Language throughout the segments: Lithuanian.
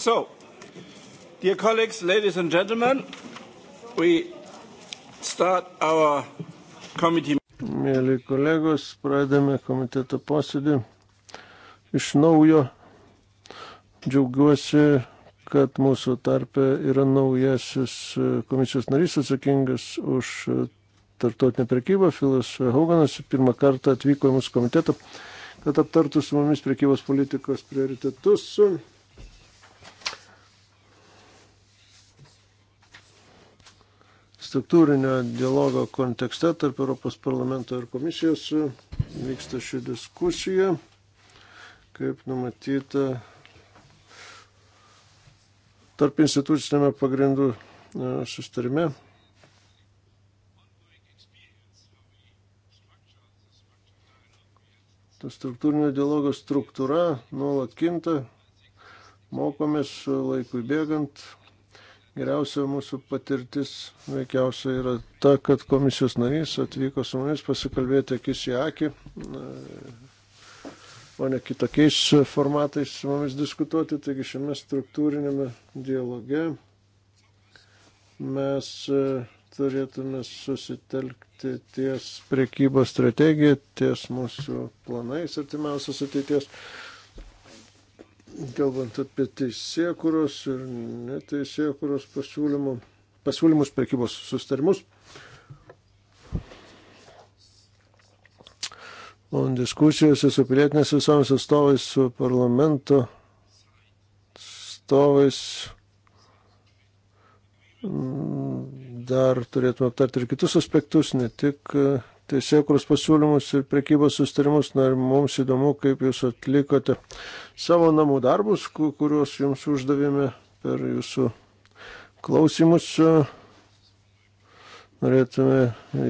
So, dear colleagues, ladies and gentlemen, we start our committee. Mėly kolegos, pradame komiteto posėdį iš naujo. Džiaugiuosi, kad mūsų tarpe yra naujasis komisijos narys atsakingas už tartotinę prekybą, Filas Hauganas, pirmą kartą atvyko į mūsų komitetą, kad aptartų su mumis prekybos politikos prioritetus. struktūrinio dialogo kontekste tarp Europos parlamento ir komisijos vyksta ši diskusija, kaip numatyta tarp institucinėme pagrindų e, sustarime. Ta struktūrinio dialogo struktūra nuolat kinta, mokomės laikui bėgant, Geriausia mūsų patirtis veikiausiai yra ta, kad komisijos narys atvyko su mumis pasikalbėti akis į akį, o ne kitokiais formatais su mumis diskutuoti. Taigi šiame struktūrinėme dialoge mes e, turėtume susitelkti ties priekybos strategija, ties mūsų planais artimiausios ateities. Galvant apie teisėkuros ir neteisėkuros pasiūlymų, pasiūlymus, prekybos sustarimus. O diskusijose su pilietinės visomis atstovais, su parlamento atstovais mm, dar turėtume aptarti ir kitus aspektus, ne tik teisėkurs pasiūlymus ir prekybos sustarimus. Na ir mums įdomu, kaip jūs atlikote savo namų darbus, kuriuos jums uždavėme per jūsų klausimus. Norėtume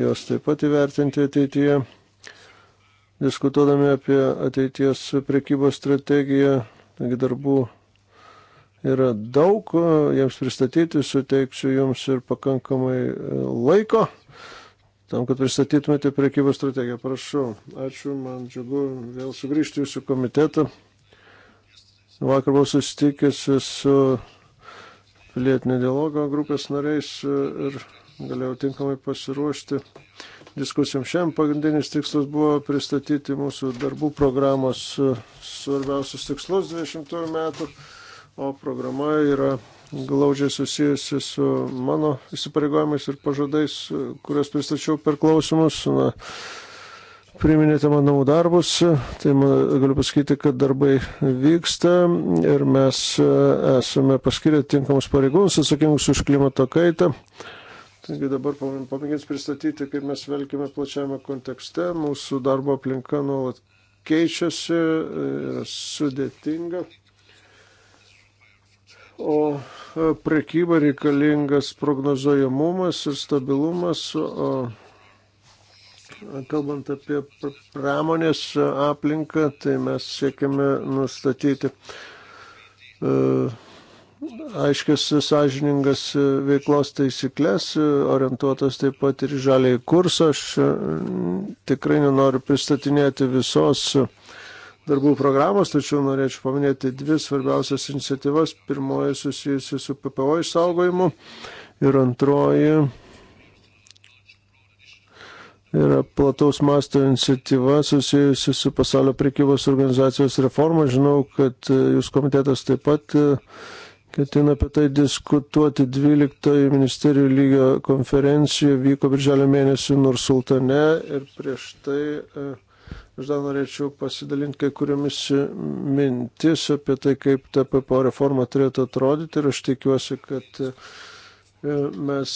juos taip pat įvertinti ateityje. Diskutuodami apie ateities prekybos strategiją, taigi darbų yra daug, jiems pristatyti suteiksiu jums ir pakankamai laiko tam, kad pristatytumėte priekybos strategiją. Prašau, ačiū, man džiugu vėl sugrįžti jūsų komitetą. Vakar buvau susitikęs su pilietinio dialogo grupės nariais ir galėjau tinkamai pasiruošti diskusijom. Šiam pagrindinis tikslas buvo pristatyti mūsų darbų programos svarbiausius tikslus 20 metų, o programa yra glaudžiai susijusi su mano įsipareigojimais ir pažadais, kurias pristačiau per klausimus. Na, Priminėte man namų darbus, tai man, galiu pasakyti, kad darbai vyksta ir mes e, esame paskirę tinkamus pareigūnus atsakingus už klimato kaitą. Taigi dabar pamėginsiu pristatyti, kaip mes velkime plačiame kontekste. Mūsų darbo aplinka nuolat keičiasi, e, yra sudėtinga. O e, prekyba reikalingas prognozuojamumas ir stabilumas. O kalbant apie pramonės aplinką, tai mes siekiame nustatyti e, aiškias sąžiningas veiklos taisyklės, orientuotas taip pat ir žaliai kursą. Aš e, tikrai nenoriu pristatinėti visos uh, darbų programos, tačiau norėčiau paminėti dvi svarbiausias iniciatyvas. Pirmoji susijusi su PPO išsaugojimu ir antroji yra plataus masto iniciatyva susijusi su pasaulio prekybos organizacijos reforma. Žinau, kad jūs komitetas taip pat e, ketina apie tai diskutuoti 12 ministerijų lygio konferencijoje vyko birželio mėnesį Nursultane ir prieš tai uh, Aš dar norėčiau pasidalinti kai kuriomis mintis apie tai, kaip ta PPO reforma turėtų atrodyti ir aš tikiuosi, kad e, mes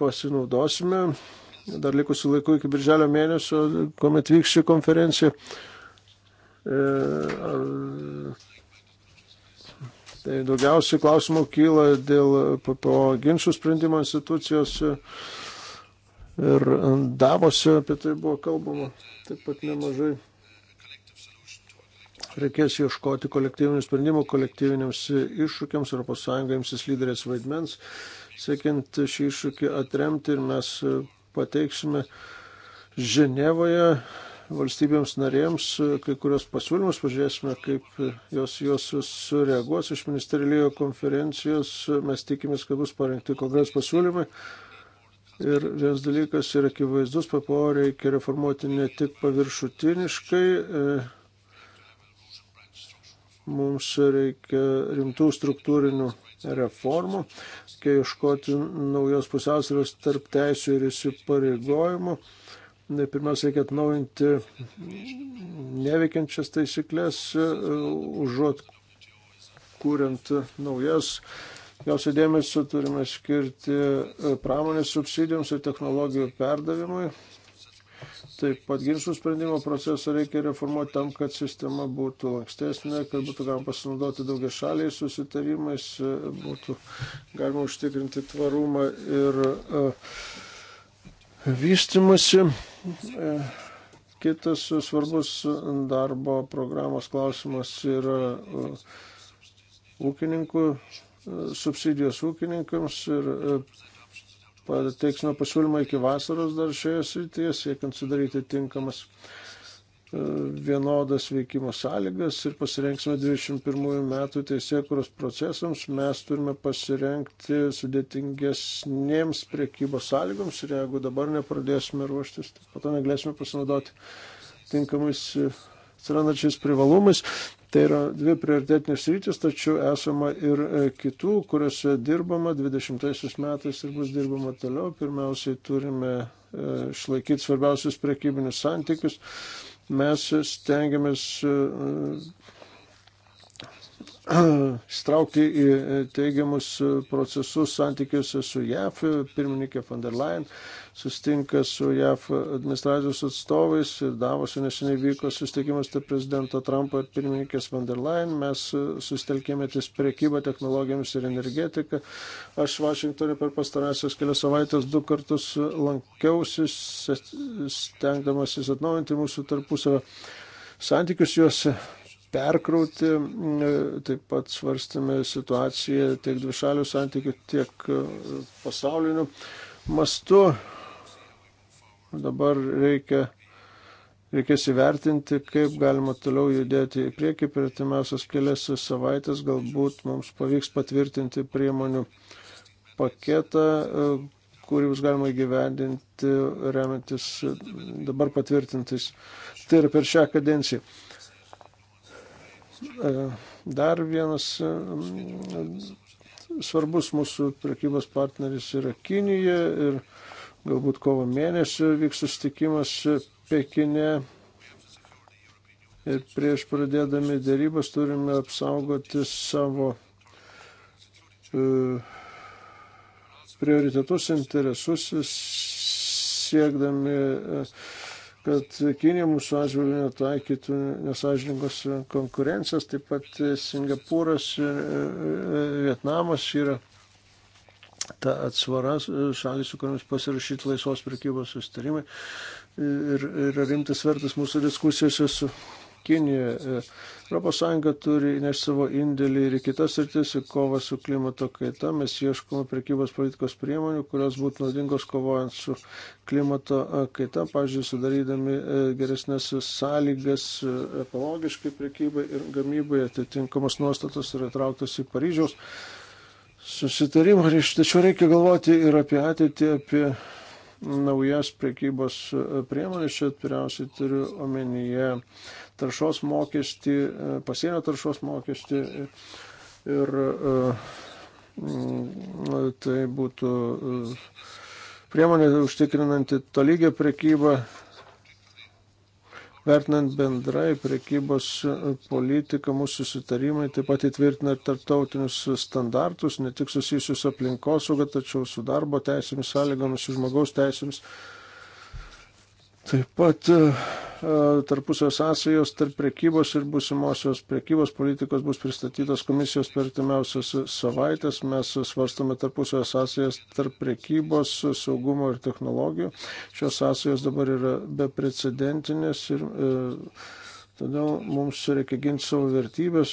pasinaudosime dar likusių laikų iki birželio mėnesio, kuomet vyks ši konferencija. E, tai daugiausiai klausimų kyla dėl PPO ginčių sprendimo institucijos e, ir davosi apie tai buvo kalbama taip pat nemažai reikės ieškoti kolektyvinių sprendimų, kolektyviniams iššūkiams, ES imsis lyderės vaidmens, siekiant šį iššūkį atremti ir mes pateiksime Ženevoje valstybėms narėms kai kurios pasiūlymus, pažiūrėsime, kaip jos, jos sureaguos iš ministerijų konferencijos. Mes tikimės, kad bus parengti konkretus pasiūlymai Ir vienas dalykas yra akivaizdus, PPO reikia reformuoti ne tik paviršutiniškai, e, mums reikia rimtų struktūrinių reformų, kai ieškoti naujos pusiausvėros tarp teisų ir įsipareigojimų. Pirmiausia, reikia atnaujinti neveikiančias taisyklės, e, užuot kuriant naujas Daugiausia dėmesio turime skirti e, pramonės subsidijoms ir technologijų perdavimui. Taip pat ginčių sprendimo procesą reikia reformuoti tam, kad sistema būtų lankstesnė, kad būtų galima pasinaudoti daugia šaliai susitarimais, e, būtų galima užtikrinti tvarumą ir e, vystimasi. Kitas svarbus darbo programos klausimas yra ūkininkų subsidijos ūkininkams ir e, pateiksime pasiūlymą iki vasaros dar šioje srityje, siekiant sudaryti tinkamas e, vienodas veikimo sąlygas ir pasirengsime 21 metų teisėkuros procesams, mes turime pasirengti sudėtingesnėms priekybos sąlygoms ir jeigu dabar nepradėsime ruoštis, tai po to negalėsime pasinaudoti tinkamais e, atsirandančiais privalumais. Tai yra dvi prioritetinės rytis, tačiau esama ir e, kitų, kuriuose dirbama 20 metais ir bus dirbama toliau. Pirmiausiai turime e, išlaikyti svarbiausius prekybinius santykius. Mes stengiamės e, straukti į e, teigiamus e, procesus santykiuose su JAF. E, pirmininkė von der Leyen sustinka su JAF administracijos atstovais ir Davose neseniai vyko susitikimas tarp prezidento Trumpo ir pirmininkės von der Leyen. Mes susitelkėme ties priekybą technologijomis ir energetiką. Aš Vašingtonė per pastarąsias kelias savaitės du kartus lankiausi, stengdamasis atnaujinti mūsų tarpusavę santykius juos perkrauti. E, taip pat svarstame situaciją tiek dvišalių santykių, tiek e, pasaulinių mastų. Dabar reikia, reikės įvertinti, kaip galima toliau judėti į priekį per atimiausias kelias savaitės. Galbūt mums pavyks patvirtinti priemonių paketą, e, kurį bus galima įgyvendinti remiantis dabar patvirtintais. Tai yra per šią kadenciją. E, dar vienas e, svarbus mūsų prekybos partneris yra Kinija ir galbūt kovo mėnesio vyks sustikimas Pekine. Ir prieš pradėdami dėrybas turime apsaugoti savo uh, prioritetus, interesus, siekdami uh, kad Kinė mūsų atžvilgiu netaikytų nesažiningos konkurencijos, taip pat Singapūras ir e, e, Vietnamas yra ta atsvara šalis, su kuriamis pasirašyti laisvos prekybos sustarimai ir, ir rimtas vertas mūsų diskusijose su Kinija. ES turi įnešti savo indėlį ir į kitas rytis į kovą su klimato kaita. Mes ieškome prekybos politikos priemonių, kurios būtų naudingos kovojant su klimato e, kaita, pavyzdžiui, sudarydami e, geresnės sąlygas e, ekologiškai prekybai ir gamybai. Atitinkamos nuostatos yra trauktos į Paryžiaus susitarimą. Tačiau reikia galvoti ir apie ateitį, apie naujas priekybos e, priemonės, čia pirmiausiai turiu omenyje taršos mokestį, e, pasienio taršos mokestį ir e, tai būtų priemonė užtikrinanti tolygę priekybą Vertinant bendrai prekybos politiką, mūsų susitarimai taip pat įtvirtina ir tarptautinius standartus, ne tik susijusius aplinkosauga, tačiau su darbo teisėmis sąlygomis, su žmogaus teisėmis. Taip pat E, tarpusio sąsajos tarp prekybos ir būsimosios prekybos politikos bus pristatytos komisijos per timiausias savaitės. Mes svarstame tarpusio sąsajas tarp prekybos, saugumo ir technologijų. Šios sąsajos dabar yra beprecedentinės ir e, Todėl mums reikia ginti savo vertybės,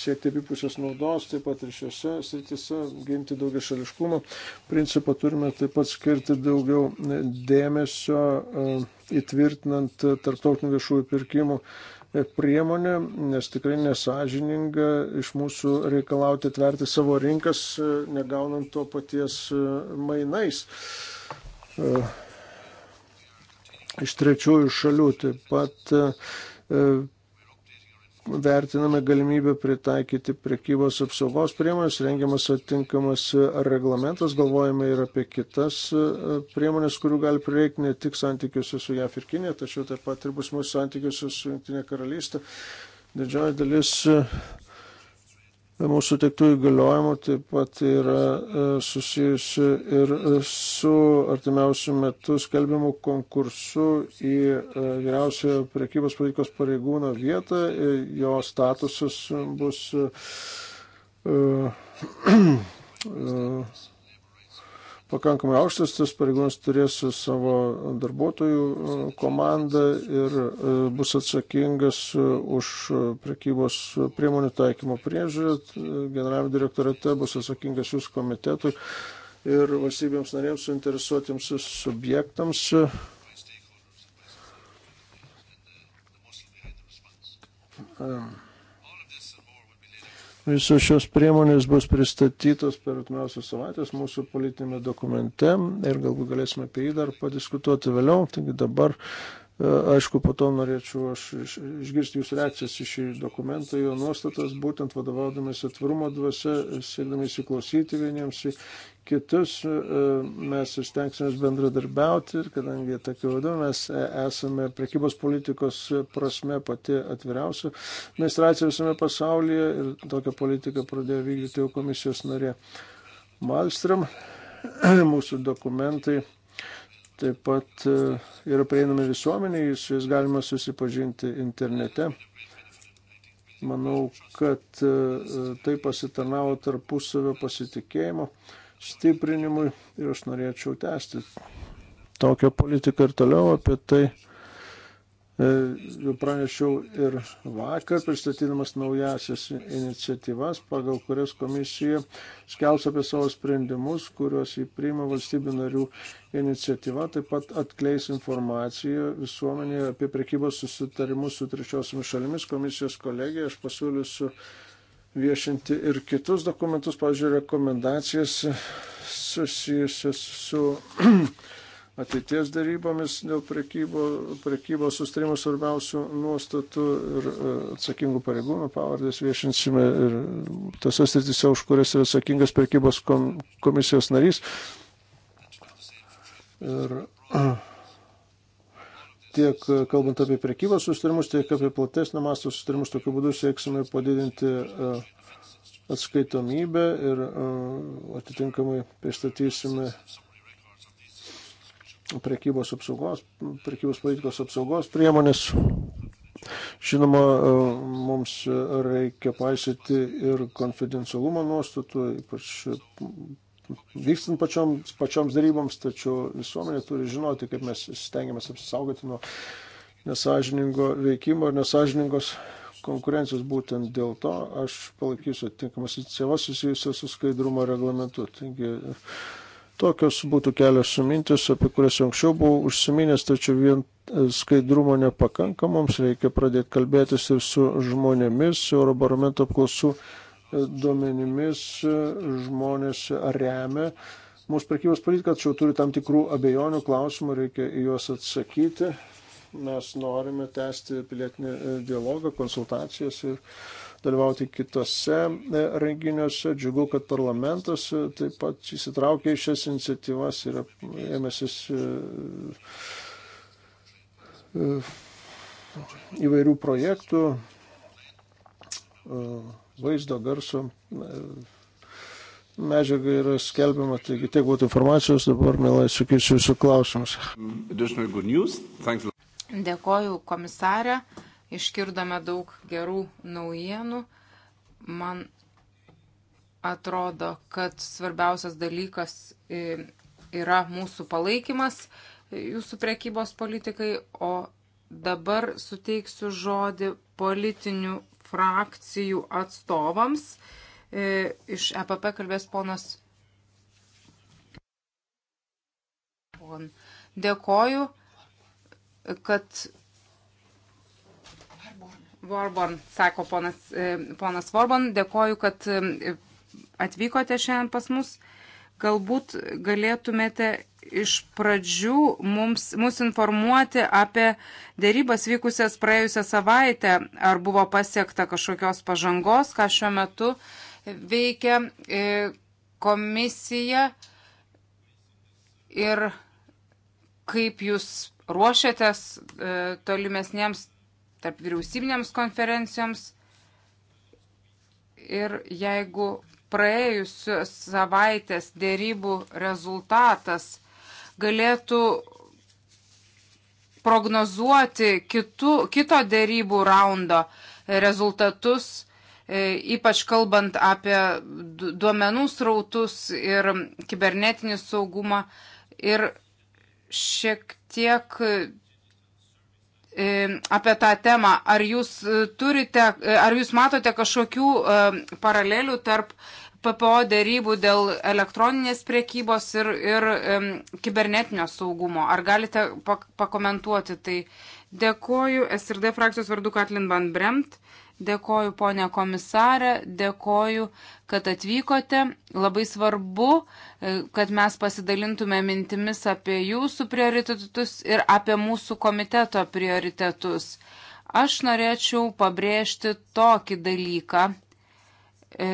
siekti abipusės naudos, taip pat ir šiose srityse ginti daugia šališkumo. Principą turime taip pat skirti daugiau dėmesio įtvirtinant tarptautinių viešųjų pirkimų priemonė, nes tikrai nesažininga iš mūsų reikalauti atverti savo rinkas, negaunant to paties mainais iš trečiųjų šalių. Taip pat e, e, vertiname galimybę pritaikyti prekybos apsaugos priemonės, rengiamas atitinkamas reglamentas, galvojame ir apie kitas e, priemonės, kurių gali prireikti ne tik santykiuose su JAF ir Kinė, tačiau taip pat ir bus mūsų santykiuose su Junktinė karalystė. Didžioji dalis mūsų teiktų įgaliojimų taip pat yra e, susijusi ir su artimiausių metų skelbiamų konkursų į e, vyriausiojo priekybos politikos pareigūno vietą. Jo statusas bus e, pakankamai aukštas, tas pareigūnas turės savo darbuotojų e, komandą ir e, bus atsakingas už prekybos priemonių taikymo priežiūrą. Generalinio direktorate bus atsakingas jūsų komitetui ir valstybėms narėms suinteresuotiems subjektams. Um. Visos šios priemonės bus pristatytos per atmiausios savaitės mūsų politinėme dokumente ir galbūt galėsime apie jį dar padiskutuoti vėliau. Taigi dabar E, aišku, po to norėčiau aš išgirsti jūsų reakcijas į šį dokumentą, jo nuostatas, būtent vadovaudamas atvirumo dvasia, siekdami įsiklausyti vieniems į kitus, e, mes stengsimės bendradarbiauti ir kadangi tokiu vadu mes e, esame prekybos politikos prasme pati atviriausia administracija visame pasaulyje ir tokią politiką pradėjo vykdyti jau komisijos narė Malstrom. Mūsų dokumentai taip pat e, yra prieinami visuomeniai, su jais galima susipažinti internete. Manau, kad e, tai pasitarnavo tarpusavio pasitikėjimo stiprinimui ir aš norėčiau tęsti tokią politiką ir toliau apie tai E, jau pranešiau ir vakar, pristatydamas naujasias iniciatyvas, pagal kurias komisija skelbs apie savo sprendimus, kuriuos įprima valstybių narių iniciatyva, taip pat atkleis informaciją visuomenėje apie prekybos susitarimus su trečiosiomis šalimis. Komisijos kolegija, aš pasiūlysiu viešinti ir kitus dokumentus, pavyzdžiui, rekomendacijas susijusias su ateities darybomis dėl prekybo, prekybos sustarimų svarbiausių nuostatų ir e, atsakingų pareigūnų pavardės viešinsime ir tose sritise, už kurias yra atsakingas prekybos komisijos narys. Ir tiek e, kalbant apie prekybos sustarimus, tiek apie platesnio masto sustarimus, tokiu būdu sieksime padidinti e, atskaitomybę ir atitinkamai pristatysime prekybos apsaugos, prekybos politikos apsaugos priemonės. Žinoma, mums reikia paisyti ir konfidencialumo nuostatų, ypač vykstant pačiom, pačioms daryboms, tačiau visuomenė turi žinoti, kaip mes stengiamės apsisaugoti nuo nesažiningo veikimo ir nesažiningos konkurencijos. Būtent dėl to aš palaikysiu atitinkamas iniciatyvas susijusias su skaidrumo reglamentu. Taigi, Tokios būtų kelios mintis, apie kurias anksčiau buvau užsiminęs, tačiau vien e, skaidrumo nepakanka, mums reikia pradėti kalbėtis ir su žmonėmis, Eurobarometo apklausų e, duomenimis e, žmonės remia. Mūsų prekybos politika, tačiau turi tam tikrų abejonių klausimų, reikia į juos atsakyti. Mes norime tęsti pilietinį dialogą, konsultacijas ir dalyvauti kitose e, renginiuose. Džiugu, kad parlamentas e, taip pat įsitraukė į šias iniciatyvas ir e, ėmėsis įvairių projektų, vaizdo, garso medžiaga yra skelbiama, taigi tiek būtų informacijos, dabar mielai sakysiu jūsų klausimus. Dėkoju komisarė iškirdome daug gerų naujienų. Man atrodo, kad svarbiausias dalykas e, yra mūsų palaikymas e, jūsų prekybos politikai, o dabar suteiksiu žodį politinių frakcijų atstovams. E, iš EPP kalbės ponas. Dėkoju, kad Vorbon, sako ponas, e, ponas Vorbon, dėkoju, kad e, atvykote šiandien pas mus. Galbūt galėtumėte iš pradžių mums, mus informuoti apie dėrybas vykusias praėjusią savaitę, ar buvo pasiekta kažkokios pažangos, ką šiuo metu veikia e, komisija ir kaip jūs ruošiatės tolimesniems tarp vyriausybinėms konferencijoms. Ir jeigu praėjusios savaitės dėrybų rezultatas galėtų prognozuoti kitų, kito dėrybų raundo rezultatus, e, ypač kalbant apie duomenų srautus ir kibernetinį saugumą. Ir šiek tiek E, apie tą temą. Ar jūs e, turite, e, ar jūs matote kažkokių paralelių tarp PPO dėrybų dėl elektroninės priekybos ir, ir um, kibernetinio saugumo. Ar galite pak pakomentuoti tai? Dėkoju SRD frakcijos vardu Katlin Van Bremt. Dėkoju, ponė komisarė, dėkoju, kad atvykote. Labai svarbu, e, kad mes pasidalintume mintimis apie jūsų prioritetus ir apie mūsų komiteto prioritetus. Aš norėčiau pabrėžti tokį dalyką. E,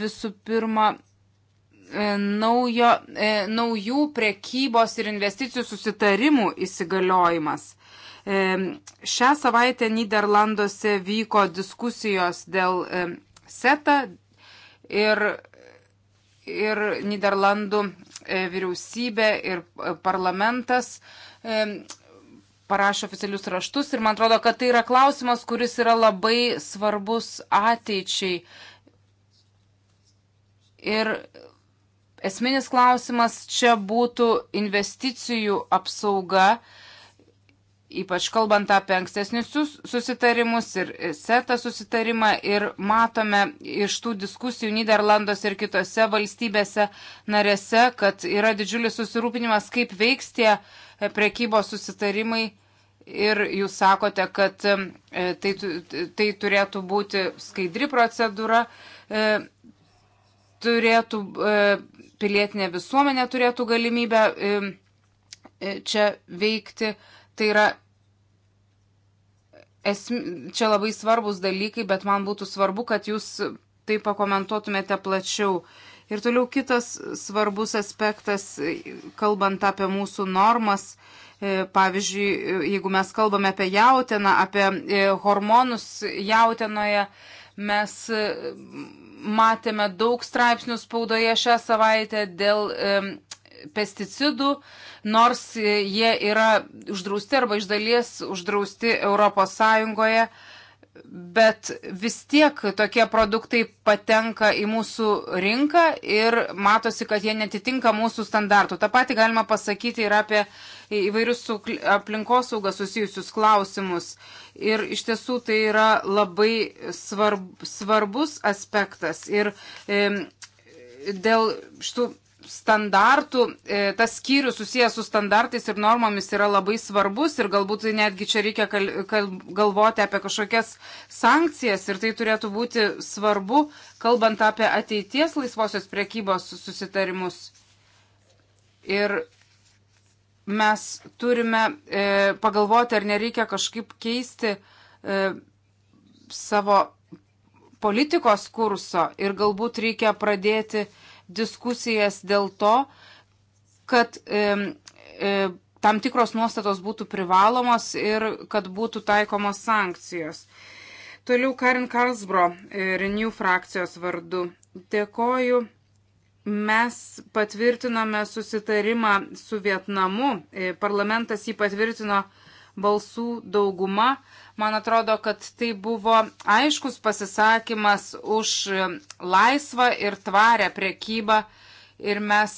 visų pirma, e, naujo, naujų prekybos ir investicijų susitarimų įsigaliojimas. Šią savaitę Niderlanduose vyko diskusijos dėl SETA ir, ir Niderlandų e, vyriausybė ir e, parlamentas parašo oficialius raštus ir man atrodo, kad tai yra klausimas, kuris yra labai svarbus ateičiai. Ir esminis klausimas čia būtų investicijų apsauga. E, ypač kalbant apie ankstesnius susitarimus ir setą susitarimą ir matome iš tų diskusijų Niderlandos ir kitose valstybėse narėse, kad yra didžiulis susirūpinimas, kaip veiks tie e, prekybos susitarimai ir jūs sakote, kad e, tai, tai turėtų būti skaidri procedūra, e, turėtų, pilietinė visuomenė turėtų galimybę čia veikti. Tai yra, esmi, čia labai svarbus dalykai, bet man būtų svarbu, kad jūs tai pakomentuotumėte plačiau. Ir toliau kitas svarbus aspektas, kalbant apie mūsų normas, e, pavyzdžiui, jeigu mes kalbame apie jautieną, apie e, hormonus jautienoje, mes e, matėme daug straipsnių spaudoje šią savaitę dėl pesticidų, nors jie yra uždrausti arba iš dalies uždrausti ES, bet vis tiek tokie produktai patenka į mūsų rinką ir matosi, kad jie netitinka mūsų standartų. Ta pati galima pasakyti ir apie įvairius su aplinkosauga susijusius klausimus. Ir iš tiesų tai yra labai svarb, svarbus aspektas. Ir e, dėl šitų standartų, e, tas skyrius susijęs su standartais ir normomis yra labai svarbus ir galbūt netgi čia reikia galvoti apie kažkokias sankcijas ir tai turėtų būti svarbu, kalbant apie ateities laisvosios priekybos susitarimus. Ir mes turime e, pagalvoti, ar nereikia kažkaip keisti e, savo politikos kurso ir galbūt reikia pradėti e, diskusijas dėl to, kad e, e, tam tikros nuostatos būtų privalomos ir kad būtų taikomos sankcijos. Toliau Karin Karlsbro, e, Renew frakcijos vardu. Dėkoju. Mes patvirtinome susitarimą su Vietnamu. E, parlamentas jį patvirtino balsų dauguma. E, Man atrodo, kad tai buvo aiškus pasisakymas už laisvą ir tvarę priekybą ir mes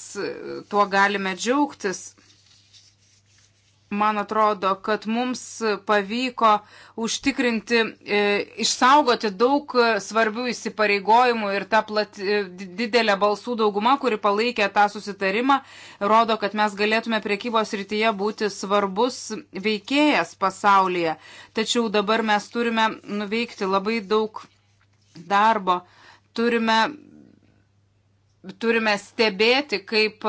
tuo galime džiaugtis man atrodo, kad mums pavyko užtikrinti, e, išsaugoti daug e, svarbių įsipareigojimų ir ta plat, e, didelė balsų dauguma, kuri palaikė tą susitarimą, rodo, kad mes galėtume priekybos rytyje būti svarbus veikėjas pasaulyje. Tačiau dabar mes turime nuveikti labai daug darbo. Turime, turime stebėti, kaip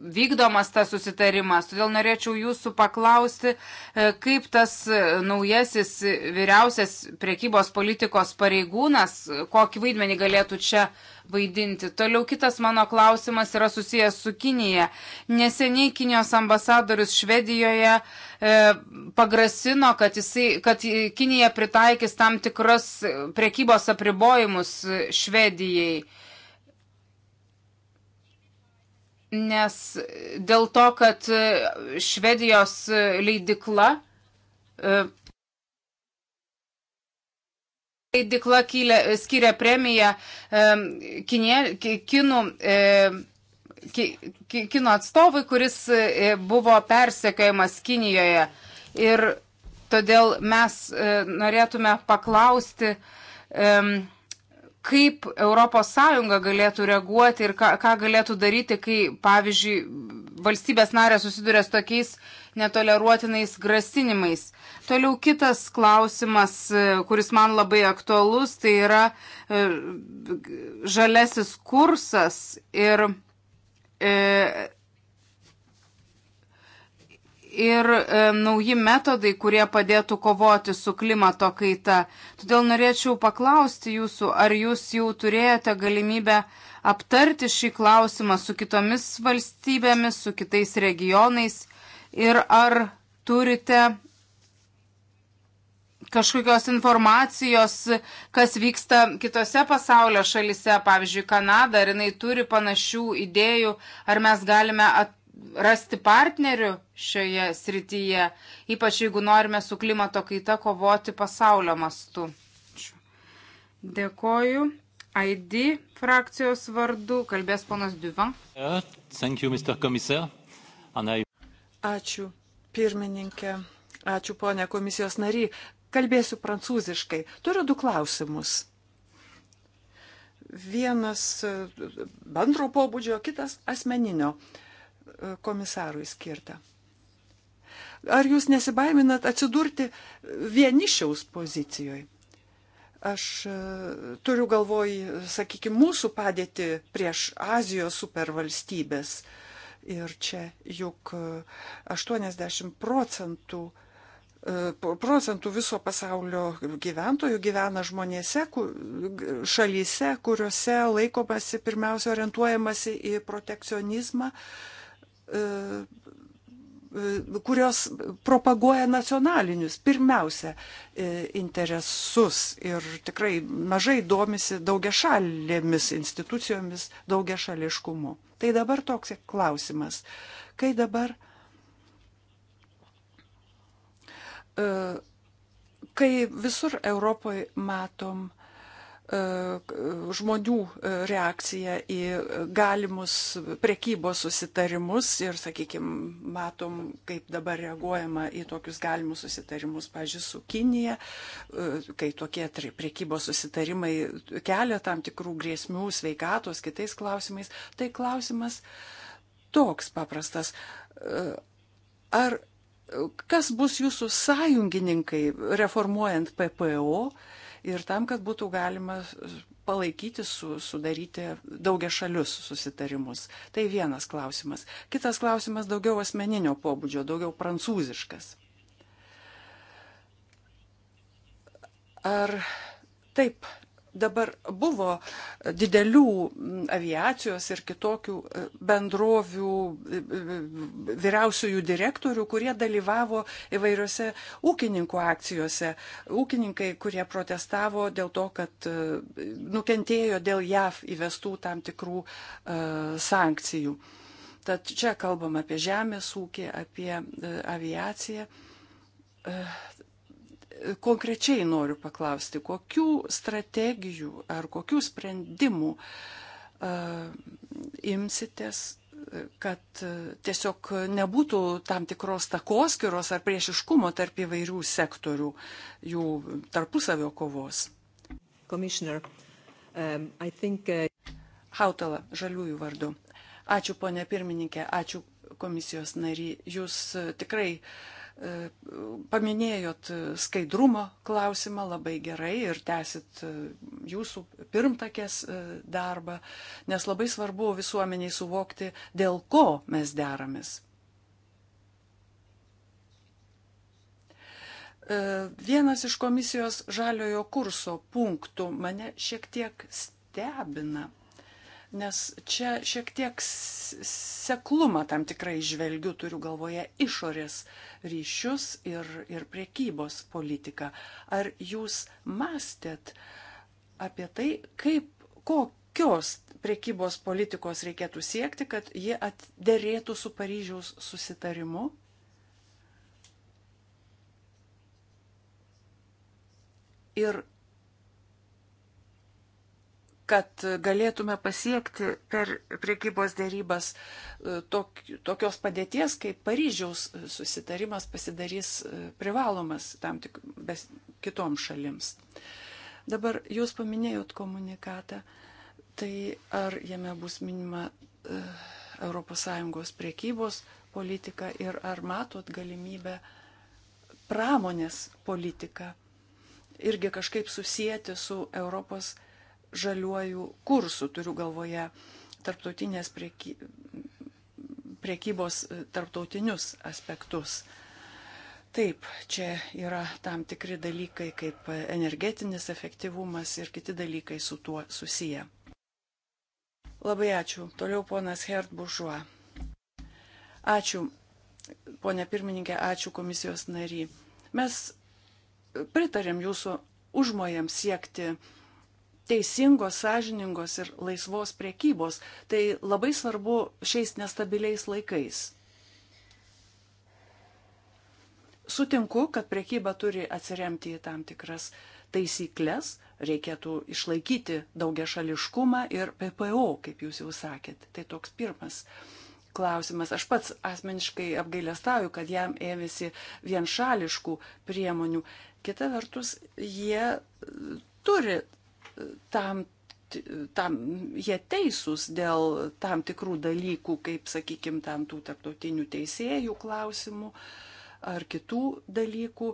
vykdomas tas susitarimas. Todėl norėčiau jūsų paklausti, e, kaip tas e, naujasis vyriausias priekybos politikos pareigūnas, e, kokį vaidmenį galėtų čia vaidinti. Toliau kitas mano klausimas yra susijęs su Kinija. Neseniai Kinijos ambasadorius Švedijoje e, pagrasino, kad, jisai, kad Kinija pritaikys tam tikras priekybos apribojimus Švedijai. nes dėl to, kad Švedijos leidikla e, leidikla kylė, skiria premiją e, kinie, kinų, e, kino atstovui, kuris buvo persekiojamas Kinijoje. Ir todėl mes norėtume paklausti, um, kaip ES galėtų reaguoti ir ką, ką galėtų daryti, kai, pavyzdžiui, valstybės narė susiduria su tokiais netoleruotinais grasinimais. Toliau kitas klausimas, e, kuris man labai aktualus, tai yra e, žalesis kursas ir e, ir e, nauji metodai, kurie padėtų kovoti su klimato kaita. Todėl norėčiau paklausti jūsų, ar jūs jau turėjote galimybę aptarti šį klausimą su kitomis valstybėmis, su kitais regionais ir ar turite kažkokios informacijos, kas vyksta kitose pasaulio šalise, pavyzdžiui, Kanada, ar jinai turi panašių idėjų, ar mes galime at rasti partnerių šioje srityje, ypač jeigu norime su klimato kaita kovoti pasaulio mastu. Dėkoju. ID frakcijos vardu kalbės ponas Duvan. Ačiū, pirmininkė. Ačiū, ponė komisijos nary. Kalbėsiu prancūziškai. Turiu du klausimus vienas bendro pobūdžio, kitas asmeninio E, komisarui skirtą. Ar jūs nesibaiminat atsidurti vienišiaus pozicijoje? Aš e, turiu galvoj, sakykime, mūsų padėti prieš Azijos supervalstybės. Ir čia juk 80 e, procentų, procentų viso pasaulio gyventojų gyvena žmonėse, šalyse, kuriuose laikomasi pirmiausia orientuojamasi į protekcionizmą, E, e, kurios propaguoja nacionalinius pirmiausia e, interesus ir tikrai mažai domisi daugiašalėmis institucijomis, daugiašališkumu. Tai dabar toks klausimas. Kai dabar kai visur Europoje matom E, žmonių e, reakcija į galimus prekybos susitarimus ir, sakykime, matom, kaip dabar reaguojama į tokius galimus susitarimus, pažiūrėjau, su Kinija, e, kai tokie prekybos susitarimai kelia tam tikrų grėsmių sveikatos, kitais klausimais. Tai klausimas toks paprastas. Ar kas bus jūsų sąjungininkai reformuojant PPO? ir tam, kad būtų galima palaikyti, su, sudaryti daugia šalius susitarimus. Tai vienas klausimas. Kitas klausimas daugiau asmeninio pobūdžio, daugiau prancūziškas. Ar taip dabar buvo didelių aviacijos ir kitokių e, bendrovių e, e, vyriausiųjų direktorių, kurie dalyvavo įvairiose ūkininkų akcijose. Ūkininkai, kurie protestavo dėl to, kad nukentėjo dėl JAV įvestų tam tikrų sankcijų. Tad čia kalbam apie žemės ūkį, apie aviaciją konkrečiai noriu paklausti, kokių strategijų ar kokių sprendimų uh, imsitės, kad e, tiesiog nebūtų tam tikros takoskiros ar priešiškumo tarp įvairių sektorių, jų tarpusavio kovos. Commissioner, um, I think, uh... Hautala, žaliųjų vardu. Ačiū, ponė pirmininkė, ačiū komisijos nary. Jūs e, tikrai uh, E, paminėjot skaidrumo klausimą labai gerai ir tęsit e, jūsų pirmtakės e, darbą, nes labai svarbu visuomeniai suvokti, dėl ko mes deramės. Vienas iš komisijos žaliojo kurso punktų mane šiek tiek stebina Nes čia šiek tiek seklumą tam tikrai žvelgiu, turiu galvoje išorės ryšius ir, ir priekybos politiką. Ar jūs mąstėt apie tai, kaip, kokios priekybos politikos reikėtų siekti, kad ji atderėtų su Paryžiaus susitarimu? Ir kad galėtume pasiekti per priekybos dėrybas e, tok, tokios padėties, kai Paryžiaus susitarimas pasidarys e, privalomas tam tik bes, kitoms šalims. Dabar jūs paminėjot komunikatą, tai ar jame bus minima ES priekybos politika ir ar matot galimybę pramonės politiką irgi kažkaip susijęti su ES žaliuoju kursu, turiu galvoje tarptautinės prieky... priekybos e, tarptautinius aspektus. Taip, čia yra tam tikri dalykai kaip energetinis efektyvumas ir kiti dalykai su tuo susiję. Labai ačiū. Toliau ponas Hert Buržuo. Ačiū, ponė pirmininkė, ačiū komisijos nary. Mes pritarėm jūsų užmojams siekti uh, teisingos, sąžiningos ir laisvos priekybos. Tai labai svarbu šiais nestabiliais laikais. Sutinku, kad priekyba turi atsiremti į tam tikras taisyklės, reikėtų išlaikyti daugia šališkumą ir PPO, kaip jūs jau sakėt. Tai toks pirmas klausimas. Aš pats asmeniškai apgailestauju, kad jam ėmėsi vienšališkų priemonių. Kita vertus, jie turi tam, tam jie teisūs dėl tam tikrų dalykų, kaip, sakykime, tam tų tarptautinių teisėjų klausimų ar kitų dalykų,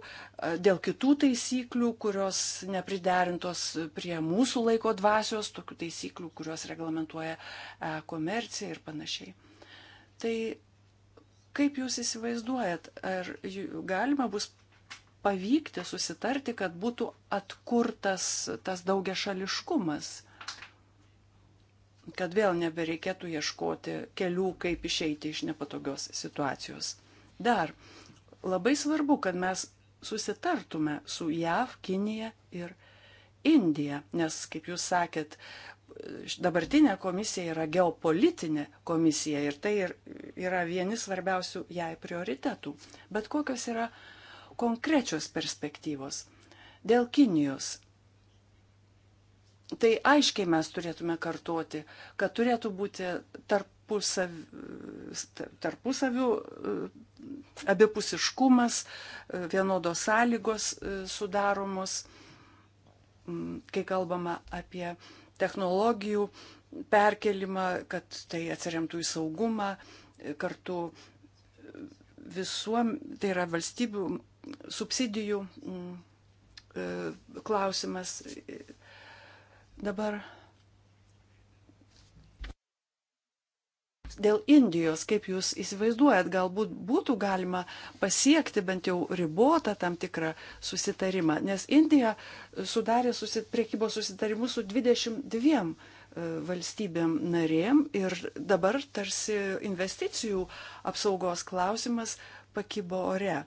dėl kitų taisyklių, kurios nepriderintos prie mūsų laiko dvasios, tokių taisyklių, kurios reglamentuoja komerciją ir panašiai. Tai kaip jūs įsivaizduojat, ar galima bus pavykti susitarti, kad būtų atkurtas tas daugiašališkumas, kad vėl nebereikėtų ieškoti kelių, kaip išeiti iš nepatogios situacijos. Dar labai svarbu, kad mes susitartume su JAV, Kinija ir Indija, nes, kaip jūs sakėt, dabartinė komisija yra geopolitinė komisija ir tai yra vieni svarbiausių jai prioritetų. Bet kokios yra uh, konkrečios perspektyvos. Dėl Kinijos. Tai aiškiai mes turėtume kartoti, kad turėtų būti tarpusav, tarpusavių e, abipusiškumas, e, vienodos sąlygos e, sudaromos, mm, kai kalbama apie technologijų perkelimą, kad tai atsiremtų į saugumą, kartu visuom, tai yra valstybių subsidijų mm, e, klausimas dabar dėl Indijos, kaip jūs įsivaizduojat, galbūt būtų galima pasiekti bent jau ribotą tam tikrą susitarimą, nes Indija sudarė susit, priekybos susitarimus su 22 e, valstybėm narėm ir dabar tarsi investicijų apsaugos klausimas pakibo ore.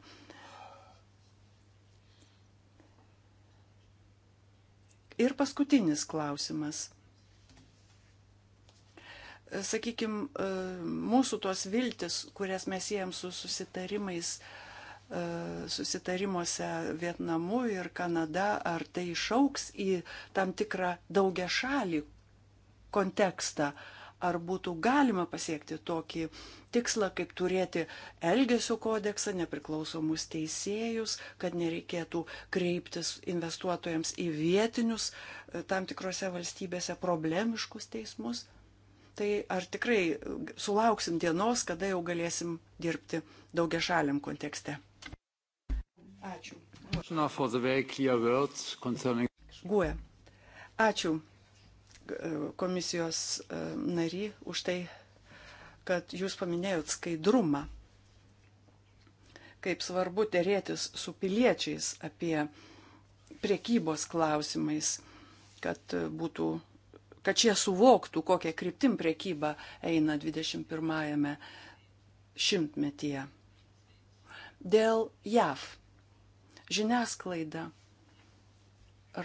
Ir paskutinis klausimas. E, Sakykime, mūsų tos viltis, kurias mes siejam su susitarimais, e, susitarimuose Vietnamu ir Kanada, ar tai išauks į tam tikrą daugia šalį kontekstą, ar būtų galima pasiekti tokį tikslą, kaip turėti elgesio kodeksą, nepriklausomus teisėjus, kad nereikėtų kreiptis investuotojams į vietinius e, tam tikrose valstybėse problemiškus teismus. Tai ar tikrai sulauksim dienos, kada jau galėsim dirbti daugia šaliam kontekste? Ačiū. Guoja. Ačiū komisijos e, nary už tai, kad jūs paminėjot skaidrumą, kaip svarbu dėrėtis su piliečiais apie priekybos klausimais, kad būtų kad šie suvoktų, kokią kryptim priekyba eina 21-ame šimtmetyje. Dėl JAV žiniasklaida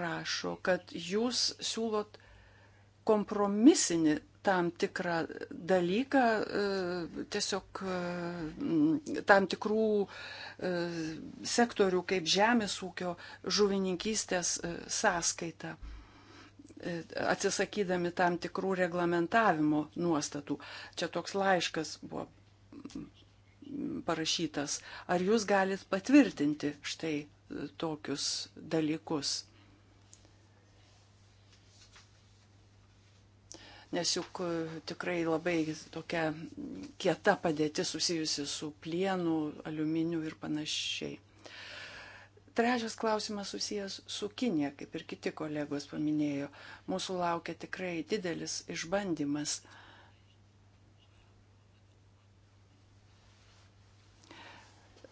rašo, kad jūs siūlot kompromisinį tam tikrą dalyką, e, tiesiog e, tam tikrų e, sektorių kaip žemės ūkio žuvininkystės sąskaita, atsisakydami tam tikrų reglamentavimo nuostatų. Čia toks laiškas buvo parašytas. Ar jūs galit patvirtinti štai tokius dalykus? nes juk e, tikrai labai tokia kieta padėtis susijusi su plienu, aliuminiu ir panašiai. Trečias klausimas susijęs su Kinė, kaip ir kiti kolegos paminėjo. Mūsų laukia tikrai didelis išbandymas.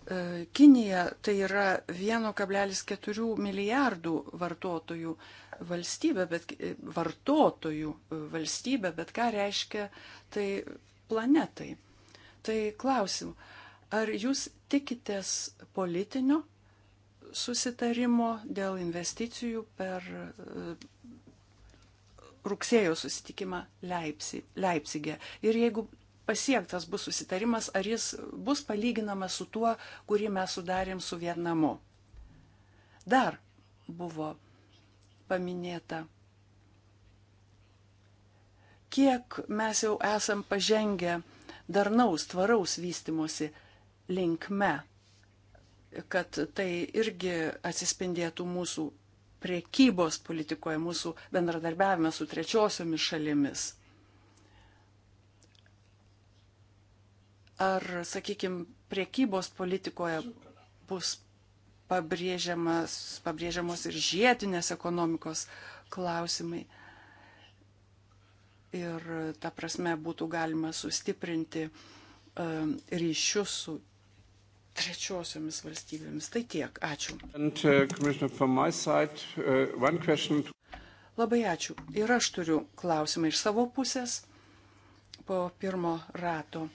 E, Kinija tai yra 1,4 milijardų vartotojų valstybę, bet e, vartotojų e, valstybę, bet ką reiškia tai planetai. Tai klausim, ar jūs tikitės politinio susitarimo dėl investicijų per e, rugsėjo susitikimą Leipzigė. Ir jeigu pasiektas bus susitarimas, ar jis bus palyginamas su tuo, kurį mes sudarėm su Vietnamu. Dar buvo paminėta. Kiek mes jau esam pažengę darnaus, tvaraus vystimosi linkme, kad tai irgi atsispindėtų mūsų priekybos politikoje, mūsų bendradarbiavime su trečiosiomis šalimis. Ar, sakykime, priekybos politikoje bus pabrėžiamos ir žiedinės ekonomikos klausimai. Ir ta prasme būtų galima sustiprinti e, ryšius su trečiosiomis valstybėmis. Tai tiek. Ačiū. And, uh, side, uh, Labai ačiū. Ir aš turiu klausimą iš savo pusės po pirmo rato.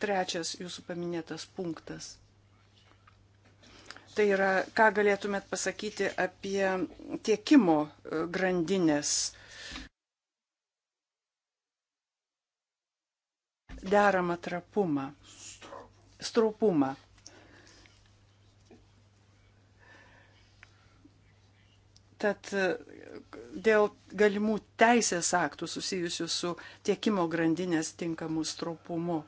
Trečias jūsų paminėtas punktas Tai yra, ką galėtumėt pasakyti apie tiekimo e, grandinės deramą trapumą, strupumą. Tad e, dėl galimų teisės aktų susijusių su tiekimo grandinės tinkamu stropumu.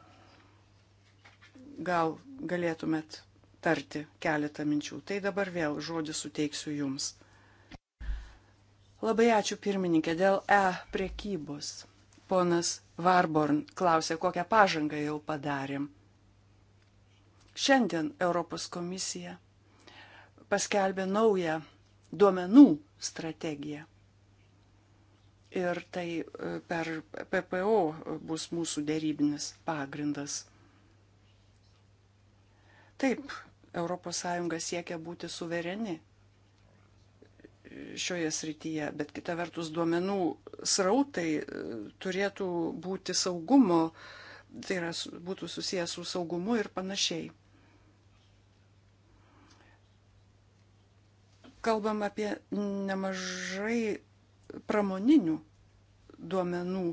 Gal galėtumėt tarti keletą minčių. Tai dabar vėl žodį suteiksiu jums. Labai ačiū pirmininkė dėl E priekybos. Ponas Varborn klausė, kokią pažangą jau padarėm. Šiandien Europos komisija paskelbė naują duomenų strategiją ir tai e, per PPO bus mūsų dėrybinis pagrindas. Taip, ES siekia būti suvereni šioje srityje, bet kita vertus duomenų srautai e, turėtų būti saugumo, tai yra būtų susijęs su saugumu ir panašiai. Kalbam apie nemažai pramoninių duomenų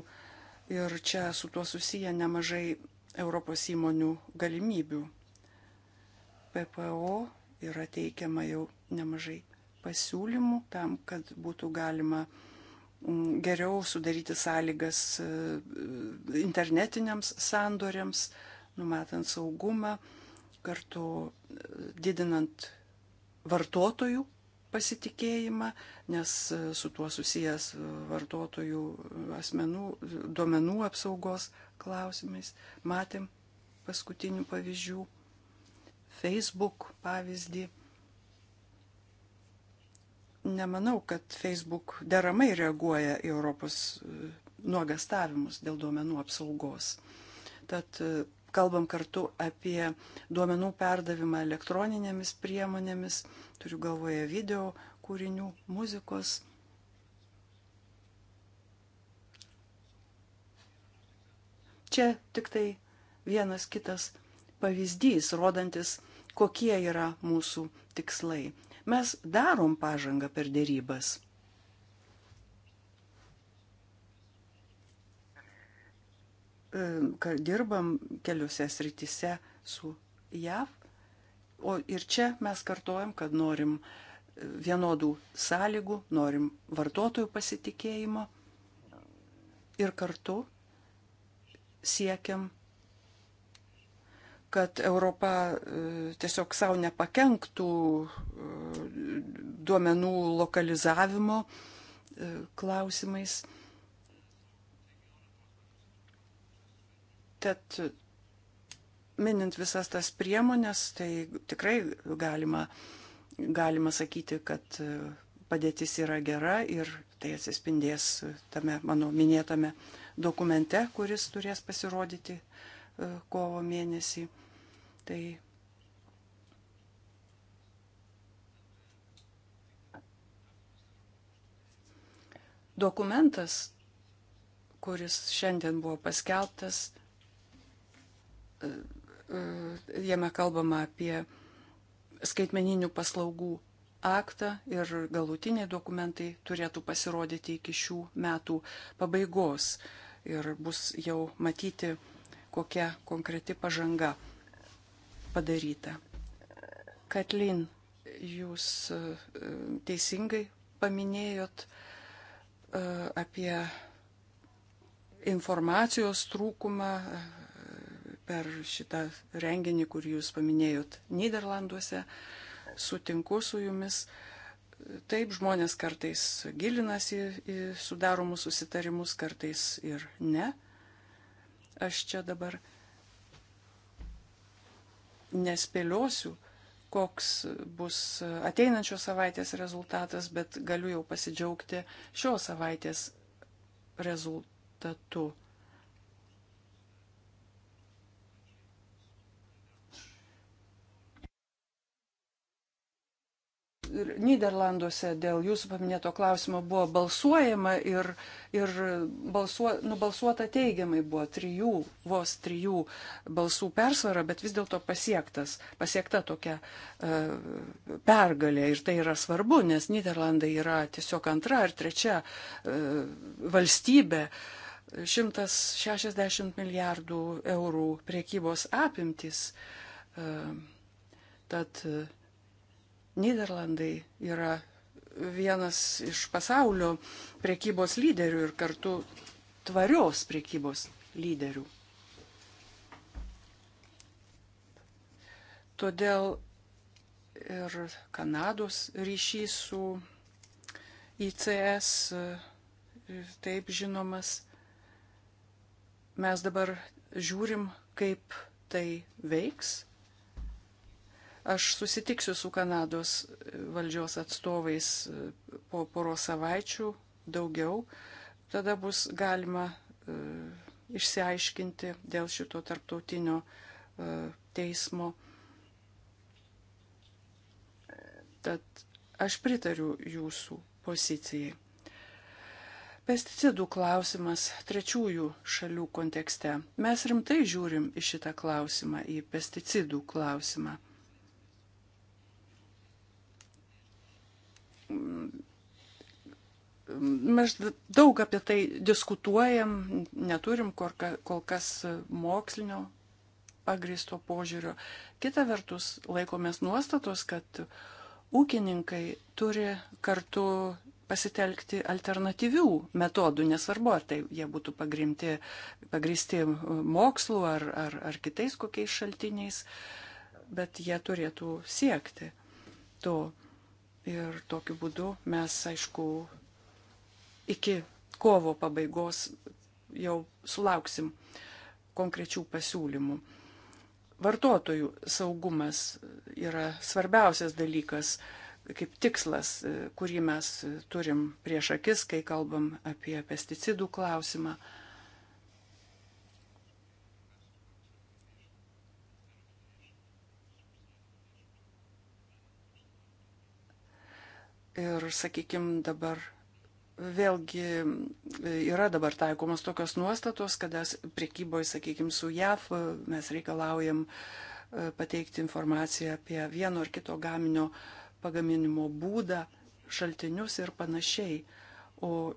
ir čia su tuo susiję nemažai Europos įmonių galimybių. PPO yra teikiama jau nemažai pasiūlymų tam, kad būtų galima mm, geriau sudaryti sąlygas e, internetiniams sandoriams, numatant saugumą, kartu e, didinant vartotojų pasitikėjimą, nes e, su tuo susijęs vartotojų asmenų, duomenų apsaugos klausimais. Matėm paskutinių pavyzdžių. Facebook pavyzdį. Nemanau, kad Facebook deramai reaguoja į Europos e, nuogastavimus dėl duomenų apsaugos. Tad e, kalbam kartu apie duomenų perdavimą elektroninėmis priemonėmis, turiu galvoje video kūrinių, muzikos. Čia tik tai vienas kitas pavyzdys, rodantis, kokie yra mūsų tikslai. Mes darom pažangą per dėrybas. E, kad dirbam keliose srityse su JAV, o ir čia mes kartojam, kad norim e, vienodų sąlygų, norim vartotojų pasitikėjimo ir kartu siekiam kad Europa e, tiesiog savo nepakenktų e, duomenų lokalizavimo e, klausimais. Tad minint visas tas priemonės, tai tikrai galima, galima sakyti, kad padėtis yra gera ir tai atsispindės tame mano minėtame dokumente, kuris turės pasirodyti kovo mėnesį. Tai dokumentas, kuris šiandien buvo paskelbtas, e, e, jame kalbama apie skaitmeninių paslaugų aktą ir galutiniai dokumentai turėtų pasirodyti iki šių metų pabaigos ir bus jau matyti, kokia konkreti pažanga padaryta. Katlin, jūs e, teisingai paminėjot e, apie informacijos trūkumą e, per šitą renginį, kurį jūs paminėjot Niderlanduose. Sutinku su jumis. Taip, žmonės kartais gilinasi į sudaromus susitarimus, kartais ir ne. Aš čia dabar nespėliosiu, koks bus ateinančios savaitės rezultatas, bet galiu jau pasidžiaugti šios savaitės rezultatu. Niderlanduose dėl jūsų paminėto klausimo buvo balsuojama ir, ir balsuo, nubalsuota teigiamai buvo trijų, vos trijų balsų persvara, bet vis dėlto pasiektas, pasiekta tokia e, pergalė ir tai yra svarbu, nes Niderlandai yra tiesiog antra ar trečia e, valstybė. 160 milijardų eurų priekybos apimtis. E, tad e, Niderlandai yra vienas iš pasaulio priekybos lyderių ir kartu tvarios priekybos lyderių. Todėl ir Kanados ryšys su ICS taip žinomas. Mes dabar žiūrim, kaip tai veiks Aš susitiksiu su Kanados valdžios atstovais e, po poros savaičių, daugiau. Tada bus galima e, išsiaiškinti dėl šito tarptautinio e, teismo. Tad aš pritariu jūsų pozicijai. Pesticidų klausimas trečiųjų šalių kontekste. Mes rimtai žiūrim į šitą klausimą, į pesticidų klausimą. mes daug apie tai diskutuojam, neturim kol kas mokslinio pagristo požiūrio. Kita vertus, laikomės nuostatos, kad ūkininkai turi kartu pasitelkti alternatyvių metodų, nesvarbu, ar tai jie būtų pagrimti, pagristi mokslu ar, ar, ar kitais kokiais šaltiniais, bet jie turėtų siekti to. Ir tokiu būdu mes, aišku, iki kovo pabaigos jau sulauksim konkrečių pasiūlymų. Vartotojų saugumas yra svarbiausias dalykas kaip tikslas, kurį mes turim prieš akis, kai kalbam apie pesticidų klausimą. Ir, sakykime, dabar vėlgi e, yra dabar taikomos tokios nuostatos, kada priekyboje, sakykime, su JAV e, mes reikalaujam e, pateikti informaciją apie vieno ar kito gaminio pagaminimo būdą, šaltinius ir panašiai. O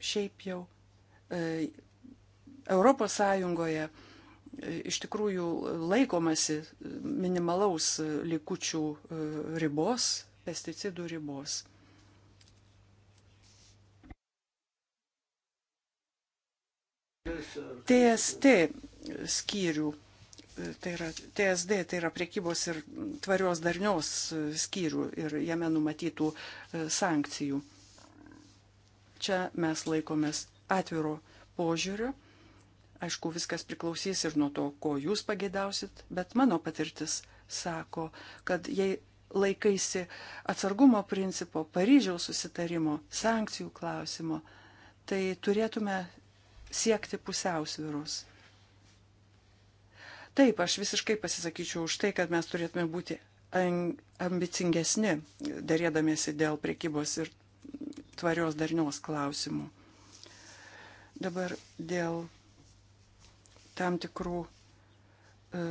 šiaip jau e, Europos Sąjungoje e, iš tikrųjų laikomasi minimalaus likučių e, ribos pesticidų ribos. TST skyrių, tai yra TSD, tai yra priekybos ir tvarios darnios skyrių ir jame numatytų e, sankcijų. Čia mes laikomės atviro požiūrio. Aišku, viskas priklausys ir nuo to, ko jūs pagėdausit, bet mano patirtis sako, kad jei laikaisi atsargumo principo, Paryžiaus susitarimo, sankcijų klausimo, tai turėtume siekti pusiausvirus. Taip, aš visiškai pasisakyčiau už tai, kad mes turėtume būti ambicingesni, darėdamėsi dėl priekybos ir tvarios darnios klausimų. Dabar dėl tam tikrų e,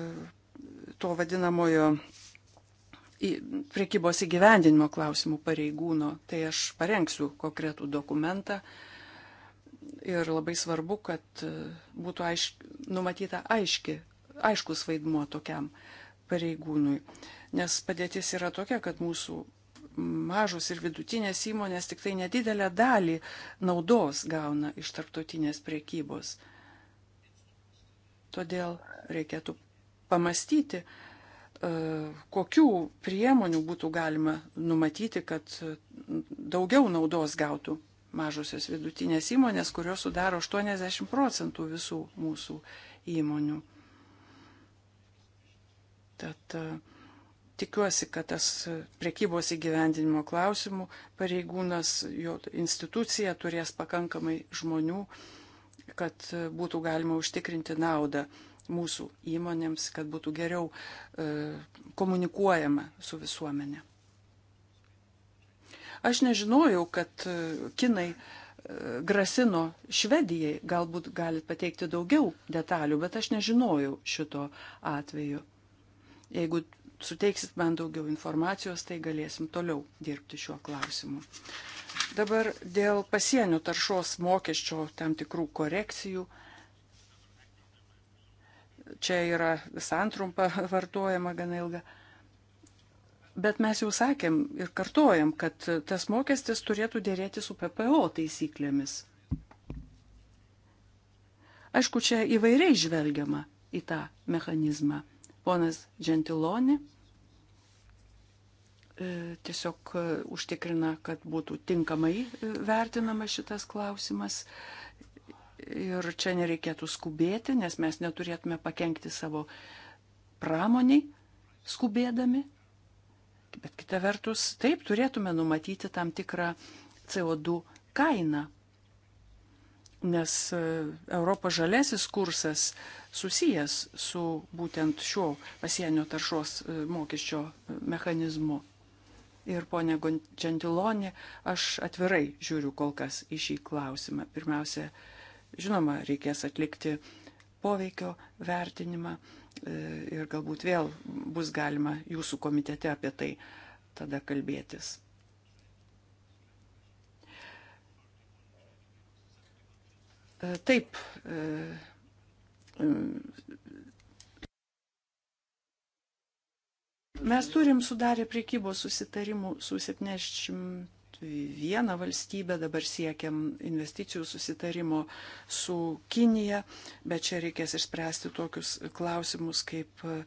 to vadinamojo prekybos įgyvendinimo klausimų pareigūno, tai aš parengsiu konkretų dokumentą. Ir labai svarbu, kad e, būtų aišk, numatyta aiški, aiškus vaidmuo tokiam pareigūnui. Nes padėtis yra tokia, kad mūsų mažos ir vidutinės įmonės tik tai nedidelę dalį naudos gauna iš tarptautinės priekybos. Todėl reikėtų pamastyti, E, kokių priemonių būtų galima numatyti, kad daugiau naudos gautų mažosios vidutinės įmonės, kurios sudaro 80 procentų visų mūsų įmonių. Tad e, tikiuosi, kad tas priekybos įgyvendinimo klausimų pareigūnas, jo institucija turės pakankamai žmonių, kad būtų galima užtikrinti naudą mūsų įmonėms, kad būtų geriau e, komunikuojama su visuomenė. Aš nežinojau, kad e, kinai e, grasino Švedijai, galbūt galit pateikti daugiau detalių, bet aš nežinojau šito atveju. Jeigu suteiksit man daugiau informacijos, tai galėsim toliau dirbti šiuo klausimu. Dabar dėl pasienio taršos mokesčio tam tikrų korekcijų Čia yra santrumpa vartojama gana ilga. Bet mes jau sakėm ir kartojam, kad tas mokestis turėtų dėrėti su PPO taisyklėmis. Aišku, čia įvairiai žvelgiama į tą mechanizmą. Ponas Gentiloni e, tiesiog e, užtikrina, kad būtų tinkamai e, vertinama šitas klausimas ir čia nereikėtų skubėti, nes mes neturėtume pakengti savo pramoniai skubėdami. Bet kita vertus, taip turėtume numatyti tam tikrą CO2 kainą. Nes e, Europos žalesis kursas susijęs su būtent šiuo pasienio taršos e, mokesčio e, mechanizmu. Ir ponė Gentilonė, aš atvirai žiūriu kol kas į šį klausimą. Pirmiausia, Žinoma, reikės atlikti poveikio vertinimą e, ir galbūt vėl bus galima jūsų komitete apie tai tada kalbėtis. E, taip, e, mes turim sudarę priekybos susitarimų su 70 vieną valstybę, dabar siekiam investicijų susitarimo su Kinija, bet čia reikės išspręsti tokius klausimus kaip e,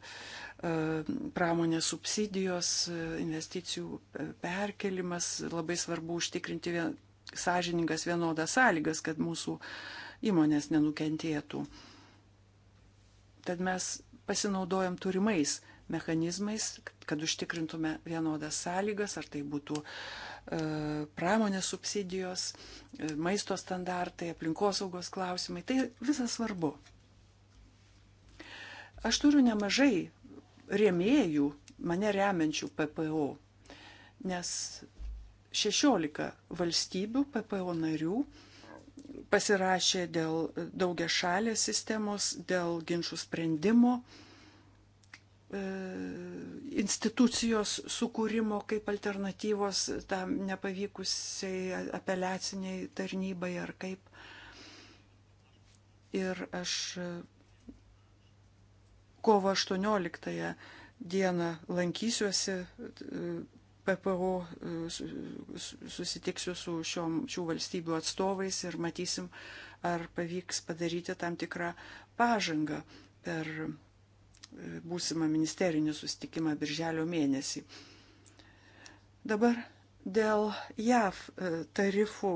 pramonės subsidijos, investicijų e, perkelimas. Labai svarbu užtikrinti vien, sąžiningas vienodas sąlygas, kad mūsų įmonės nenukentėtų. Tad mes pasinaudojam turimais mechanizmais, kad užtikrintume vienodas sąlygas, ar tai būtų uh, E, pramonės subsidijos, e, maisto standartai, aplinkosaugos klausimai. Tai visas svarbu. Aš turiu nemažai rėmėjų, mane remiančių PPO, nes 16 valstybių PPO narių pasirašė dėl daugia šalės sistemos, dėl ginčių sprendimo, E, institucijos sukūrimo kaip alternatyvos tam nepavykusiai apeliaciniai tarnybai ar kaip. Ir aš e, kovo 18 dieną lankysiuosi e, PPO, susitiksiu su šiom, šių valstybių atstovais ir matysim, ar pavyks padaryti tam tikrą pažangą per būsimą ministerinį sustikimą birželio mėnesį. Dabar dėl JAV e, tarifų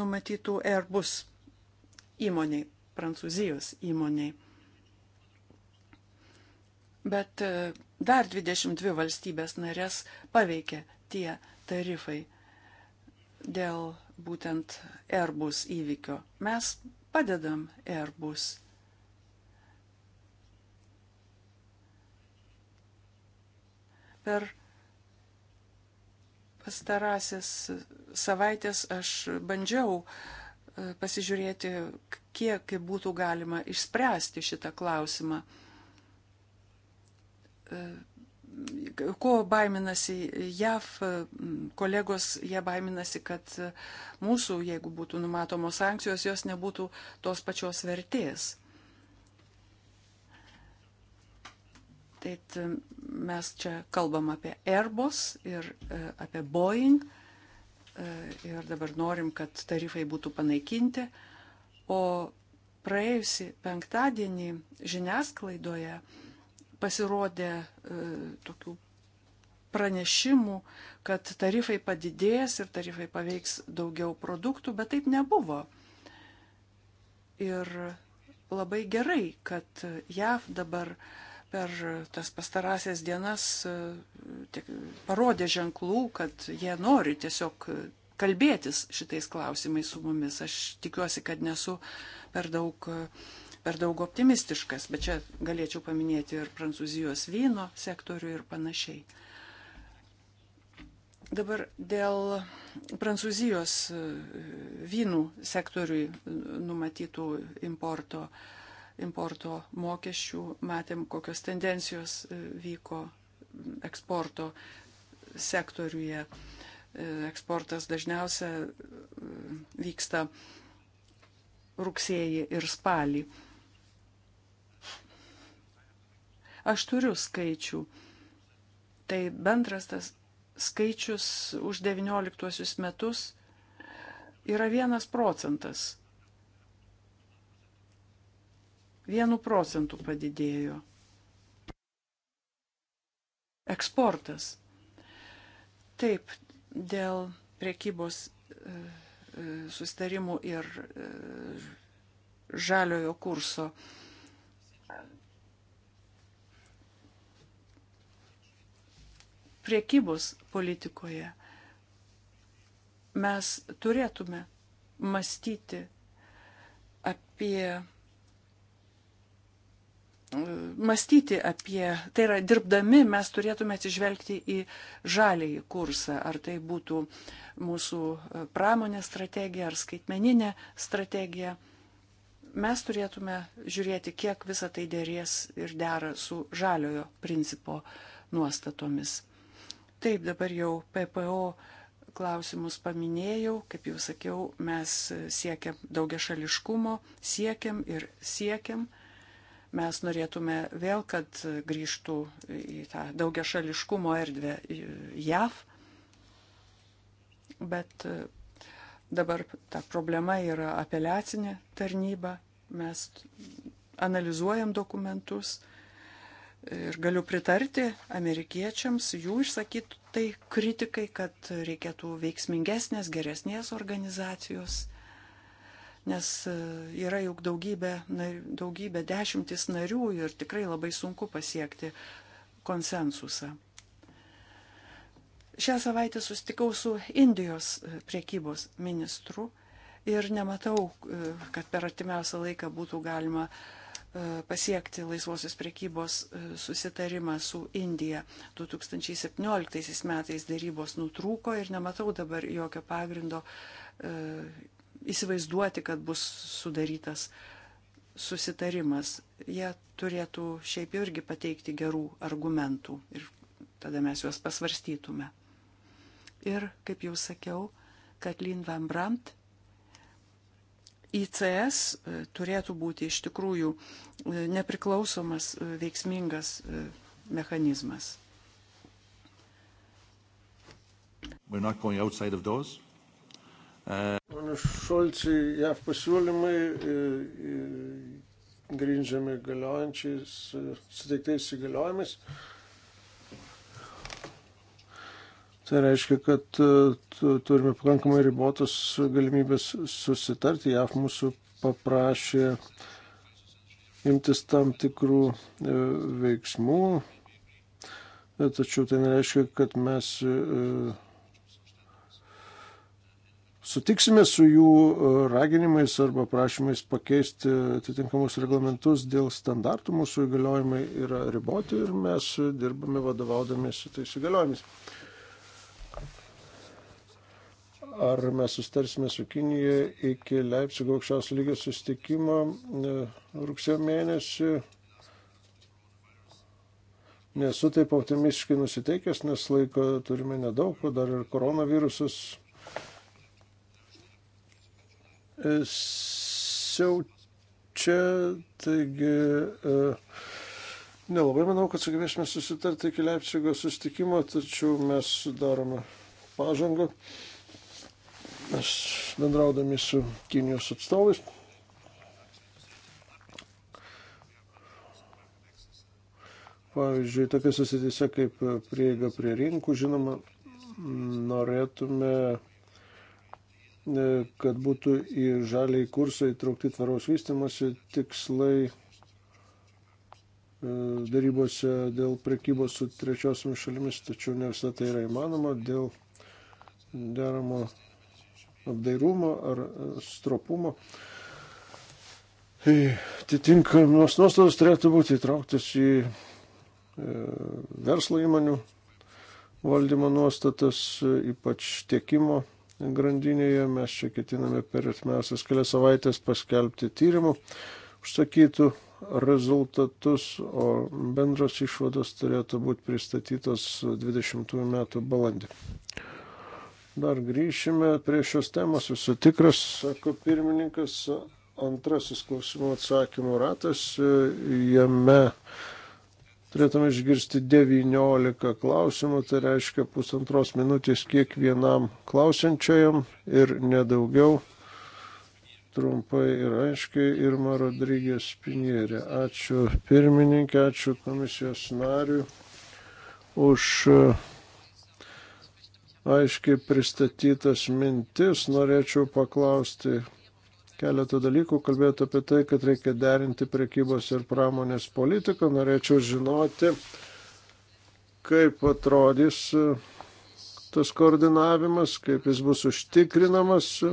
numatytų Airbus įmoniai, prancūzijos įmoniai. Bet e, dar 22 valstybės narės paveikė tie tarifai dėl būtent Airbus įvykio. Mes padedam Airbus Per pastarasis savaitės aš bandžiau e, pasižiūrėti, kiek būtų galima išspręsti šitą klausimą. E, Ko baiminasi JAV, kolegos, jie baiminasi, kad mūsų, jeigu būtų numatomos sankcijos, jos nebūtų tos pačios vertės. Tai mes čia kalbam apie Airbus ir e, apie Boeing e, ir dabar norim, kad tarifai būtų panaikinti. O praėjusi penktadienį žiniasklaidoje pasirodė e, tokių pranešimų, kad tarifai padidės ir tarifai paveiks daugiau produktų, bet taip nebuvo. Ir labai gerai, kad JAV dabar uh, per tas pastarąsias dienas e, tik parodė ženklų, kad jie nori tiesiog kalbėtis šitais klausimais su mumis. Aš tikiuosi, kad nesu per daug, e, per daug optimistiškas, bet čia galėčiau paminėti ir prancūzijos vyno sektorių ir panašiai. Dabar dėl prancūzijos e, vynų sektoriui numatytų importo uh, importo mokesčių, matėm, kokios tendencijos e, vyko eksporto sektoriuje. E, eksportas dažniausia e, vyksta rugsėjį ir spalį. Aš turiu skaičių. Tai bendras tas skaičius už 19 metus yra vienas procentas vienu procentu padidėjo. Eksportas. Taip, dėl priekybos e, e, sustarimų ir e, žaliojo kurso. Priekybos politikoje mes turėtume mąstyti apie mąstyti apie, tai yra dirbdami mes turėtume atsižvelgti į žalėjį kursą, ar tai būtų mūsų pramonės strategija ar skaitmeninė strategija. Mes turėtume žiūrėti, kiek visa tai dėrės ir dera su žaliojo principo nuostatomis. Taip dabar jau PPO klausimus paminėjau, kaip jau sakiau, mes siekiam daugia šališkumo, siekiam ir siekiam mes norėtume vėl, kad grįžtų į tą daugia šališkumo erdvę JAV, bet e, dabar ta problema yra apeliacinė tarnyba, mes analizuojam dokumentus ir galiu pritarti amerikiečiams, jų išsakytų tai kritikai, kad reikėtų veiksmingesnės, geresnės organizacijos nes e, yra juk daugybė, daugybė dešimtis narių ir tikrai labai sunku pasiekti konsensusą. Šią savaitę sustikau su Indijos e, priekybos ministru ir nematau, e, kad per artimiausią laiką būtų galima pasiekti laisvosios priekybos susitarimą su Indija. 2017 metais dėrybos nutrūko ir nematau dabar jokio pagrindo įsivaizduoti, kad bus sudarytas susitarimas. Jie turėtų šiaip irgi pateikti gerų argumentų ir tada mes juos pasvarstytume. Ir, kaip jau sakiau, kad Lin Van Brandt ICS e, turėtų būti iš tikrųjų e, nepriklausomas e, veiksmingas mechanizmas. Uh... Pane Šolcai, JAV pasiūlymai e, e, grindžiami galiojančiais, suteiktais įgaliojimais. Tai reiškia, kad e, turime pakankamai ribotas galimybės susitarti. JAF mūsų paprašė imtis tam tikrų veiksmų, tačiau tai nereiškia, kad mes sutiksime su jų e, raginimais arba prašymais pakeisti atitinkamus reglamentus dėl standartų, mūsų įgaliojimai yra riboti ir mes dirbame vadovaudamiesi tais įgaliojimais. Ar mes sustarsime su Kinija iki Leipzigo aukščiaus lygio sustikimo e, rugsėjo mėnesį? Nesu taip optimistiškai nusiteikęs, nes laiko turime nedaug, o dar ir koronavirusas siaučia, taigi e, nelabai manau, kad sugebėsime susitarti iki Leipzigo sustikimo, tačiau mes darome pažangą, mes bendraudami su Kinijos atstovais. Pavyzdžiui, tokiuose srityse kaip prieiga prie rinkų, žinoma, norėtume E, kad būtų į žaliai kursą įtraukti tvaraus vystimosi tikslai e, darybose dėl prekybos su trečiosiomis šalimis, tačiau ne visada tai yra įmanoma dėl deramo apdairumo ar e, stropumo. Atitinkamos nuostatos turėtų būti įtrauktas į verslo įmonių valdymo nuostatas, ypač tiekimo grandinėje. Mes čia ketiname per atmiausias kelias savaitės paskelbti tyrimų užsakytų rezultatus, o bendros išvados turėtų būti pristatytos 20 metų balandį. Dar grįšime prie šios temos, esu tikras, sako pirmininkas, antrasis klausimų atsakymų ratas, jame turėtume išgirsti 19 klausimų, tai reiškia pusantros minutės kiekvienam klausiančiajam ir nedaugiau. Trumpai ir aiškiai Irma Rodrygės Pinierė. Ačiū pirmininkė, ačiū komisijos nariui už e, aiškiai pristatytas mintis. Norėčiau paklausti keletą dalykų, kalbėjote apie tai, kad reikia derinti prekybos ir pramonės politiką. Norėčiau žinoti, kaip atrodys e, tas koordinavimas, kaip jis bus užtikrinamas, e,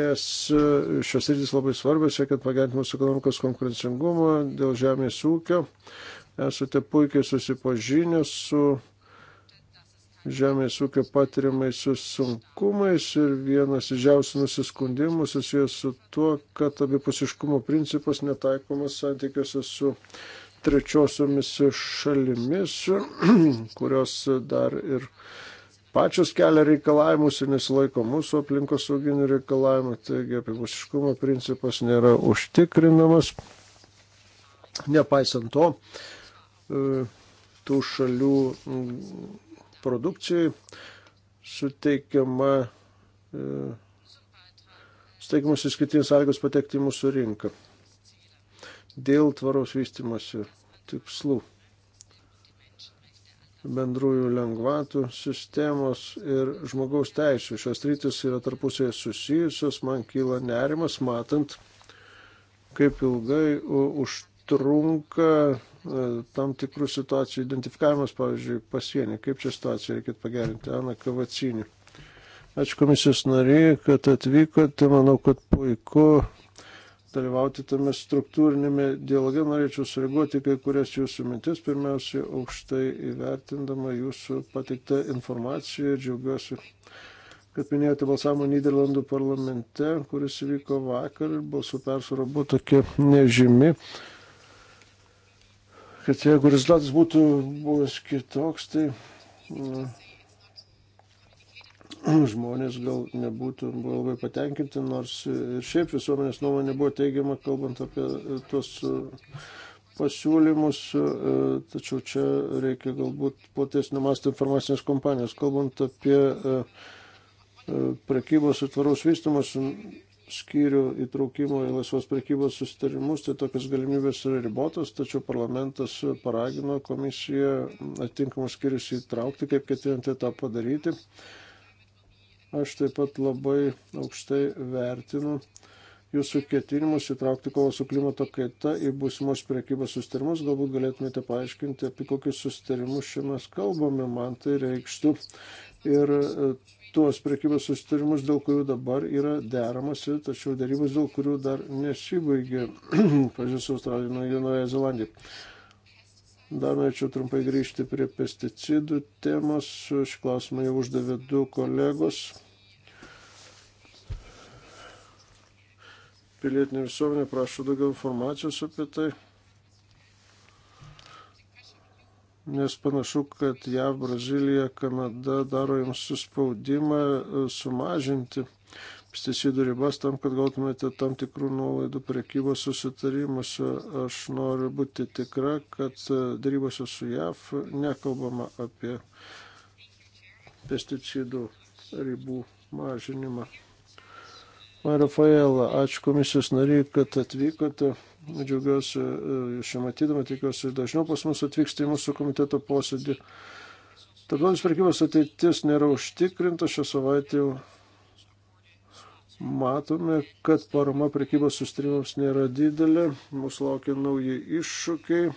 nes e, šios rytis labai svarbios, siekiant pagerinti mūsų ekonomikos konkurencingumą dėl žemės ūkio. Esate puikiai susipažinę su žemės ūkio patiriamais sunkumais ir vienas iš žiausių nusiskundimų susijęs su tuo, kad abipusiškumo principas netaikomas santykiuose su trečiosiomis šalimis, kurios dar ir pačios kelia reikalavimus ir nesilaiko mūsų aplinkos sauginių reikalavimų, taigi abipusiškumo principas nėra užtikrinamas. Nepaisant to, e, tų šalių produkcijai suteikiama, e, suteikiamas įskirtinis sąlygos patekti į mūsų rinką dėl tvaraus vystimosi tikslų bendrųjų lengvatų sistemos ir žmogaus teisų. Šios rytis yra tarpusiai susijusios, man kyla nerimas, matant, kaip ilgai užtrunka E, tam tikrų situacijų identifikavimas, pavyzdžiui, pasienį. Kaip čia situaciją reikėtų pagerinti? Ana Kavacinį. Ačiū komisijos nariai, kad atvykote. Manau, kad puiku dalyvauti tame struktūrinėme dialoge. Norėčiau sureaguoti kai kurias jūsų mintis. Pirmiausia, aukštai įvertindama jūsų pateiktą informaciją, džiaugiuosi kad minėjote balsavimą Niderlandų parlamente, kuris įvyko vakar, balsų persvara buvo tokia nežymi kad jeigu rezultatas būtų buvęs kitoks, tai na, e, žmonės gal nebūtų buvo labai patenkinti, nors ir šiaip visuomenės nuomonė buvo teigiama, kalbant apie e, tuos e, pasiūlymus, tačiau čia reikia galbūt platesnio masto informacinės kompanijos, kalbant apie prekybos ir tvaraus vystymus skyrių įtraukimo į laisvos prekybos sustarimus, tai tokios galimybės yra ribotos, tačiau parlamentas paragino komisiją atitinkamus skyrius įtraukti, kaip ketinti tą padaryti. Aš taip pat labai aukštai vertinu jūsų ketinimus įtraukti kovą su klimato kaita į būsimos priekybos sustarimus. Galbūt galėtumėte paaiškinti, apie kokius sustarimus čia mes kalbame. Man tai reikštų ir e, tuos prekybos sustarimus, dėl kurių dabar yra deramasi, tačiau darybos, dėl kurių dar nesibaigė, pažiūrėjau, Australija ir Naujoje Zelandija. Dar norėčiau trumpai grįžti prie pesticidų temos. Šį klausimą jau uždavė du kolegos. Pilietinė visuomenė prašo daugiau informacijos apie tai. nes panašu, kad JAV, Brazilija, Kanada daro jums suspaudimą e, sumažinti pesticidų ribas tam, kad gautumėte tam tikrų nuolaidų prekybos susitarimuose. Aš noriu būti tikra, kad e, darybose su JAV nekalbama apie pesticidų ribų mažinimą. Marifaela, ačiū komisijos nariai, kad atvykote. Nu, džiaugiuosi e, jūs čia matydama, tikiuosi dažniau pas mus atvyksta į mūsų komiteto posėdį. Tarptautinės prekybos ateitis nėra užtikrinta, šią savaitę jau matome, kad parama prekybos sustrimams nėra didelė, mūsų laukia nauji iššūkiai.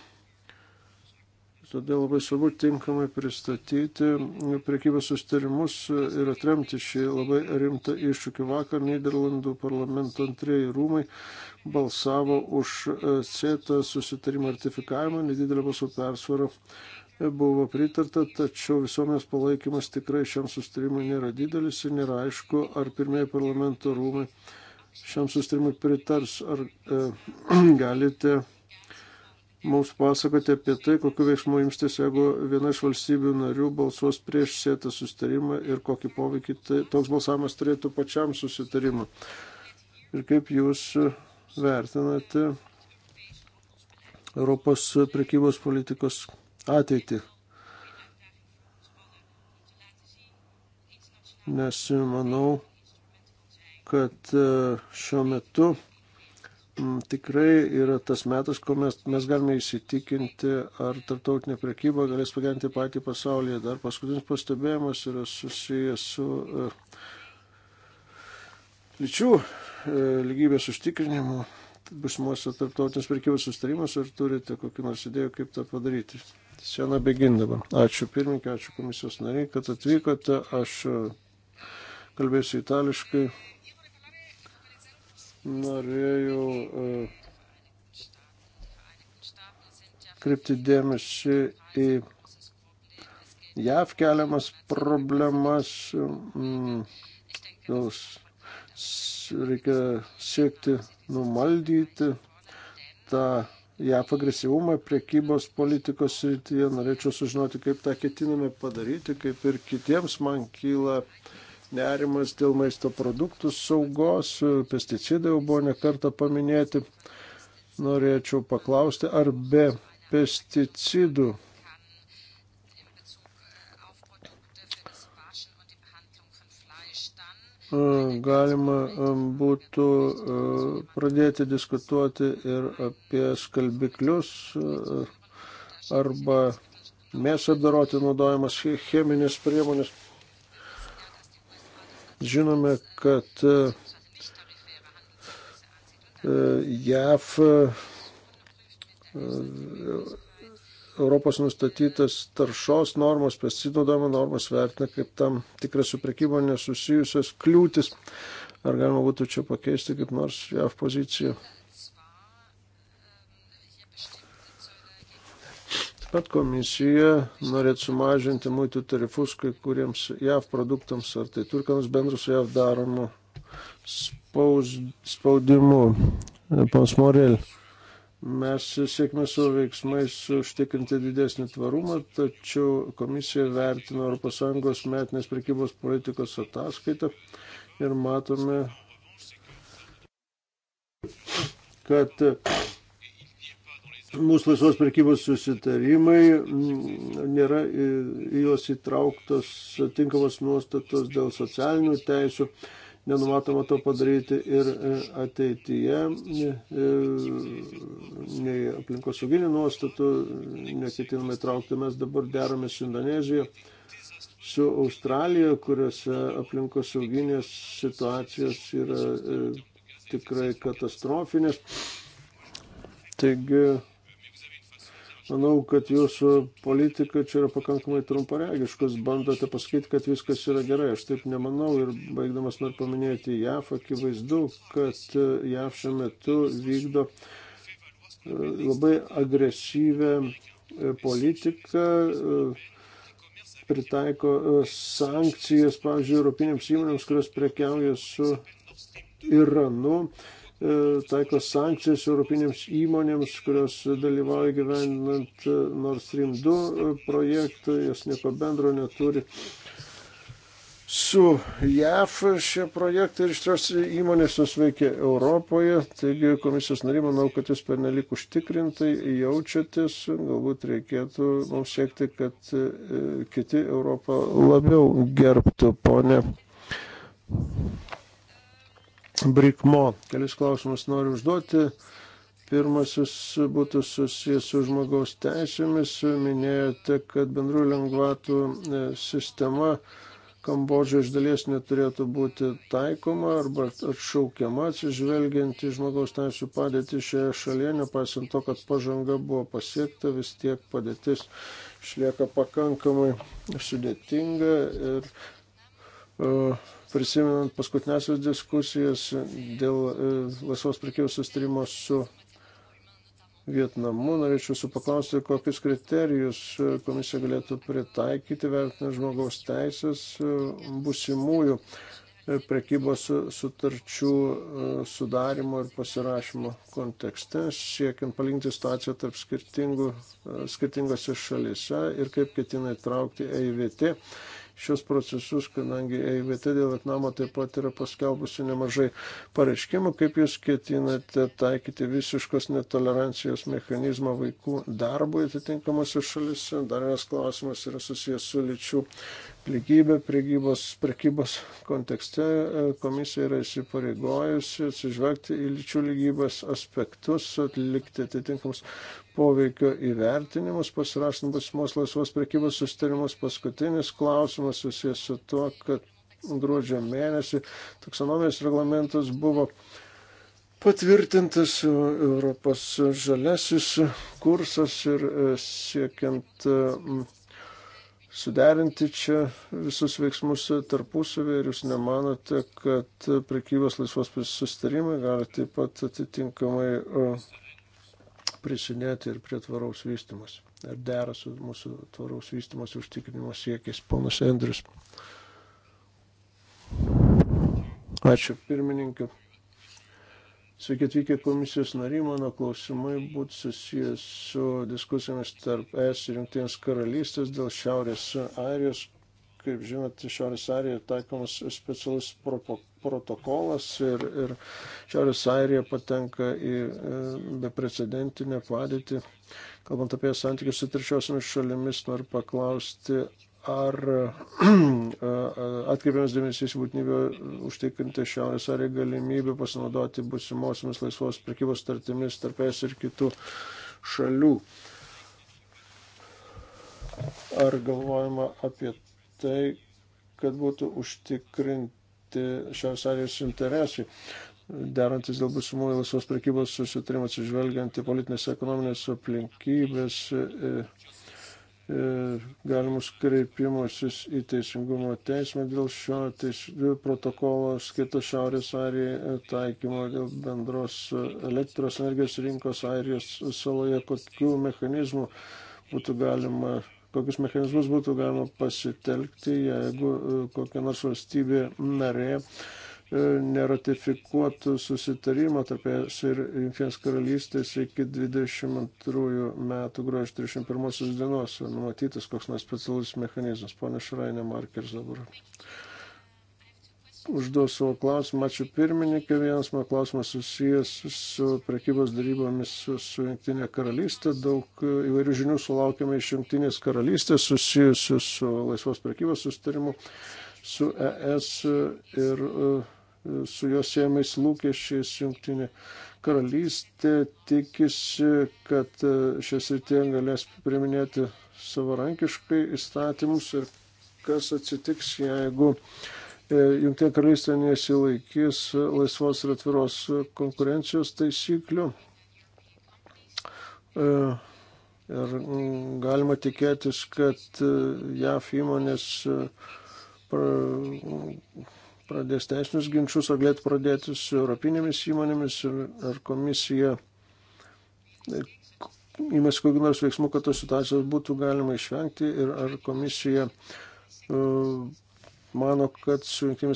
Todėl labai svarbu tinkamai pristatyti prekybos sustarimus ir atremti šį labai rimtą iššūkį. Vakar Niderlandų parlamento antrieji rūmai balsavo už e, CETA susitarimo ratifikavimą, nedidelė balsų persvara buvo pritarta, tačiau visuomenės palaikymas tikrai šiam sustarimui nėra didelis ir nėra aišku, ar pirmieji parlamento rūmai šiam sustarimui pritars, ar e, galite mums pasakoti apie tai, kokiu veiksmu imstis, jeigu viena iš valstybių narių balsuos prieš sėtą susitarimą ir kokį poveikį tai, toks balsavimas turėtų pačiam susitarimui. Ir kaip jūs vertinate Europos prekybos politikos ateitį? Nes manau, kad e, šiuo metu Mm, tikrai yra tas metas, kuo mes, mes galime įsitikinti, ar tarptautinė prekyba galės pagerinti patį pasaulyje. Dar paskutinis pastebėjimas yra susijęs su uh, lyčių uh, lygybės užtikrinimu busimuose tarptautinės prekybos sustarimuose ir turite kokį nors idėją, kaip tą padaryti. Sena begindama. Ačiū pirmininkai, ačiū komisijos nariai, kad atvykote. Aš e, kalbėsiu itališkai norėjau e, kreipti dėmesį į JAV keliamas problemas. Mm, jos reikia siekti numaldyti tą JAV agresyvumą priekybos politikos srityje. Norėčiau sužinoti, kaip tą ketiname padaryti, kaip ir kitiems man kyla uh, nerimas dėl maisto produktų saugos, pesticidai jau buvo nekarta paminėti. Norėčiau paklausti, ar be pesticidų galima um, būtų uh, pradėti diskutuoti ir apie skalbiklius uh, arba mėsą apdaroti naudojamas cheminės priemonės. Žinome, kad e, e, JAV e, Europos nustatytas taršos normos, pesticidodama normos vertina kaip tam tikras su prekyba nesusijusios kliūtis. Ar galima būtų čia pakeisti kaip nors JAV poziciją? Taip pat komisija norėtų sumažinti muitų tarifus kai kuriems JAV produktams, ar tai turi ką nors bendro su JAV daromu spaus, spaudimu. Pons Morel, mes siekime savo veiksmais užtikrinti didesnį tvarumą, tačiau komisija vertina ES metinės prekybos politikos ataskaitą ir matome, kad mūsų laisvos prekybos susitarimai mm, nėra į juos įtrauktos tinkamos nuostatos dėl socialinių teisų, nenumatoma to padaryti ir e, ateityje, e, nei aplinkosauginių nuostatų e, neketiname įtraukti, mes dabar derame su Indonezija su Australija, kuriuose aplinkosauginės situacijos yra tikrai katastrofinės. Taigi Manau, kad jūsų politika čia yra pakankamai trumparegiškas, bandote pasakyti, kad viskas yra gerai. Aš taip nemanau ir baigdamas noriu paminėti JAF, akivaizdu, kad JAF šiuo metu vykdo e, labai agresyvę e, politiką e, pritaiko sankcijas, pavyzdžiui, europinėms įmonėms, kurios prekiauja su Iranu. E, taiko sankcijas europinėms įmonėms, kurios dalyvauja gyvendinant e, Nord Stream 2 e, projektą, jos nieko bendro neturi. Su JAF šie projektai ir šios įmonės nusveikia Europoje, taigi komisijos nariai, manau, kad jūs pernelik užtikrintai jaučiatės, galbūt reikėtų mums siekti, kad kiti Europą labiau gerbtų, ponė Brikmo. Kelis klausimus noriu užduoti. Pirmasis būtų susijęs su žmogaus teisėmis. Minėjote, kad bendrų lengvatų e, sistema Kambodža iš dalies neturėtų būti taikoma arba atšaukiama atsižvelgiant į žmogaus teisų padėtį šioje šalyje, nepaisant to, kad pažanga buvo pasiekta, vis tiek padėtis išlieka pakankamai sudėtinga ir uh, Prisimenant paskutinėsios diskusijas dėl e, laisvos prekiaus sustarimo su Vietnamu, norėčiau supaklausti, kokius kriterijus e, komisija galėtų pritaikyti, vertinant žmogaus teisės e, busimųjų prekybos sutarčių sudarimo ir pasirašymo kontekste, siekiant palinkti situaciją tarp skirtingose šalise ir kaip ketina įtraukti EIVT šios procesus, kadangi EIVT dėl Vietnamo taip pat yra paskelbusi nemažai pareiškimų, kaip jūs ketinate taikyti visiškos netolerancijos mechanizmą vaikų darbui atitinkamose šalise. Dar vienas klausimas yra susijęs su lyčių lygybė priegybos, prekybos kontekste e, komisija yra įsipareigojusi atsižvelgti į lyčių lygybės aspektus, atlikti atitinkamus poveikio įvertinimus, pasirašant būsimos laisvos prekybos sustarimus. Paskutinis klausimas susijęs su tuo, kad gruodžio mėnesį taksonomijos reglamentas buvo patvirtintas Europos žalesis kursas ir e, siekiant e, suderinti čia visus veiksmus tarpusavį ir jūs nemanote, kad prekybos laisvos susitarimai gali taip pat atitinkamai e, prisidėti ir prie tvaraus vystimas. Ir dera su mūsų tvaraus vystimas užtikrinimo siekiais, ponas Andrius. Ačiū pirmininkai. Sveiki atvykę komisijos nariai, mano klausimai būtų susijęs su diskusijomis tarp ES ir Junktinės karalystės dėl Šiaurės Airijos. Kaip žinote, Šiaurės Airijoje taikomas specialus protokolas ir, ir Šiaurės Airija patenka į e, beprecedentinę padėtį. Kalbant apie santykius su trečiosiomis šalimis, noriu paklausti, ar e, e, atkreipiamas dėmesys būtinybė užtikrinti Šiaurės Airiją galimybę pasinaudoti busimosiamis laisvos prekybos tartimis tarp es ir kitų šalių. Ar galvojama apie tai, kad būtų užtikrinti šios arijos interesai. Derantis dėl būsimų laisvos prekybos susitarimų atsižvelgiant į politinės ekonominės aplinkybės, e, e, galimus kreipimusis į Teisingumo teismą dėl šio teis, protokolo skirto Šiaurės Airijai e, taikymo dėl bendros elektros energijos rinkos Airijos saloje, kokių mechanizmų būtų galima kokius mechanizmus būtų galima pasitelkti, jeigu e, kokia nors valstybė narė e, neratifikuotų susitarimo tarp ES ir Junktinės karalystės iki 22 metų gruodžio 31 dienos. Numatytas koks nors specialus mechanizmas. Pone Šrainė Markers dabar užduos savo klausimą. Ačiū pirmininkė. Vienas mano klausimas susijęs su prekybos darybomis su, su Junktinė karalystė. Daug įvairių žinių sulaukėme iš Junktinės karalystės susijusių su laisvos prekybos sustarimu, su ES ir e, su jos siejamais lūkesčiais Junktinė karalystė tikisi, kad e, šias rytie galės priminėti savarankiškai įstatymus ir kas atsitiks, jeigu uh, E, Junktinė karalystė nesilaikys laisvos ir atviros konkurencijos taisyklių. E, ir galima tikėtis, kad e, JAF įmonės pradės teisinius ginčius ar galėtų pradėti su europinėmis įmonėmis ir ar komisija įmės kokių nors veiksmų, kad tos situacijos būtų galima išvengti ir ar komisija uh, mano, kad su Junktinė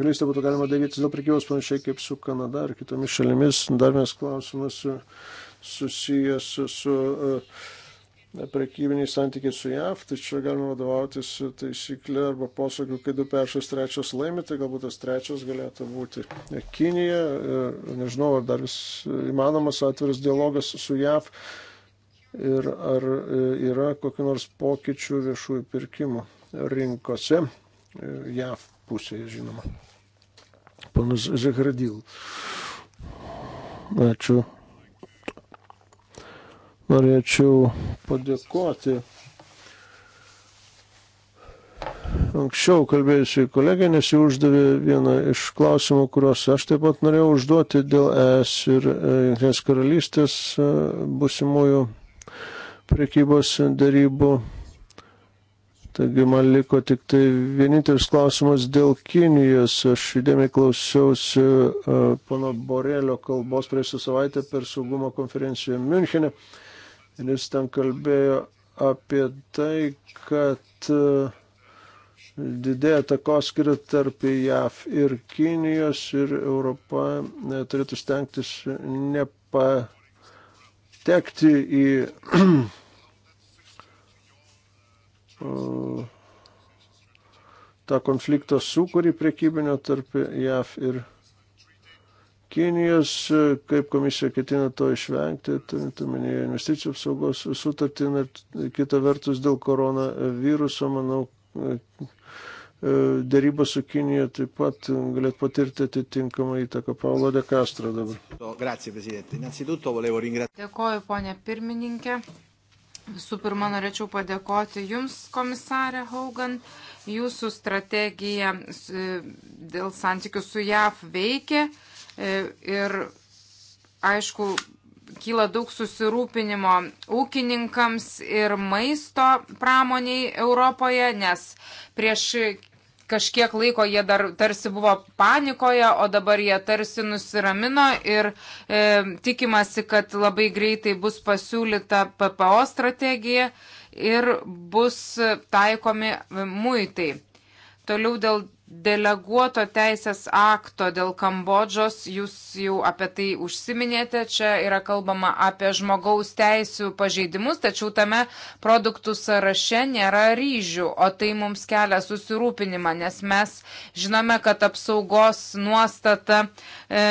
karalystė būtų galima daryti dėl prekybos panašiai kaip su Kanada ar kitomis šalimis. Dar vienas klausimas susijęs su, su uh, e, prekybiniai santykiai su JAV, tai čia galima vadovautis taisyklė arba posakiu, kai du peršas trečias laimi, tai galbūt tas trečias galėtų būti Kinija, e, nežinau, ar dar vis įmanomas atviras dialogas su JAV ir ar e, yra kokiu nors pokyčių viešųjų pirkimų rinkose. JAV pusėje, žinoma. Panas Zahradil. Ačiū. Norėčiau padėkoti anksčiau kalbėjusiai kolegai, nes jį uždavė vieną iš klausimų, kuriuos aš taip pat norėjau užduoti dėl ES ir e, Junktinės karalystės e, busimųjų priekybos darybų Taigi man liko tik tai vienintelis klausimas dėl Kinijos. Aš įdėmiai klausiausi uh, pono Borelio kalbos praėjusią savaitę per saugumo konferenciją Münchenė. Ir jis ten kalbėjo apie tai, kad uh, didėja takoskirta tarp JAV ir Kinijos ir Europa ne, turėtų stengtis nepatekti į E, tą konfliktą sukūrį priekybinio tarp JAV ir Kinijos, kaip komisija ketina to išvengti, turint omenyje investicijų apsaugos sutartį ir kita vertus dėl koronaviruso, manau, e, dėrybos su Kinija taip pat galėtų patirti atitinkamą įtaką. Paulo de Castro dabar. Dėkoju, ponė pirmininkė. Visų pirma, norėčiau padėkoti Jums, komisarė Haugan. Jūsų strategija e, dėl santykių su JAV veikia e, ir, aišku, kyla daug susirūpinimo ūkininkams ir maisto pramoniai Europoje, nes prieš kažkiek laiko jie dar tarsi buvo panikoje, o dabar jie tarsi nusiramino ir e, tikimasi, kad labai greitai bus pasiūlyta PPO strategija ir bus taikomi muitai. Toliau dėl deleguoto teisės akto dėl Kambodžos, jūs jau apie tai užsiminėte, čia yra kalbama apie žmogaus teisų pažeidimus, tačiau tame produktų sąraše nėra ryžių, o tai mums kelia susirūpinimą, nes mes žinome, kad apsaugos nuostata e,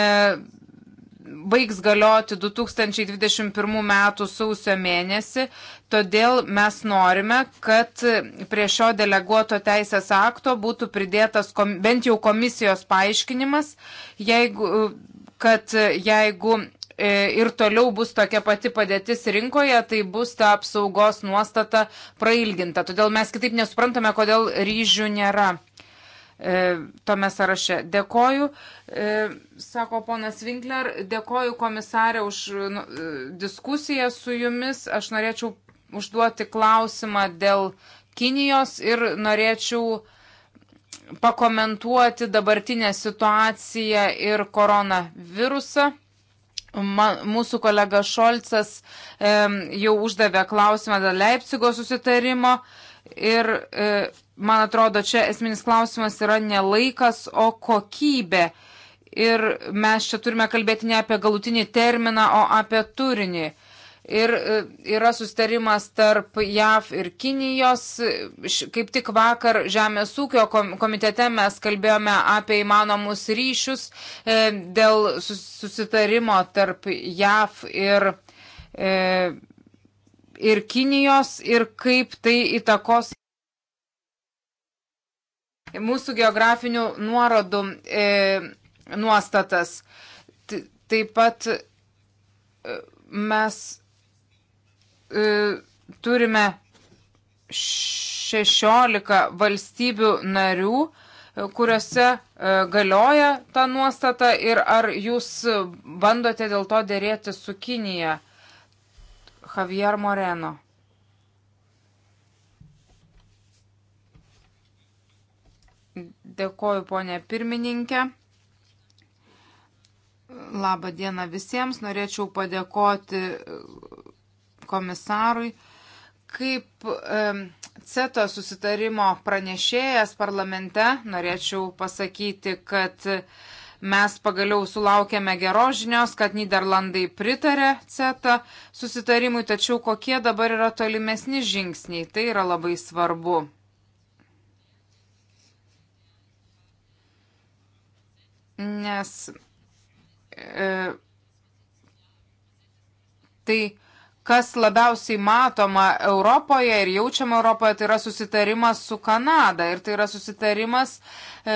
baigs galioti 2021 m. sausio mėnesį, todėl mes norime, kad prie šio deleguoto teisės akto būtų pridėtas kom, bent jau komisijos paaiškinimas, jeigu, kad jeigu e, ir toliau bus tokia pati padėtis rinkoje, tai bus ta apsaugos nuostata prailginta. Todėl mes kitaip nesuprantame, kodėl ryžių nėra. E, tome sąraše. Dėkoju, e, sako ponas Winkler, dėkoju komisarė už nu, e, diskusiją su jumis. Aš norėčiau užduoti klausimą dėl Kinijos ir norėčiau pakomentuoti dabartinę situaciją ir koronavirusą. Man, mūsų kolega Šolcas e, jau uždavė klausimą dėl Leipcigo susitarimo ir e, man atrodo, čia esminis klausimas yra ne laikas, o kokybė. Ir mes čia turime kalbėti ne apie galutinį terminą, o apie turinį. Ir e, yra sustarimas tarp JAV ir Kinijos. Kaip tik vakar Žemės ūkio komitete mes kalbėjome apie įmanomus ryšius e, dėl susitarimo tarp JAV ir e, ir Kinijos ir kaip tai įtakos mūsų geografinių nuorodų e, nuostatas. T taip pat e, mes e, turime 16 valstybių narių, e, kuriuose e, galioja ta nuostata ir ar jūs bandote dėl to dėrėti su Kinija? Javier Moreno. Dėkoju, ponė pirmininkė. Labą dieną visiems. Norėčiau padėkoti e, komisarui. Kaip e, CETO susitarimo pranešėjas parlamente, norėčiau pasakyti, kad mes pagaliau sulaukėme geros žinios, kad Niderlandai pritarė CETA susitarimui, tačiau kokie dabar yra tolimesni žingsniai, tai yra labai svarbu. nes e, tai kas labiausiai matoma Europoje ir jaučiama Europoje, tai yra susitarimas su Kanada. Ir tai yra susitarimas, e,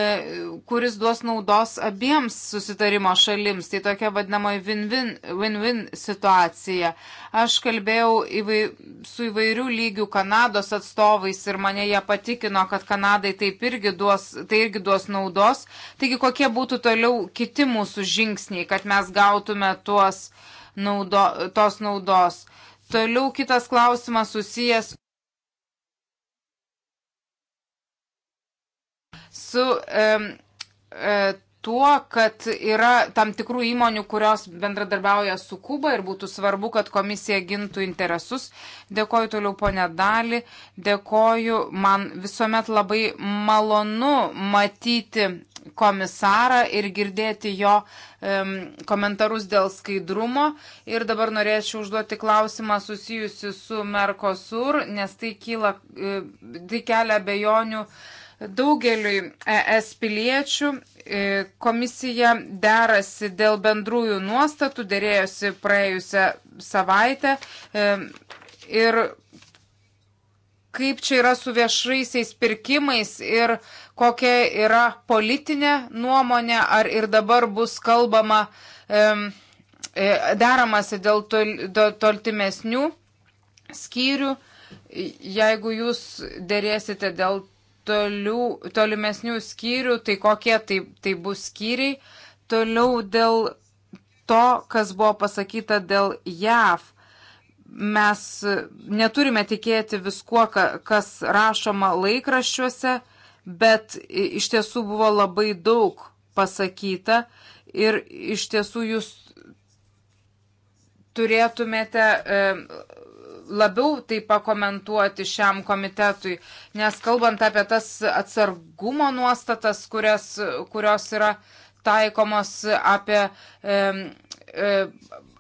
kuris duos naudos abiems susitarimo šalims. Tai tokia vadinamoji win-win situacija. Aš kalbėjau įvai, su įvairių lygių Kanados atstovais ir mane jie patikino, kad Kanadai taip irgi duos, tai irgi duos naudos. Taigi kokie būtų toliau kiti mūsų žingsniai, kad mes gautume tuos uh, naudo, tos naudos. Toliau kitas klausimas susijęs su e, e, tuo, kad yra tam tikrų įmonių, kurios bendradarbiauja su Kuba ir būtų svarbu, kad komisija gintų interesus. Dėkoju toliau ponė Dali, dėkoju, man visuomet labai malonu matyti komisarą ir girdėti jo um, komentarus dėl skaidrumo. Ir dabar norėčiau užduoti klausimą susijusi su Mercosur, nes tai, kyla, e, tai kelia bejonių daugeliui ES piliečių e, komisija derasi dėl bendrųjų nuostatų, dėrėjosi praėjusią savaitę e, ir kaip čia yra su viešaisiais pirkimais ir kokia yra politinė nuomonė, ar ir dabar bus kalbama, e, deramasi dėl toltimesnių skyrių, jeigu jūs dėrėsite dėl tolių, tolimesnių skyrių, tai kokie tai, tai bus skyriai. Toliau dėl to, kas buvo pasakyta dėl JAV mes neturime tikėti viskuo, kas rašoma laikraščiuose, bet iš tiesų buvo labai daug pasakyta ir iš tiesų jūs turėtumėte e, labiau tai pakomentuoti šiam komitetui, nes kalbant apie tas atsargumo nuostatas, kurias, kurios yra taikomos apie e, e,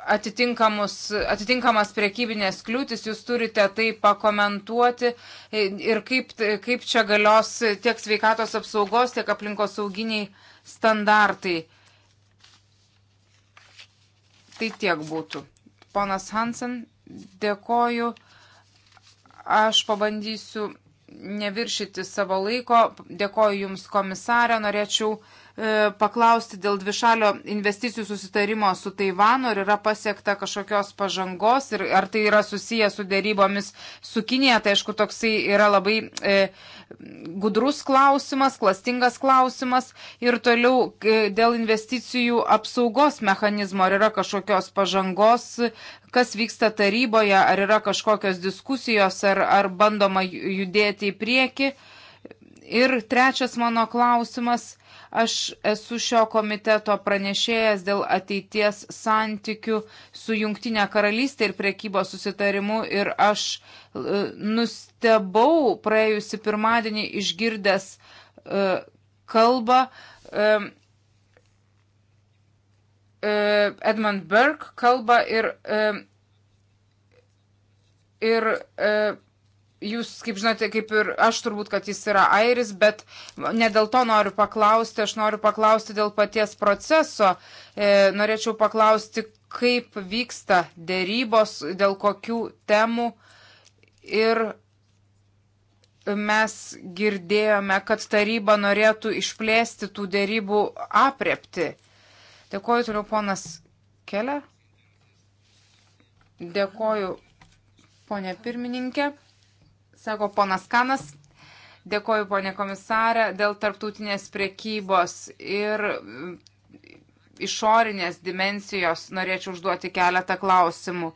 atitinkamas priekybinės kliūtis, jūs turite tai pakomentuoti ir kaip, kaip čia galios tiek sveikatos apsaugos, tiek aplinkos sauginiai standartai. Tai tiek būtų. Ponas Hansen, dėkoju. Aš pabandysiu neviršyti savo laiko. Dėkoju Jums, komisarė. Norėčiau uh, E, paklausti dėl dvišalio investicijų susitarimo su Taivanu, ar yra pasiekta kažkokios pažangos ir ar tai yra susiję su dėrybomis su Kinėje. Tai aišku, toksai yra labai e, gudrus klausimas, klastingas klausimas. Ir toliau e, dėl investicijų apsaugos mechanizmo, ar yra kažkokios pažangos, kas vyksta taryboje, ar yra kažkokios diskusijos, ar, ar bandoma judėti į priekį. Ir trečias mano klausimas Aš esu šio komiteto pranešėjas dėl ateities santykių su Junktinė karalystė ir priekybos susitarimu ir aš e, nustebau praėjusi pirmadienį išgirdęs e, kalbą e, Edmund Burke kalba ir, ir Jūs, kaip žinote, kaip ir aš turbūt, kad jis yra airis, bet ne dėl to noriu paklausti, aš noriu paklausti dėl paties proceso. E, norėčiau paklausti, kaip vyksta dėrybos, dėl kokių temų. Ir mes girdėjome, kad taryba norėtų išplėsti tų dėrybų aprepti. Dėkoju, turiu ponas Kelė. Dėkoju, ponė pirmininkė sako ponas Kanas. Dėkoju, ponė komisarė, dėl tarptautinės priekybos ir mm, išorinės dimensijos norėčiau užduoti keletą klausimų.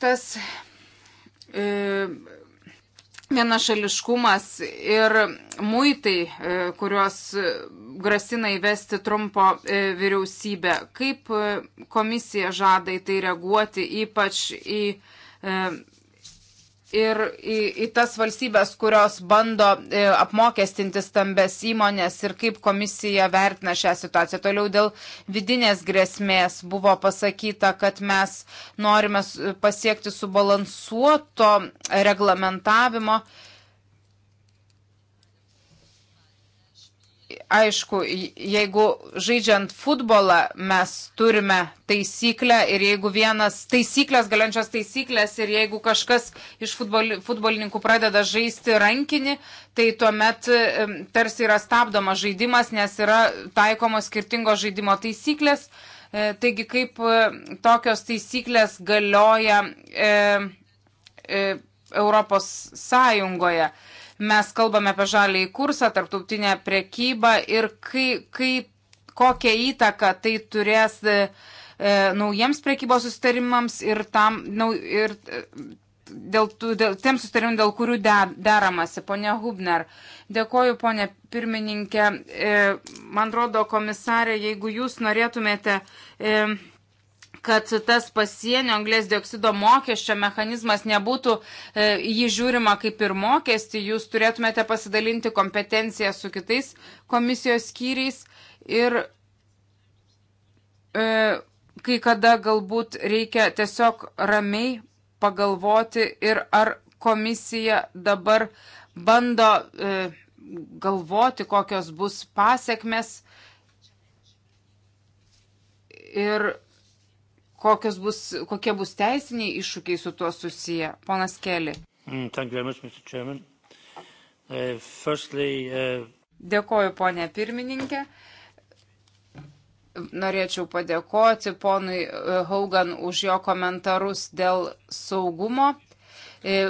Tas e, vienašališkumas ir muitai, e, kuriuos grasina įvesti Trumpo e, vyriausybė. Kaip e, komisija žada į tai reaguoti, ypač į ir į, į tas valstybės, kurios bando e, apmokestinti stambes įmonės ir kaip komisija vertina šią situaciją. Toliau dėl vidinės grėsmės buvo pasakyta, kad mes norime pasiekti subalansuoto reglamentavimo. E, aišku, jeigu žaidžiant futbolą mes turime taisyklę ir jeigu vienas taisyklės, galiančios taisyklės ir jeigu kažkas iš futbol, futbolininkų pradeda žaisti rankinį, tai tuomet tarsi yra stabdomas žaidimas, nes yra taikomos skirtingos žaidimo taisyklės. E, taigi kaip e, tokios taisyklės galioja e, e, Europos Sąjungoje. E, Mes kalbame apie žalį kursą, tarptautinę prekybą ir kai, kai, kokią įtaką tai turės e, e naujiems prekybos sustarimams ir, tam, nau, ir e, dėl, dėl, tiem sustarimam, dėl kurių de, deramasi. Pone Hubner, dėkoju, ponė pirmininkė. E, man atrodo, komisarė, jeigu jūs norėtumėte. E, kad tas pasienio anglės dioksido mokesčio mechanizmas nebūtų e, jį žiūrima kaip ir mokestį, jūs turėtumėte pasidalinti kompetenciją su kitais komisijos skyriais ir e, kai kada galbūt reikia tiesiog ramiai pagalvoti ir ar komisija dabar bando e, galvoti, kokios bus pasiekmes ir kokios bus, kokie bus teisiniai iššūkiai su tuo susiję. Ponas Keli. Mm, uh, uh, Dėkoju, ponė pirmininkė. Norėčiau padėkoti ponui uh, Haugan už jo komentarus dėl saugumo. E,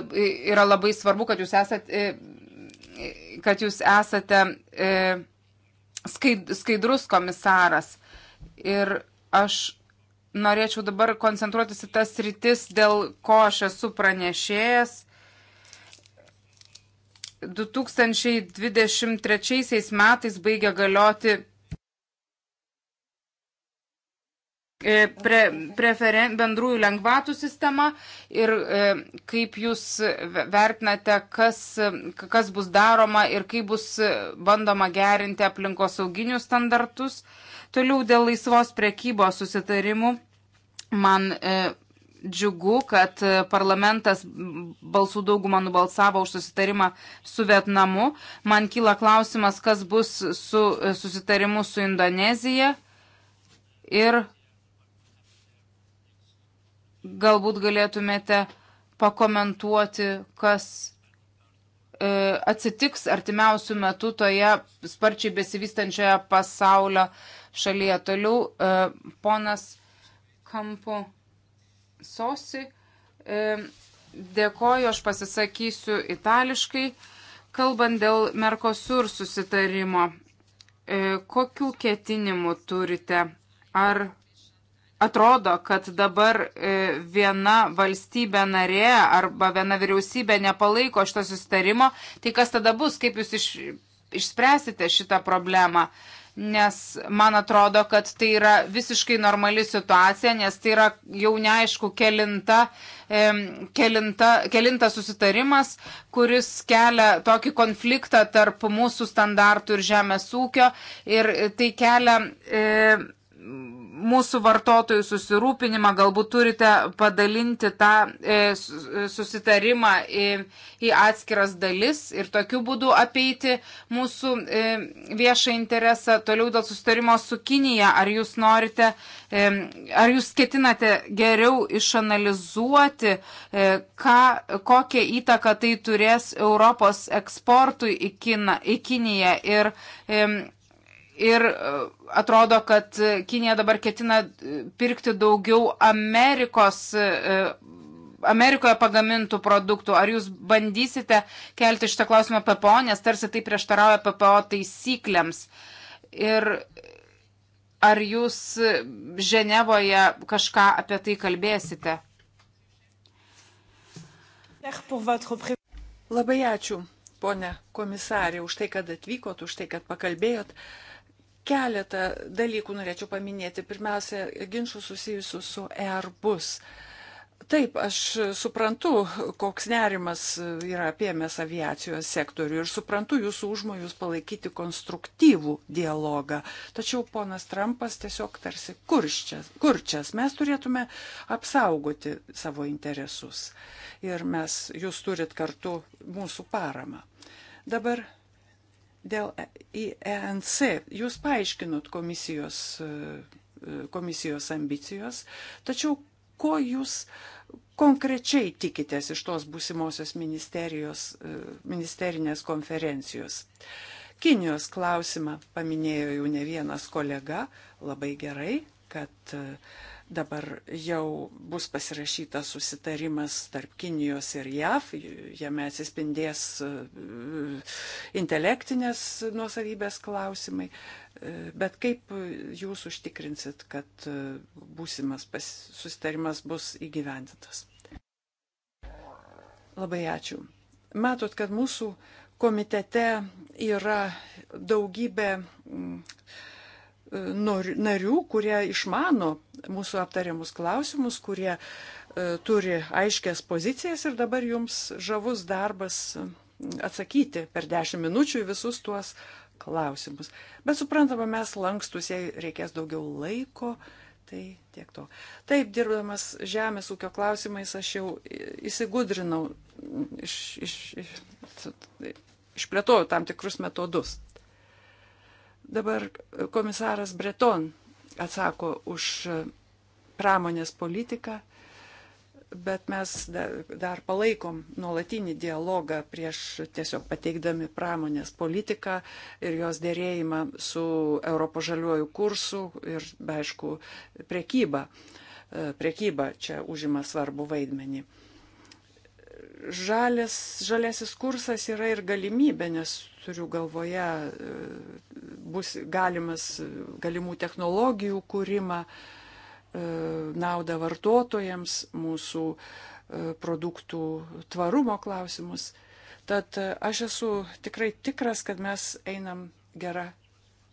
yra labai svarbu, kad jūs esate, kad jūs esate e, skaidrus komisaras. Ir aš norėčiau dabar koncentruotis į tas rytis, dėl ko aš esu pranešėjęs. 2023 metais baigia galioti e, pre, preferen, bendrųjų lengvatų sistema ir e, kaip jūs vertinate, kas, kas bus daroma ir kaip bus e, bandoma gerinti aplinkosauginius standartus. E, Toliau dėl laisvos prekybos susitarimų man. E, džiugu, kad e, parlamentas balsų daugumą nubalsavo už susitarimą su Vietnamu. Man kyla klausimas, kas bus su e, susitarimu su Indonezija ir galbūt galėtumėte pakomentuoti, kas e, atsitiks artimiausių metų toje sparčiai besivystančioje pasaulio šalyje. Toliau e, ponas Kampo Sosi. E, dėkoju, aš pasisakysiu itališkai, kalbant dėl Merkosur susitarimo. E, kokių ketinimų turite? Ar atrodo, kad dabar e, viena valstybė narė arba viena vyriausybė nepalaiko šito susitarimo, tai kas tada bus, kaip jūs iš, išspręsite šitą problemą? E, nes man atrodo, kad tai yra visiškai normali situacija, nes tai yra jau neaišku kelinta, kelinta, kelinta susitarimas, kuris kelia tokį konfliktą tarp mūsų standartų ir žemės ūkio ir tai kelia. E, mūsų vartotojų susirūpinimą, galbūt turite padalinti tą e, e, susitarimą į, į atskiras dalis ir tokiu būdu apeiti mūsų e, viešą interesą toliau dėl susitarimo su Kinija. Ar jūs norite, e, ar jūs ketinate geriau išanalizuoti, e, ką, kokią įtaką tai turės Europos eksportui į, Kina, į Kiniją ir e, Ir e, atrodo, kad Kinija dabar ketina e, pirkti daugiau Amerikos e, Amerikoje pagamintų produktų. Ar jūs bandysite kelti šitą klausimą PPO, nes tarsi tai prieštarauja PPO taisyklėms? Ir ar jūs Ženevoje kažką apie tai kalbėsite? Labai ačiū, ponė komisarė, už tai, kad atvykot, už tai, kad pakalbėjot. Uh, Keletą dalykų norėčiau paminėti. Pirmiausia, ginčių susijusių su Airbus. Taip, aš suprantu, koks nerimas yra apėmęs aviacijos sektorių ir suprantu jūsų užmojus palaikyti konstruktyvų dialogą. Tačiau ponas Trumpas tiesiog tarsi kurščias. kurčias. Mes turėtume apsaugoti savo interesus ir mes, jūs turit kartu mūsų paramą. Dabar Dėl IENC jūs paaiškinot komisijos, e, komisijos ambicijos, tačiau ko jūs konkrečiai tikitės iš tos būsimosios ministerijos, e, ministerinės konferencijos? Kinijos klausimą paminėjo jau ne vienas kolega, labai gerai, kad uh, Dabar jau bus pasirašytas susitarimas tarp Kinijos ir JAV, jame atsispindės e, intelektinės nuosavybės klausimai, e, bet kaip jūs užtikrinsit, kad e, būsimas susitarimas bus įgyvendintas? Labai ačiū. Matot, kad mūsų komitete yra daugybė. Mm, narių, kurie išmano mūsų aptariamus klausimus, kurie e, turi aiškias pozicijas ir dabar jums žavus darbas atsakyti per dešimt minučių į visus tuos klausimus. Bet suprantama, mes lankstus, jei reikės daugiau laiko, tai tiek to. Taip, dirbdamas žemės ūkio klausimais, aš jau įsigudrinau, iš, iš, iš, išplėtojau tam tikrus metodus. Dabar komisaras Breton atsako už pramonės politiką, bet mes dar palaikom nuolatinį dialogą prieš tiesiog pateikdami pramonės politiką ir jos dėrėjimą su Europos žaliuoju kursu ir, be aišku, priekyba. E, priekyba čia užima svarbu vaidmenį žalės, žalėsis kursas yra ir galimybė, nes turiu galvoje e, bus galimas e, galimų technologijų kūrimą, e, naudą vartotojams, mūsų produktų tvarumo klausimus. Tad aš esu tikrai tikras, kad mes einam gerą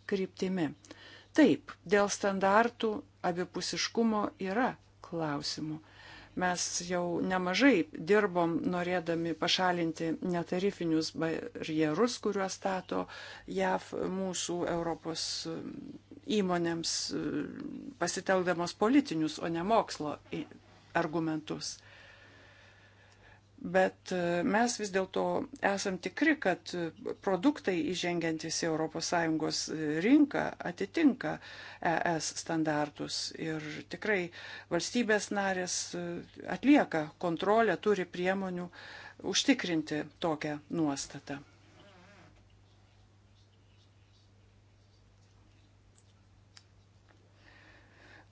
kryptimį. Taip, dėl standartų abipusiškumo yra klausimų. Mes jau nemažai dirbom norėdami pašalinti netarifinius barjerus, kuriuos stato JAV mūsų Europos e, įmonėms e, pasiteldamos politinius, o ne mokslo e, argumentus. Bet e, mes vis dėlto esam tikri, kad produktai įžengiantis į ES rinką atitinka ES standartus ir tikrai valstybės narės e, atlieka kontrolę, turi priemonių užtikrinti tokią nuostatą.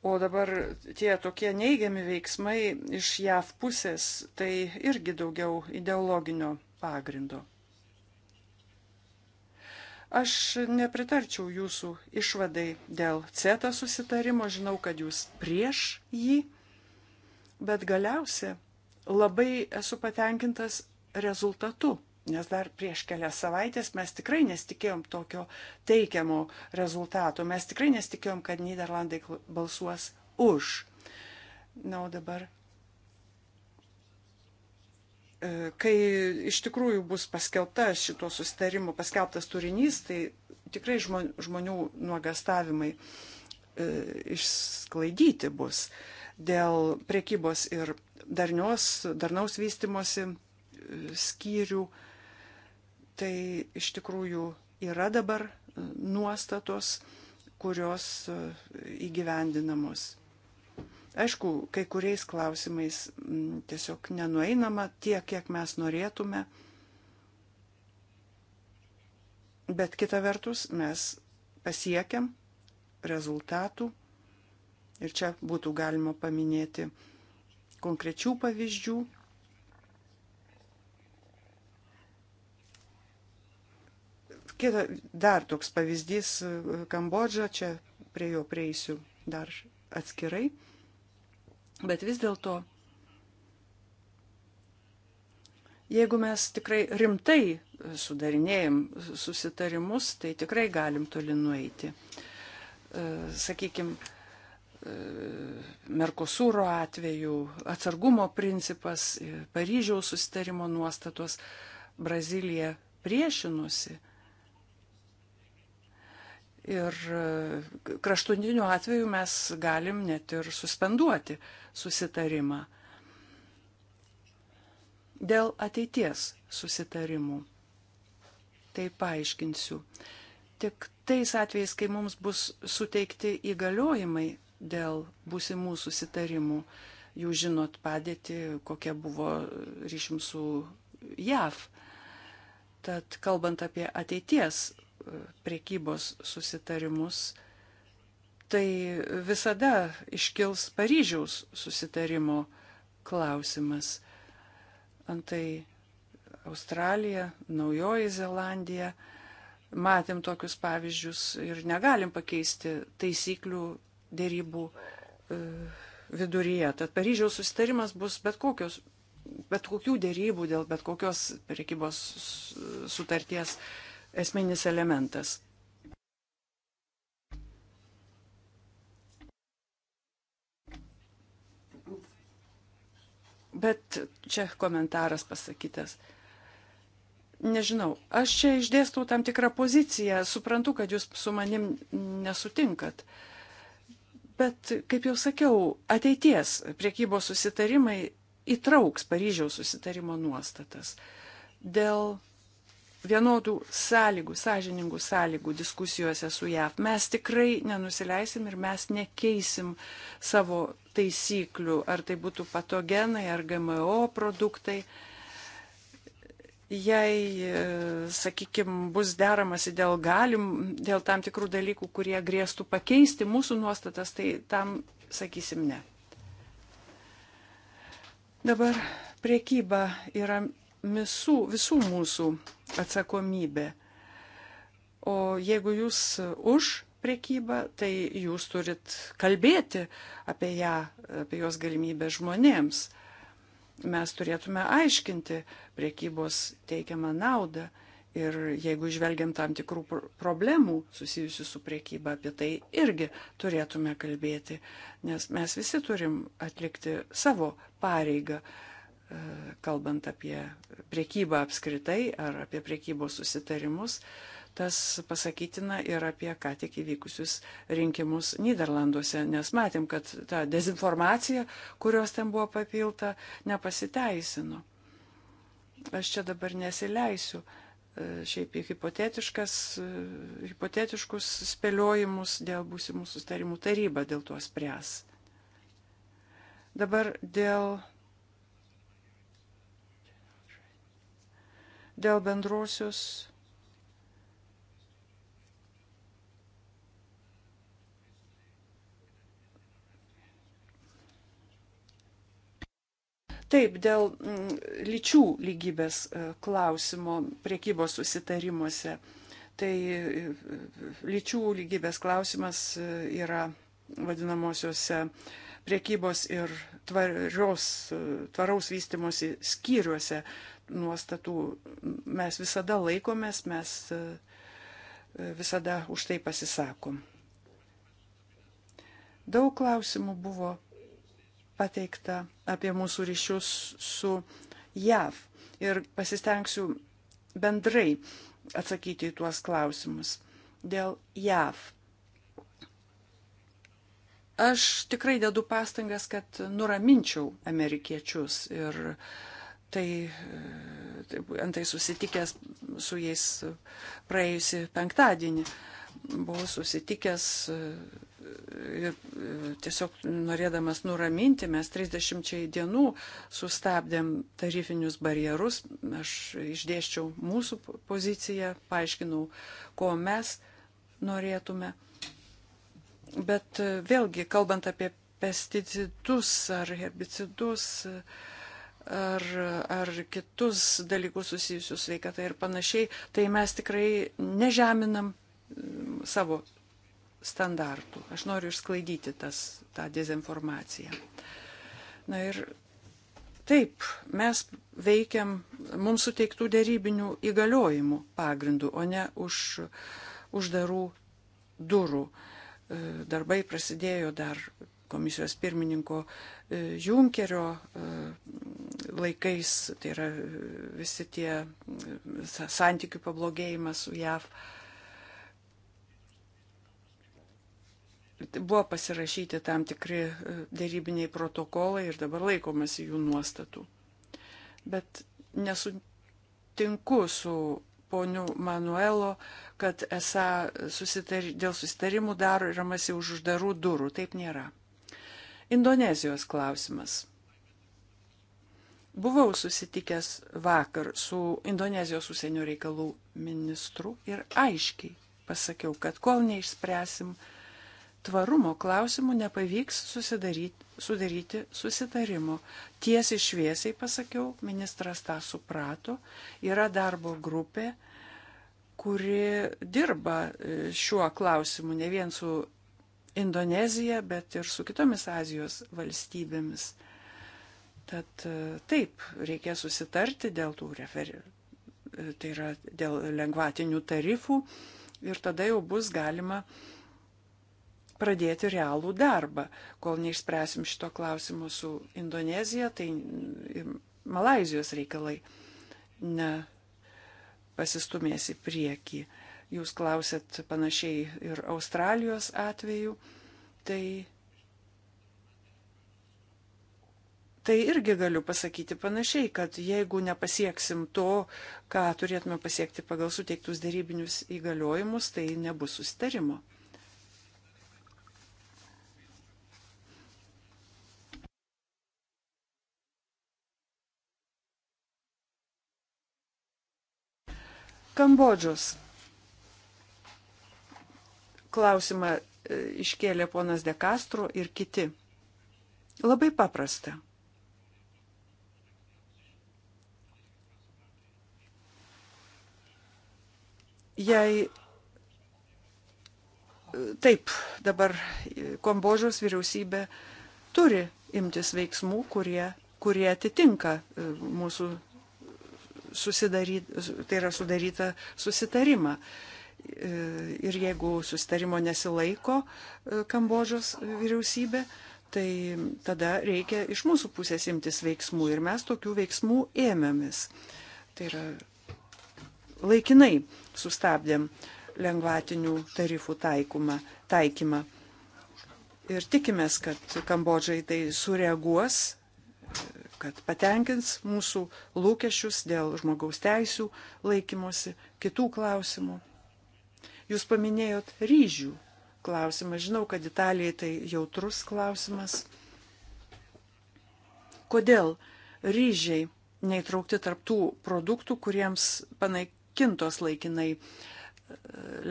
O dabar tie tokie neigiami veiksmai iš JAV pusės, tai irgi daugiau ideologinio pagrindo. Aš nepritarčiau jūsų išvadai dėl CETA susitarimo, žinau, kad jūs prieš jį, bet galiausia labai esu patenkintas rezultatu Nes dar prieš kelias savaitės mes tikrai nesitikėjom tokio teikiamo rezultato. Mes tikrai nesitikėjom, kad Niderlandai balsuos už. Na, o dabar, e, kai iš tikrųjų bus paskelbta šito sustarimo, paskelbtas turinys, tai tikrai žmonių nuogastavimai e, išsklaidyti bus dėl priekybos ir darnios, darnaus vystimosi e, skyrių tai iš tikrųjų yra dabar e, nuostatos, kurios e, įgyvendinamos. Aišku, kai kuriais klausimais tiesiog nenueinama tiek, kiek mes norėtume, bet kita vertus mes pasiekiam rezultatų ir čia būtų galima paminėti konkrečių pavyzdžių, Kita, dar toks pavyzdys e, Kambodža, čia prie jo prieisiu dar atskirai. Bet vis dėlto, jeigu mes tikrai rimtai sudarinėjom susitarimus, tai tikrai galim toli nueiti. E, Sakykime, Merkosūro atveju atsargumo principas, e, Paryžiaus susitarimo nuostatos, Brazilija priešinusi Ir e, kraštutiniu atveju mes galim net ir suspenduoti susitarimą dėl ateities susitarimų. Tai paaiškinsiu. Tik tais atvejais, kai mums bus suteikti įgaliojimai dėl būsimų susitarimų, jūs žinot padėti, kokia buvo ryšim su JAV. Tad kalbant apie ateities priekybos susitarimus, tai visada iškils Paryžiaus susitarimo klausimas. Antai Australija, Naujoji Zelandija, matėm tokius pavyzdžius ir negalim pakeisti taisyklių dėrybų e, viduryje. Tad Paryžiaus susitarimas bus bet, kokios, bet kokių dėrybų dėl bet kokios prekybos sutarties esminis elementas. Bet čia komentaras pasakytas. Nežinau, aš čia išdėstau tam tikrą poziciją, suprantu, kad jūs su manim nesutinkat. Bet, kaip jau sakiau, ateities priekybos susitarimai įtrauks Paryžiaus susitarimo nuostatas. Dėl vienodų sąlygų, sąžiningų sąlygų diskusijose su JAV. Mes tikrai nenusileisim ir mes nekeisim savo taisyklių, ar tai būtų patogenai, ar GMO produktai. Jei, e, sakykime, bus deramasi dėl galim, dėl tam tikrų dalykų, kurie grėstų pakeisti mūsų nuostatas, tai tam sakysim ne. Dabar priekyba yra visų, visų mūsų atsakomybė. O jeigu jūs už priekybą, tai jūs turit kalbėti apie ją, apie jos galimybę žmonėms. Mes turėtume aiškinti priekybos teikiamą naudą ir jeigu žvelgiam tam tikrų problemų susijusių su priekyba, apie tai irgi turėtume kalbėti, nes mes visi turim atlikti savo pareigą kalbant apie priekybą apskritai ar apie priekybos susitarimus, tas pasakytina ir apie ką tik įvykusius rinkimus Niderlanduose, nes matėm, kad ta dezinformacija, kurios ten buvo papilta, nepasiteisino. Aš čia dabar nesileisiu e, šiaip į e, hipotetiškus spėliojimus dėl būsimų sustarimų taryba dėl to spręs. Dabar dėl dėl bendrosios Taip, dėl mm, lyčių lygybės e, klausimo priekybos susitarimuose. Tai e, lyčių lygybės klausimas e, yra vadinamosiose priekybos ir tvarios, tvaraus vystimosi skyriuose nuostatų mes visada laikomės, mes e, visada už tai pasisakom. Daug klausimų buvo pateikta apie mūsų ryšius su JAV ir pasistengsiu bendrai atsakyti į tuos klausimus dėl JAV. Aš tikrai dedu pastangas, kad nuraminčiau amerikiečius ir uh, tai, tai antai susitikęs su jais praėjusi penktadienį, buvau susitikęs e, ir e, tiesiog norėdamas nuraminti, mes 30 dienų sustabdėm tarifinius barjerus, aš išdėščiau mūsų poziciją, paaiškinau, ko mes norėtume. Bet e, vėlgi, kalbant apie pesticidus ar herbicidus, uh, ar, ar kitus dalykus susijusius sveikatai ir panašiai, tai mes tikrai nežeminam mm, savo standartų. Aš noriu išsklaidyti tas, tą dezinformaciją. Na ir Taip, mes veikiam mums suteiktų dėrybinių įgaliojimų pagrindų, o ne už uždarų durų. E, darbai prasidėjo dar komisijos pirmininko e, Junkerio e, laikais, tai yra e, visi tie santykių pablogėjimas su JAV. Tai buvo pasirašyti tam tikri dėrybiniai protokolai ir dabar laikomasi jų nuostatų. Bet nesutinku su ponių Manuelo, kad esą susitar, dėl susitarimų daro ir amasi už uždarų durų. Taip nėra. Indonezijos klausimas. Buvau susitikęs vakar su Indonezijos užsienio reikalų ministru ir aiškiai pasakiau, kad kol neišspręsim tvarumo klausimų, nepavyks sudaryti susitarimo. Tiesiai šviesiai pasakiau, ministras tą suprato, yra darbo grupė, kuri dirba e, šiuo klausimu ne vien su Indonezija, bet ir su kitomis Azijos valstybėmis. Tad e, taip, reikia susitarti dėl tų referijų, e, tai yra dėl lengvatinių tarifų ir tada jau bus galima pradėti realų darbą. Kol neišspręsim šito klausimo su Indonezija, tai Malazijos reikalai nepasistumės į priekį jūs klausėt panašiai ir Australijos atveju, tai, tai irgi galiu pasakyti panašiai, kad jeigu nepasieksim to, ką turėtume pasiekti pagal suteiktus dėrybinius įgaliojimus, tai nebus sustarimo. Kambodžos klausimą e, iškėlė ponas De Castro ir kiti. Labai paprasta. Jei e, taip, dabar e, Kombožos vyriausybė turi imtis veiksmų, kurie, kurie atitinka mūsų susidaryt, tai yra sudarytą susitarimą. Uh, E, ir jeigu sustarimo nesilaiko e, Kambodžos vyriausybė, tai tada reikia iš mūsų pusės imtis veiksmų ir mes tokių veiksmų ėmėmės. Tai yra laikinai sustabdėm lengvatinių tarifų taikumą, taikymą. Ir tikimės, kad Kambodžai tai sureaguos, kad patenkins mūsų lūkesčius dėl žmogaus teisų laikymosi, kitų klausimų. Jūs paminėjot ryžių klausimą. Žinau, kad Italijai tai jautrus klausimas. Kodėl ryžiai neįtraukti tarptų produktų, kuriems panaikintos laikinai e,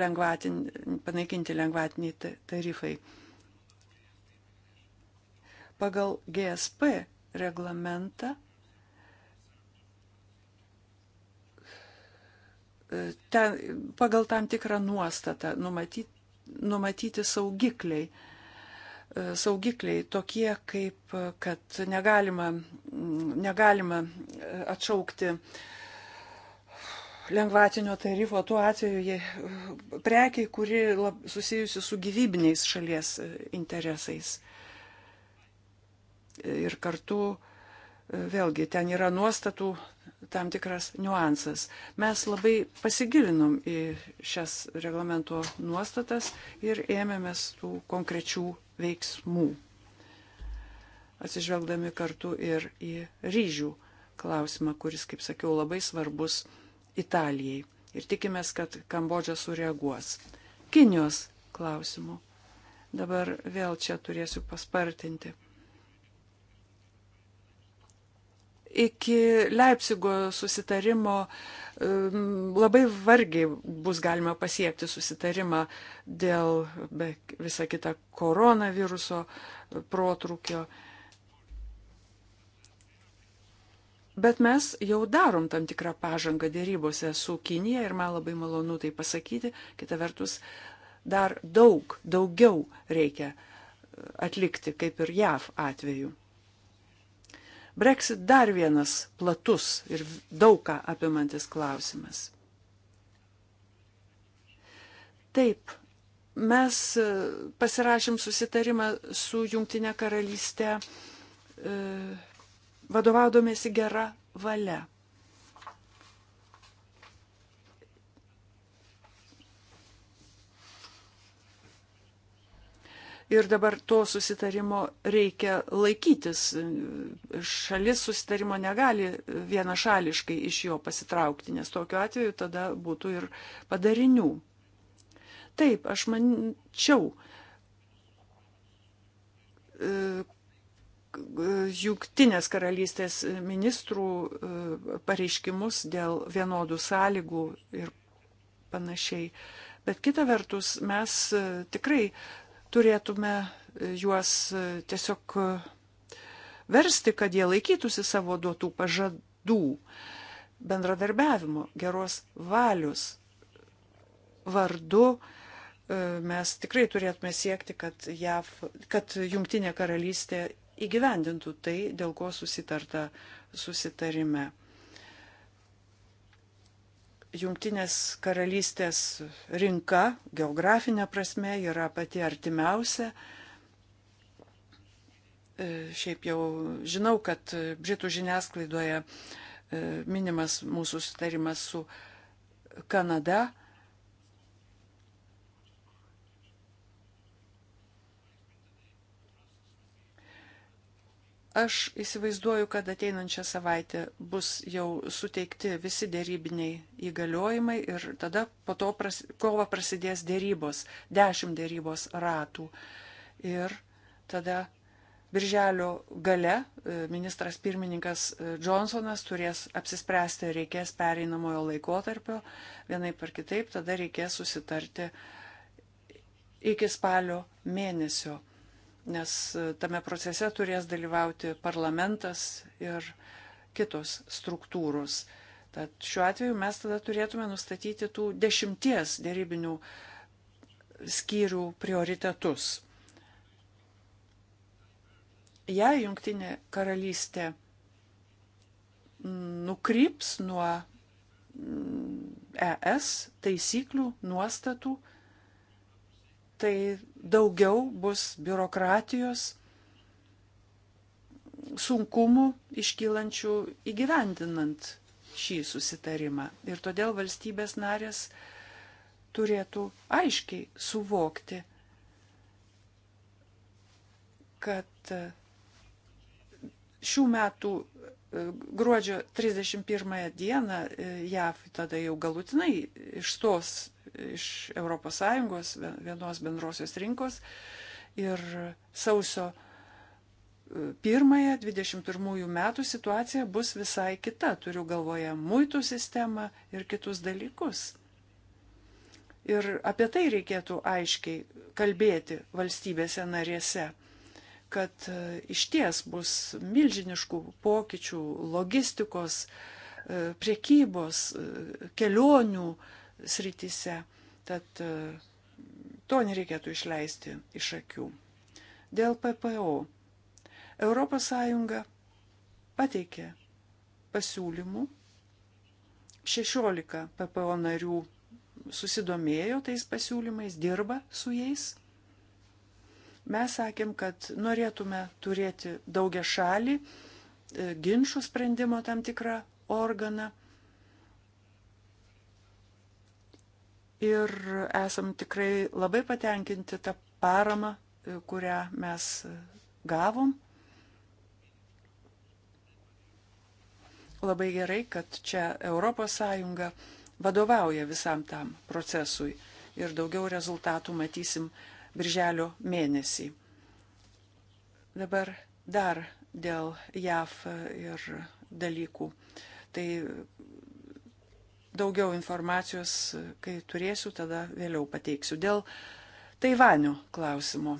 lengvatin, panaikinti lengvatiniai tarifai? Pagal GSP reglamentą ten, pagal tam tikrą nuostatą numatyti, numatyti saugikliai. E, saugikliai tokie, kaip e, kad negalima, mm, negalima e, atšaukti lengvatinio tarifo tuo atveju, jei prekiai, kuri lab, susijusi su gyvybiniais šalies interesais. Ir kartu uh, vėlgi ten yra nuostatų tam tikras niuansas. Mes labai pasigilinom į šias reglamento nuostatas ir ėmėmės tų konkrečių veiksmų, atsižvelgdami kartu ir į ryžių klausimą, kuris, kaip sakiau, labai svarbus Italijai. Ir tikimės, kad Kambodža sureaguos. Kinijos klausimu. Dabar vėl čia turėsiu paspartinti iki Leipzigo susitarimo labai vargiai bus galima pasiekti susitarimą dėl be visą kitą koronaviruso e, protrukio. Bet mes jau darom tam tikrą pažangą dėrybose su Kinija ir man labai malonu tai pasakyti. Kita vertus, dar daug, daugiau reikia e, atlikti, kaip ir JAV atveju. Brexit dar vienas platus ir daug ką apimantis klausimas. Taip, mes e, pasirašym susitarimą su Jungtinė karalystė e, vadovaudomėsi gera valia. ir dabar to susitarimo reikia laikytis. Šalis susitarimo negali vienašališkai iš jo pasitraukti, nes tokiu atveju tada būtų ir padarinių. Taip, aš mančiau, e, jungtinės karalystės ministrų e, pareiškimus dėl vienodų sąlygų ir panašiai. Bet kita vertus, mes e, tikrai turėtume e, juos e, tiesiog e, versti, kad jie laikytųsi savo duotų pažadų, bendradarbiavimo, geros valius vardu. Mes tikrai turėtume siekti, kad, JAV, kad Jungtinė karalystė įgyvendintų tai, dėl ko susitarta susitarime. Jungtinės karalystės rinka geografinė prasme yra pati artimiausia. E, šiaip jau žinau, kad Britų žiniasklaidoje e, minimas mūsų sutarimas su Kanada, Aš įsivaizduoju, kad ateinančią savaitę bus jau suteikti visi dėrybiniai įgaliojimai ir tada po to pras, kovo prasidės dėrybos, dešimt dėrybos ratų. Ir tada birželio gale e, ministras pirmininkas e, Johnsonas turės apsispręsti, reikės pereinamojo laikotarpio, vienaip ar kitaip, tada reikės susitarti iki spalio mėnesio nes e, tame procese turės dalyvauti parlamentas ir kitos struktūros. Tad šiuo atveju mes tada turėtume nustatyti tų dešimties dėrybinių skyrių prioritetus. Jei jungtinė karalystė nukryps nuo mm, ES taisyklių, nuostatų, tai daugiau bus biurokratijos, sunkumų iškylančių įgyvendinant šį susitarimą. Ir todėl valstybės narės turėtų aiškiai suvokti, kad e, šių metų e, gruodžio 31 dieną e, JAV tada jau galutinai išstos iš ES vienos bendrosios rinkos ir sausio e, pirmąją 21 metų situacija bus visai kita, turiu galvoje muitų sistemą ir kitus dalykus. Ir apie tai reikėtų aiškiai kalbėti valstybėse narėse, kad e, iš ties bus milžiniškų pokyčių logistikos, e, priekybos, kelionių, srityse. Tad e, to nereikėtų išleisti iš akių. Dėl PPO ES pateikė pasiūlymų 16 PPO narių susidomėjo tais pasiūlymais, dirba su jais. Mes sakėm, kad norėtume turėti daugia šalį, e, ginčių sprendimo tam tikrą organą. ir esam tikrai labai patenkinti tą paramą, e, kurią mes gavom. Labai gerai, kad čia ES vadovauja visam tam procesui ir daugiau rezultatų matysim birželio mėnesį. Dabar dar dėl JAV ir dalykų. Tai daugiau informacijos, e, kai turėsiu, tada vėliau pateiksiu. Dėl Taivanio klausimo.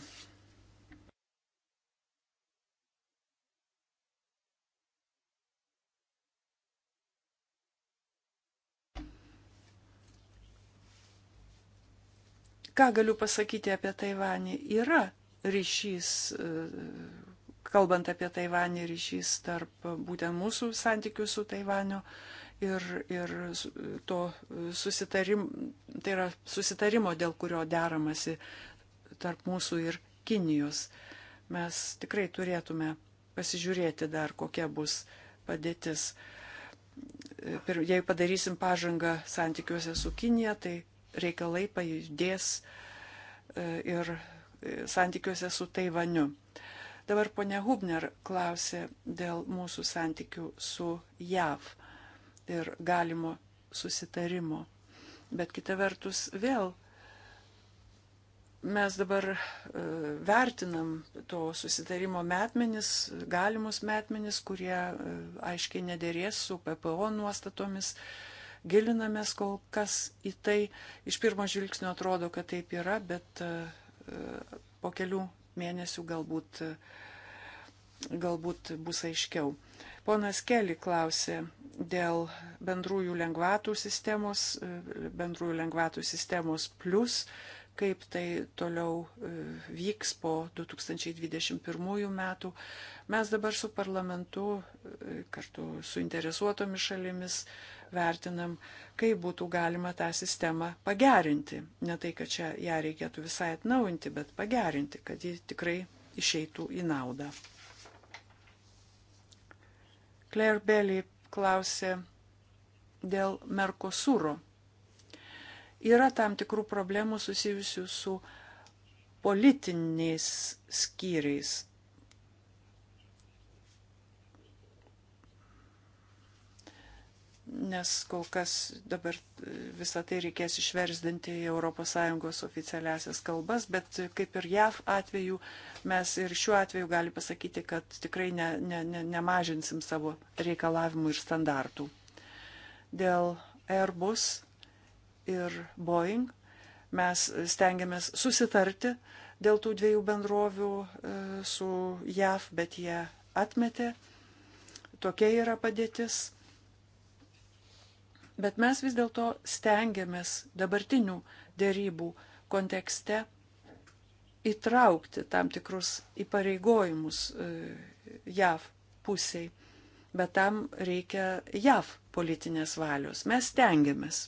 Ką galiu pasakyti apie Taivanį? Yra ryšys, e, kalbant apie Taivanį, ryšys tarp būtent mūsų santykių su Taivaniu ir, ir to susitarim, tai yra susitarimo, dėl kurio deramasi tarp mūsų ir Kinijos. Mes tikrai turėtume pasižiūrėti dar, kokia bus padėtis. Jei padarysim pažangą santykiuose su Kinija, tai reikalai pajudės e, ir e, santykiuose su Taivaniu. Dabar ponia Hubner klausė dėl mūsų santykių su JAV ir galimo susitarimo. Bet kita vertus vėl mes dabar e, vertinam to susitarimo metmenis, galimus metmenis, kurie e, aiškiai nederės su PPO nuostatomis gilinamės kol kas į tai. Iš pirmo žvilgsnio atrodo, kad taip yra, bet e, po kelių mėnesių galbūt, galbūt bus aiškiau. Ponas Keli klausė dėl bendrųjų lengvatų sistemos, e, bendrųjų lengvatų sistemos plus, kaip tai toliau e, vyks po 2021 metų. Mes dabar su parlamentu, e, kartu su interesuotomis šalimis, vertinam, kaip būtų galima tą sistemą pagerinti. Ne tai, kad čia ją reikėtų visai atnaujinti, bet pagerinti, kad ji tikrai išeitų į naudą. Claire Belly klausė dėl Merkosūro. Yra tam tikrų problemų susijusių su politiniais skyriais nes kol kas dabar visą tai reikės išversdinti į ES oficialiasias kalbas, bet kaip ir JAV atveju, mes ir šiuo atveju gali pasakyti, kad tikrai ne, ne, ne, nemažinsim savo reikalavimų ir standartų. Dėl Airbus ir Boeing mes stengiamės susitarti dėl tų dviejų bendrovių e, su JAV, bet jie atmetė. Tokia yra padėtis Bet mes vis dėlto stengiamės dabartinių dėrybų kontekste įtraukti tam tikrus įpareigojimus e, JAV pusiai. Bet tam reikia JAV politinės valios. Mes stengiamės.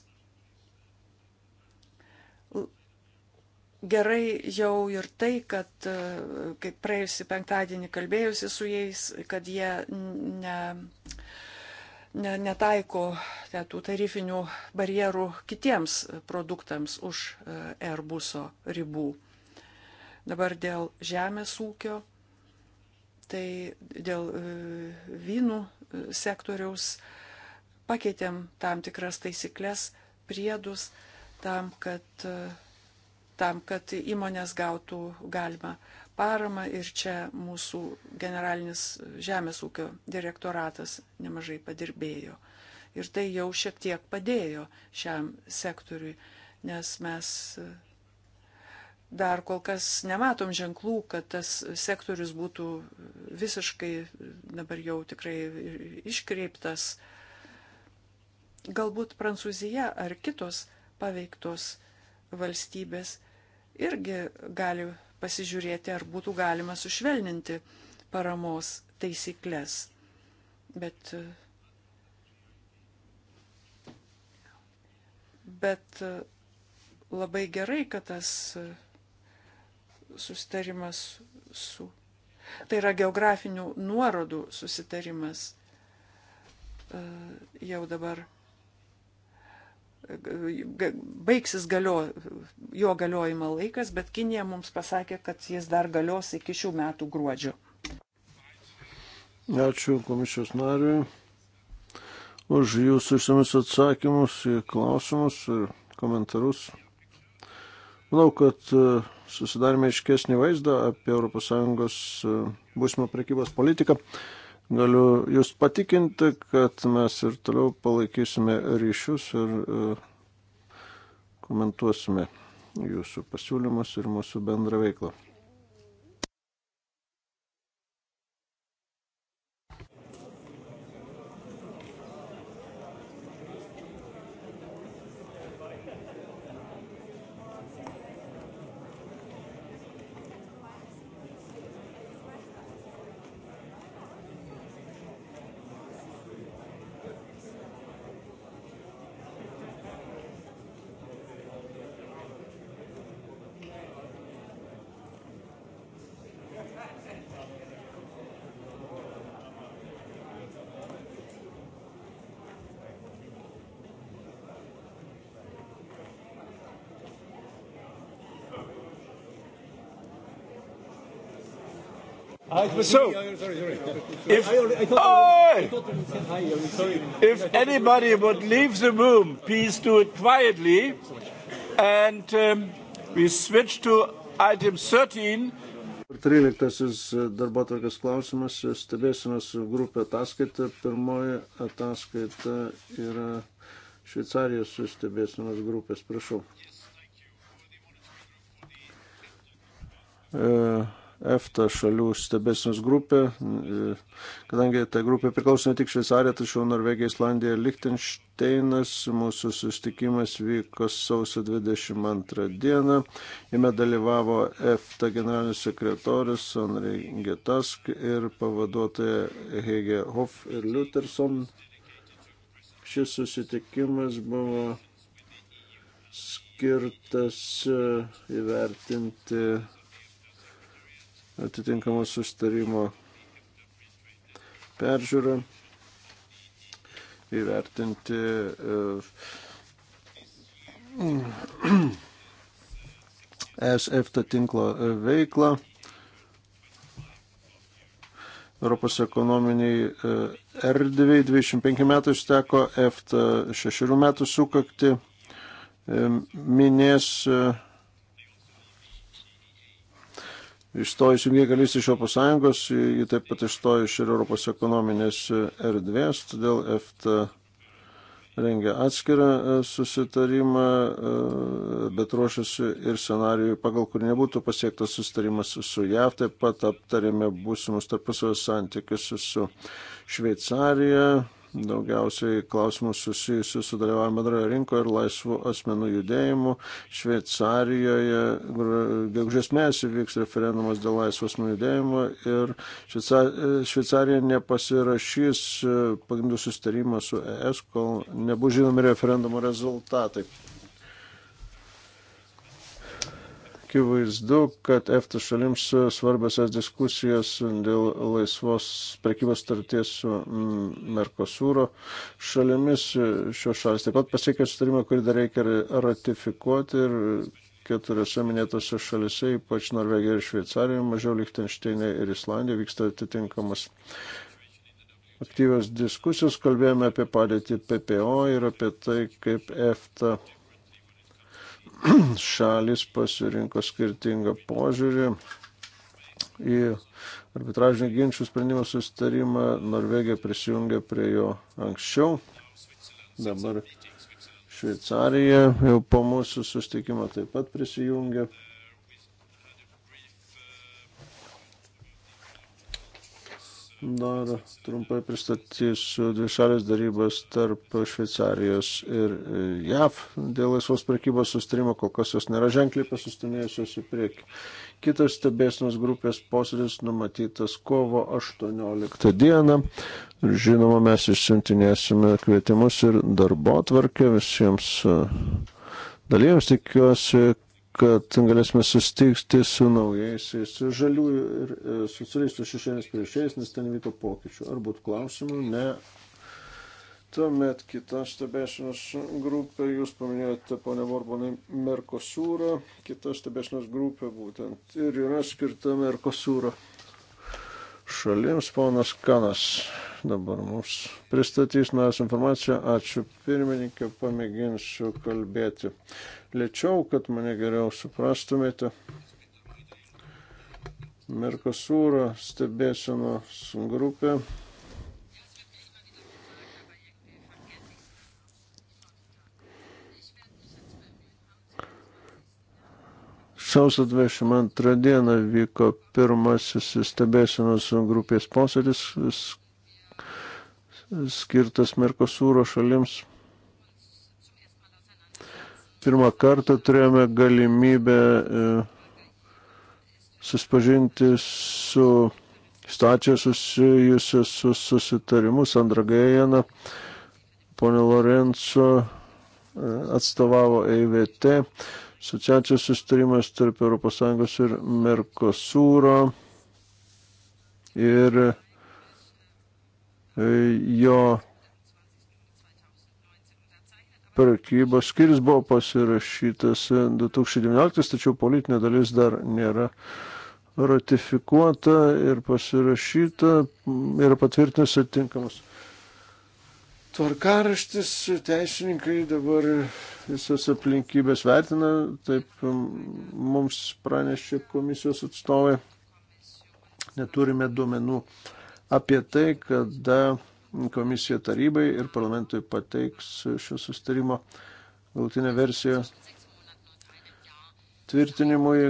Gerai jau ir tai, kad e, kaip praėjusi penktadienį kalbėjusi su jais, kad jie ne, ne, netaiko ne, tų tarifinių barjerų kitiems produktams už e, Airbuso ribų. Dabar dėl žemės ūkio, tai dėl e, vynų e, sektoriaus pakeitėm tam tikras taisyklės, priedus tam, kad, tam, kad įmonės gautų galima paramą ir čia mūsų generalinis žemės ūkio direktoratas nemažai padirbėjo. Ir tai jau šiek tiek padėjo šiam sektoriui, nes mes dar kol kas nematom ženklų, kad tas sektorius būtų visiškai dabar jau tikrai iškreiptas. Galbūt Prancūzija ar kitos paveiktos valstybės irgi gali pasižiūrėti, ar būtų galima sušvelninti paramos taisyklės. Bet, bet labai gerai, kad tas susitarimas su. Tai yra geografinių nuorodų susitarimas e, jau dabar baigsis galio, jo galiojimo laikas, bet Kinija mums pasakė, kad jis dar galios iki šių metų gruodžio. Ačiū komisijos nariui už jūsų išsamius atsakymus į klausimus ir komentarus. Manau, kad e, susidarėme iškesnį vaizdą apie ES e, būsimą prekybos politiką. Galiu Jūs patikinti, kad mes ir toliau palaikysime ryšius ir e, komentuosime Jūsų pasiūlymus ir mūsų bendrą veiklą. So, if, oh, if anybody would leave the room, please do it quietly. And um, we switch to item 13. 13 uh, darbo tvarkės klausimas, stebėsimas grupė ataskaita. Pirmoji ataskaita yra Šveicarijos stebėsimas grupės. Prašau. Uh. EFTA šalių stebėsinos grupė, kadangi ta grupė priklauso ne tik Šveicarija, tačiau Norvegija, Islandija ir Lichtensteinas. Mūsų sustikimas vyko sausio 22 dieną. Jame dalyvavo EFTA generalinis sekretorius Andrei Getask ir pavaduotoja Hege Hoff ir Luterson. Šis susitikimas buvo skirtas e, įvertinti atitinkamo sustarimo peržiūrą, įvertinti ESFT tinklo e, veiklą. Europos ekonominiai e, erdvėjai 25 metų steko, EFT 6 metų sukakti e, minės išstojo iš Junkinė karalystė iš Europos Sąjungos, ji taip pat išstojo iš ir Europos ekonominės e, erdvės, todėl EFTA rengia atskirą e, susitarimą, e, bet ruošiasi ir scenarijui, pagal kurį nebūtų pasiektas susitarimas su JAV, taip pat aptarėme būsimus tarpusavio santykius su Šveicarija, daugiausiai klausimų susijusių su dalyvavimu bendroje rinkoje ir laisvų asmenų judėjimu. Šveicarijoje gegužės mėnesį vyks referendumas dėl laisvų asmenų judėjimo ir Šveicarija nepasirašys e, pagrindų sustarimą su ES, kol nebus žinomi referendumo rezultatai. Akivaizdu, kad EFTA šalims svarbiosios diskusijos dėl laisvos prekybos starties su mm, Merkosūro šalimis. Šios šalis taip pat pasiekė sutarimą, kurį dar reikia ratifikuoti ir keturiose minėtose šalise, ypač Norvegijoje ir Šveicarijoje, mažiau Lichtensteinė ir Islandija vyksta atitinkamas aktyvios diskusijos, kalbėjome apie padėtį PPO ir apie tai, kaip EFTA šalis pasirinko skirtingą požiūrį į arbitražinį ginčių sprendimo sustarimą. Norvegija prisijungė prie jo anksčiau. Dabar Šveicarija jau po mūsų sustikimo taip pat prisijungė. Noriu trumpai pristatysiu dvišalės darybas tarp Šveicarijos ir e, JAV dėl laisvos prekybos sustarimo, kol kas jos nėra ženkliai pasistumėjusios į priekį. Kitas stebėsinos grupės posėdis numatytas kovo 18 dieną. Žinoma, mes išsintinėsime kvietimus ir darbo tvarkę visiems e, dalyviams. Tikiuosi, kad galėsime sustikti su naujaisiais žaliųjų ir e, socialistų šešėlės priešėjais, nes ten vyko pokyčių. Ar būtų klausimų? Ne. Tuomet kita stebėsinos grupė, jūs paminėjote, ponė Vorbonai, Merkosūrą, kita stebėsinos grupė būtent ir yra skirta Merkosūro šalims, ponas Kanas dabar mums pristatys naujas informaciją. Ačiū pirmininkė, pamėginsiu kalbėti lėčiau, kad mane geriau suprastumėte. Merkosūro stebėsenos grupė. Sausio 22 dieną vyko pirmasis stebėsenos grupės posėdis, skirtas Merkosūro šalims. Pirmą kartą turėjome galimybę e, suspažinti su stačia susijusiu su susitarimu Sandra Gajena. Pone Lorenzo e, atstovavo EIVT, asociacijos susitarimas tarp ES ir Merkosūro. Ir jo prekybos skyrius buvo pasirašytas 2019, tačiau politinė dalis dar nėra ratifikuota ir pasirašyta ir patvirtinęs atitinkamus tvarkaraštis. Teisininkai dabar visas aplinkybės vertina, taip mums pranešė komisijos atstovai. Neturime duomenų apie tai, kada komisija tarybai ir parlamentui pateiks šio sustarimo galutinę versiją tvirtinimui.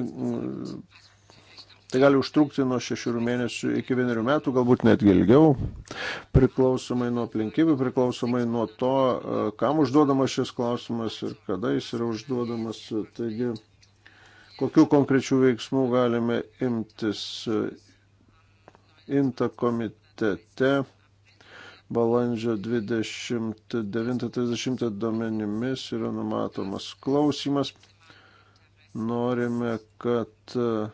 Tai gali užtrukti nuo šešių mėnesių iki vienerių metų, galbūt net ilgiau, priklausomai nuo aplinkybių, priklausomai nuo to, kam užduodamas šis klausimas ir kada jis yra užduodamas. Taigi, kokiu konkrečiu veiksmu galime imtis INTA komitete balandžio 29-30 domenimis yra numatomas klausimas. Norime, kad e,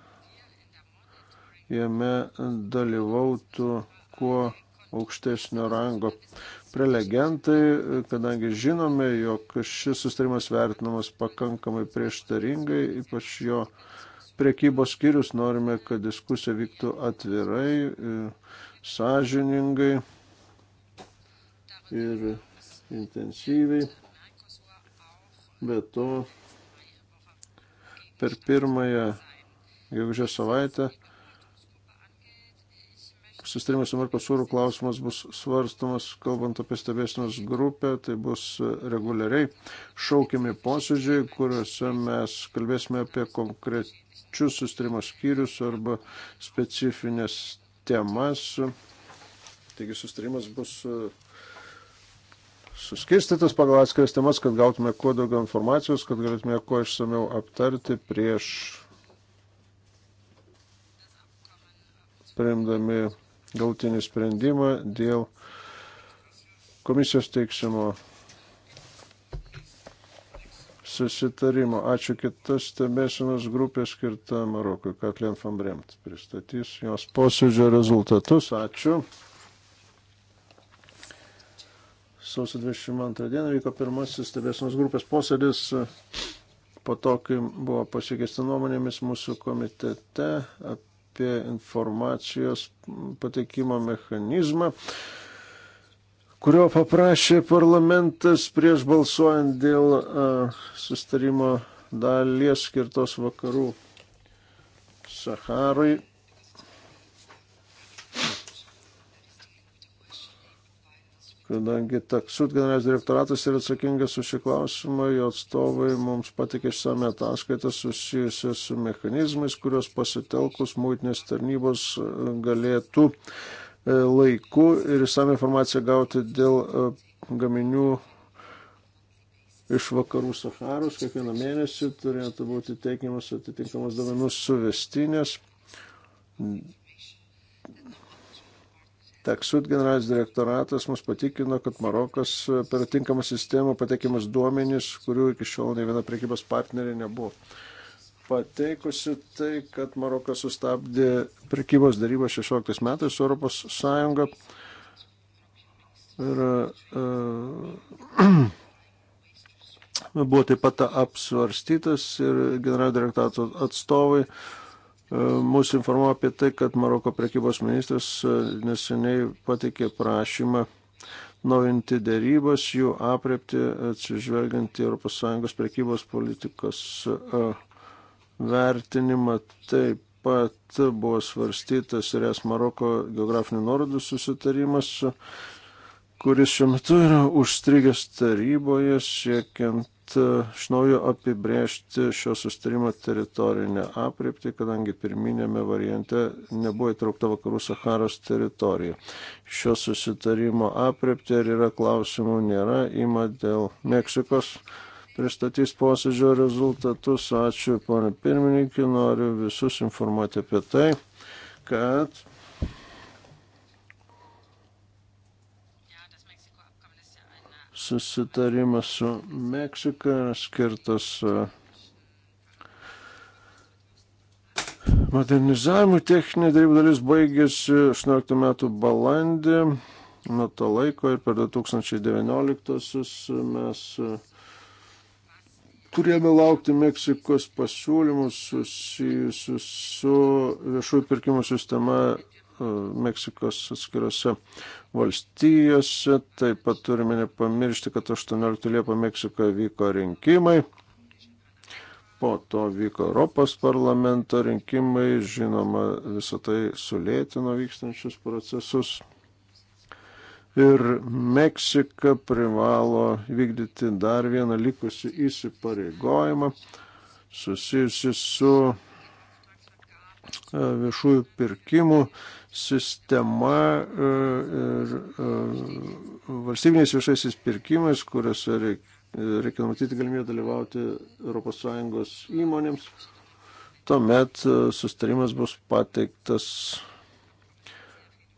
jame dalyvautų kuo aukštesnio rango prelegentai, kadangi žinome, jog šis sustarimas vertinamas pakankamai prieštaringai, ypač jo uh, priekybos skyrius, norime, kad diskusija vyktų atvirai, e, sąžiningai ir intensyviai. Be to, per pirmąją gegužės savaitę sustarimas su Merkosūrų klausimas bus svarstamas, kalbant apie stebėsinos grupę, tai bus reguliariai šaukiami posėdžiai, kuriuose mes kalbėsime apie konkrečius sustarimo skyrius arba specifines temas. Taigi sustarimas bus e, suskirstytas pagal atskiras temas, kad gautume kuo daugiau informacijos, kad galėtume kuo išsameu aptarti prieš priimdami galtinį sprendimą dėl komisijos teiksimo susitarimo. Ačiū kitas stebėsinos grupė skirta Marokui. Katlen Fambremt pristatys jos posėdžio rezultatus. Ačiū. Sausio 22 dieną vyko pirmasis stebėsinos grupės posėdis. Po to, kai buvo pasikeisti nuomonėmis mūsų komitete apie apie informacijos patekimo mechanizmą, kurio paprašė parlamentas prieš balsuojant dėl sustarimo dalies skirtos vakarų Saharui kadangi taksut generalinis direktoratas yra atsakingas už šį klausimą, jo atstovai mums patikė išsame ataskaitą susijusią su mechanizmais, kurios pasitelkus mūtinės tarnybos e, galėtų e, laiku ir išsame informaciją gauti dėl e, gaminių iš vakarų Saharos, kiekvieną mėnesį turėtų būti teikiamas atitinkamas duomenų suvestinės Taksut generalinis direktoratas mus patikino, kad Marokas per atinkamą sistemą pateikiamas duomenys, kurių iki šiol ne viena prekybos partnerė nebuvo pateikusi tai, kad Marokas sustabdė prekybos darybą 16 metais su Europos Sąjunga. Ir uh, buvo taip pat apsvarstytas ir generalinio direktorato atstovai uh, E, Mūsų informavo apie tai, kad Maroko prekybos ministras e, neseniai pateikė prašymą naujinti dėrybas, jų apriepti atsižvelgiant į ES prekybos politikos e, vertinimą. Taip pat buvo svarstytas ir es Maroko geografinių nuorodų susitarimas kuris šiuo metu yra užstrigęs taryboje, siekiant E, iš naujo apibrėžti šio sustarimo teritorinę apriepti, kadangi pirminėme variante nebuvo įtraukta vakarų Saharos teritorija. Šio susitarimo apriepti ir yra klausimų nėra, ima dėl Meksikos. Pristatys posėdžio rezultatus. Ačiū, ponė pirmininkė, noriu visus informuoti apie tai, kad susitarimas su Meksika skirtas e, modernizavimui. Techninė darybų dalis baigėsi 18 metų balandį. Nuo to laiko ir per 2019 mes e, turėjome laukti Meksikos pasiūlymus susijusius su viešųjų pirkimų sistema E, Meksikos atskirose valstijose. Taip pat turime nepamiršti, kad 18 Liepa Meksikoje vyko rinkimai. Po to vyko Europos parlamento rinkimai. Žinoma, visą tai sulėtino vykstančius procesus. Ir Meksika privalo vykdyti dar vieną likusių įsipareigojimą susijusi su e, viešųjų pirkimų sistema e, ir e, valstybiniais viešaisiais pirkimais, kuriuose reikia, reikia numatyti galimybę dalyvauti ES įmonėms. Tuomet e, sustarimas bus pateiktas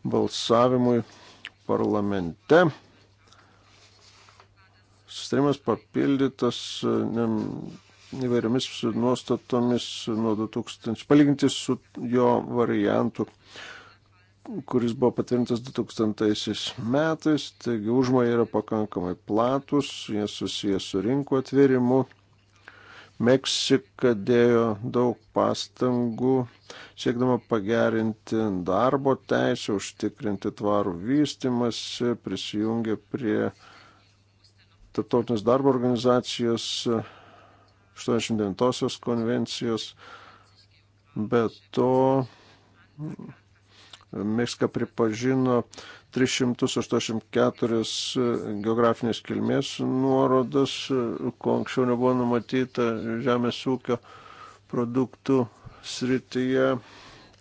balsavimui parlamente. Sustarimas papildytas ne, įvairiomis nuostatomis nuo 2000, palyginti su jo variantu kuris buvo patvirtintas 2000 metais, taigi užmojai yra pakankamai platus, jie susijęs su rinkų atvirimu. Meksika dėjo daug pastangų, siekdama pagerinti darbo teisę, užtikrinti tvarų vystimąsi, prisijungė prie Tarptautinės darbo organizacijos 89-osios konvencijos. Be to, Meksika pripažino 384 e, geografinės kilmės nuorodas, e, ko anksčiau nebuvo numatyta žemės ūkio produktų srityje,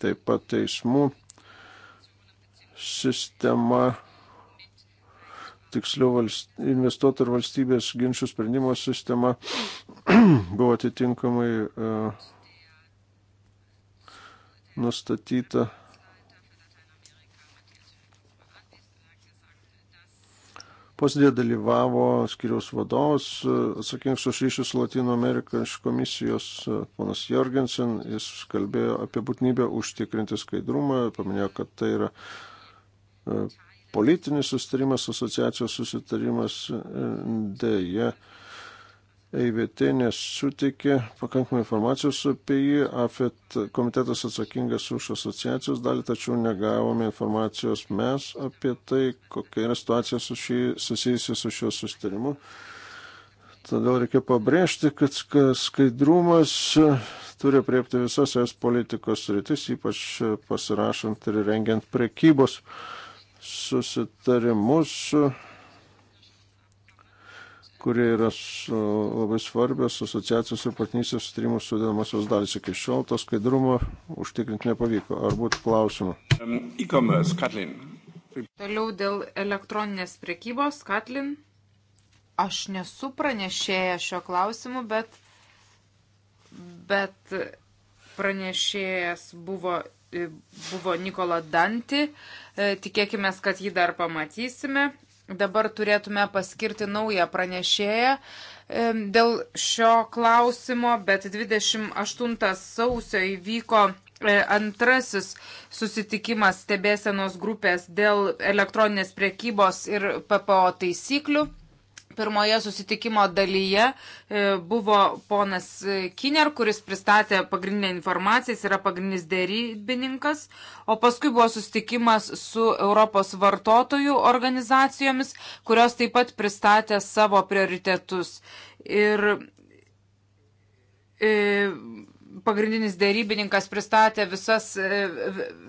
taip pat teismų sistema tiksliau valst, investuotojų ir valstybės ginčių sprendimo sistema buvo atitinkamai uh, nustatyta Posėdėje dalyvavo skiriaus vadovas, e, atsakingas už ryšius su Latino Amerika iš komisijos, e, ponas Jorgensen. Jis kalbėjo apie būtinybę užtikrinti skaidrumą, paminėjo, kad tai yra e, politinis sustarimas, asociacijos susitarimas dėje. Ja EIVT nesutikė pakankamai informacijos apie jį, AFET komitetas atsakingas už asociacijos dalį, tačiau negavome informacijos mes apie tai, kokia yra situacija su šį, susijusi su šiuo sustarimu. Todėl reikia pabrėžti, kad skaidrumas turi priepti visas es politikos rytis, ypač pasirašant ir rengiant prekybos susitarimus. Su kurie yra su, labai svarbios asociacijos ir partnerystės sutrimų sudėdamosios dalys. Iki šiol to skaidrumo užtikrinti nepavyko. Ar būtų klausimų? E-commerce, Katlin. Toliau dėl elektroninės prekybos, Katlin. Aš nesu pranešėję šio klausimu, bet, bet pranešėjas buvo, e, buvo Nikola Danti. E, Tikėkime, kad jį dar pamatysime dabar turėtume paskirti naują pranešėją e, dėl šio klausimo, bet 28 sausio įvyko e, antrasis susitikimas stebėsenos grupės dėl elektroninės priekybos ir PPO taisyklių. Pirmoje susitikimo dalyje e, buvo ponas Kiner, kuris pristatė pagrindinę informaciją, jis yra pagrindinis dėrybininkas, o paskui buvo susitikimas su Europos vartotojų organizacijomis, kurios taip pat pristatė savo prioritetus. Ir, ir e, pagrindinis dėrybininkas pristatė visas, e,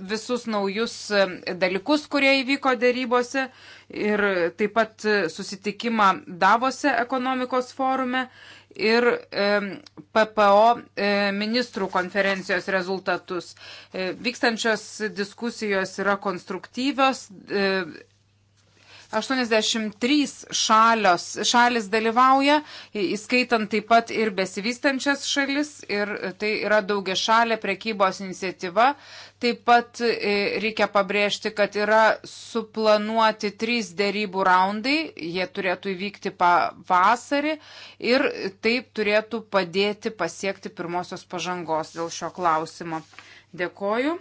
visus naujus e, dalykus, kurie įvyko dėrybose ir taip pat e, susitikimą davose ekonomikos forume ir PPO ministrų konferencijos rezultatus. Vykstančios diskusijos yra konstruktyvios, 83 šalios, šalis dalyvauja, įskaitant taip pat ir besivystančias šalis, ir tai yra daugia šalė prekybos iniciatyva. Taip pat e, reikia pabrėžti, kad yra suplanuoti trys dėrybų raundai, jie turėtų įvykti pavasarį ir taip turėtų padėti pasiekti pirmosios pažangos dėl šio klausimo. Dėkoju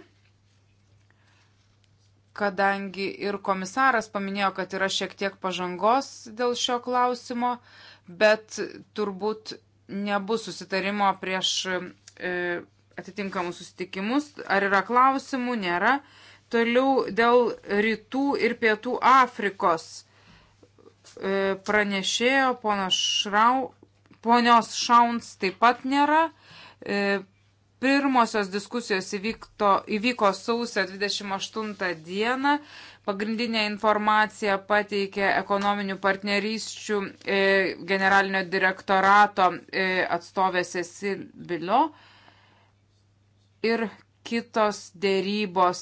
kadangi ir komisaras paminėjo, kad yra šiek tiek pažangos dėl šio klausimo, bet turbūt nebus susitarimo prieš e, atitinkamus susitikimus. Ar yra klausimų? Nėra. Toliau dėl rytų ir pietų Afrikos e, pranešėjo pono Šrau, ponios Šauns taip pat nėra. E, Pirmosios diskusijos įvykto, įvyko sausio 28 dieną. Pagrindinė informacija pateikė ekonominių partnerysčių e, generalinio direktorato e, atstovė Cecil Bilo ir kitos dėrybos.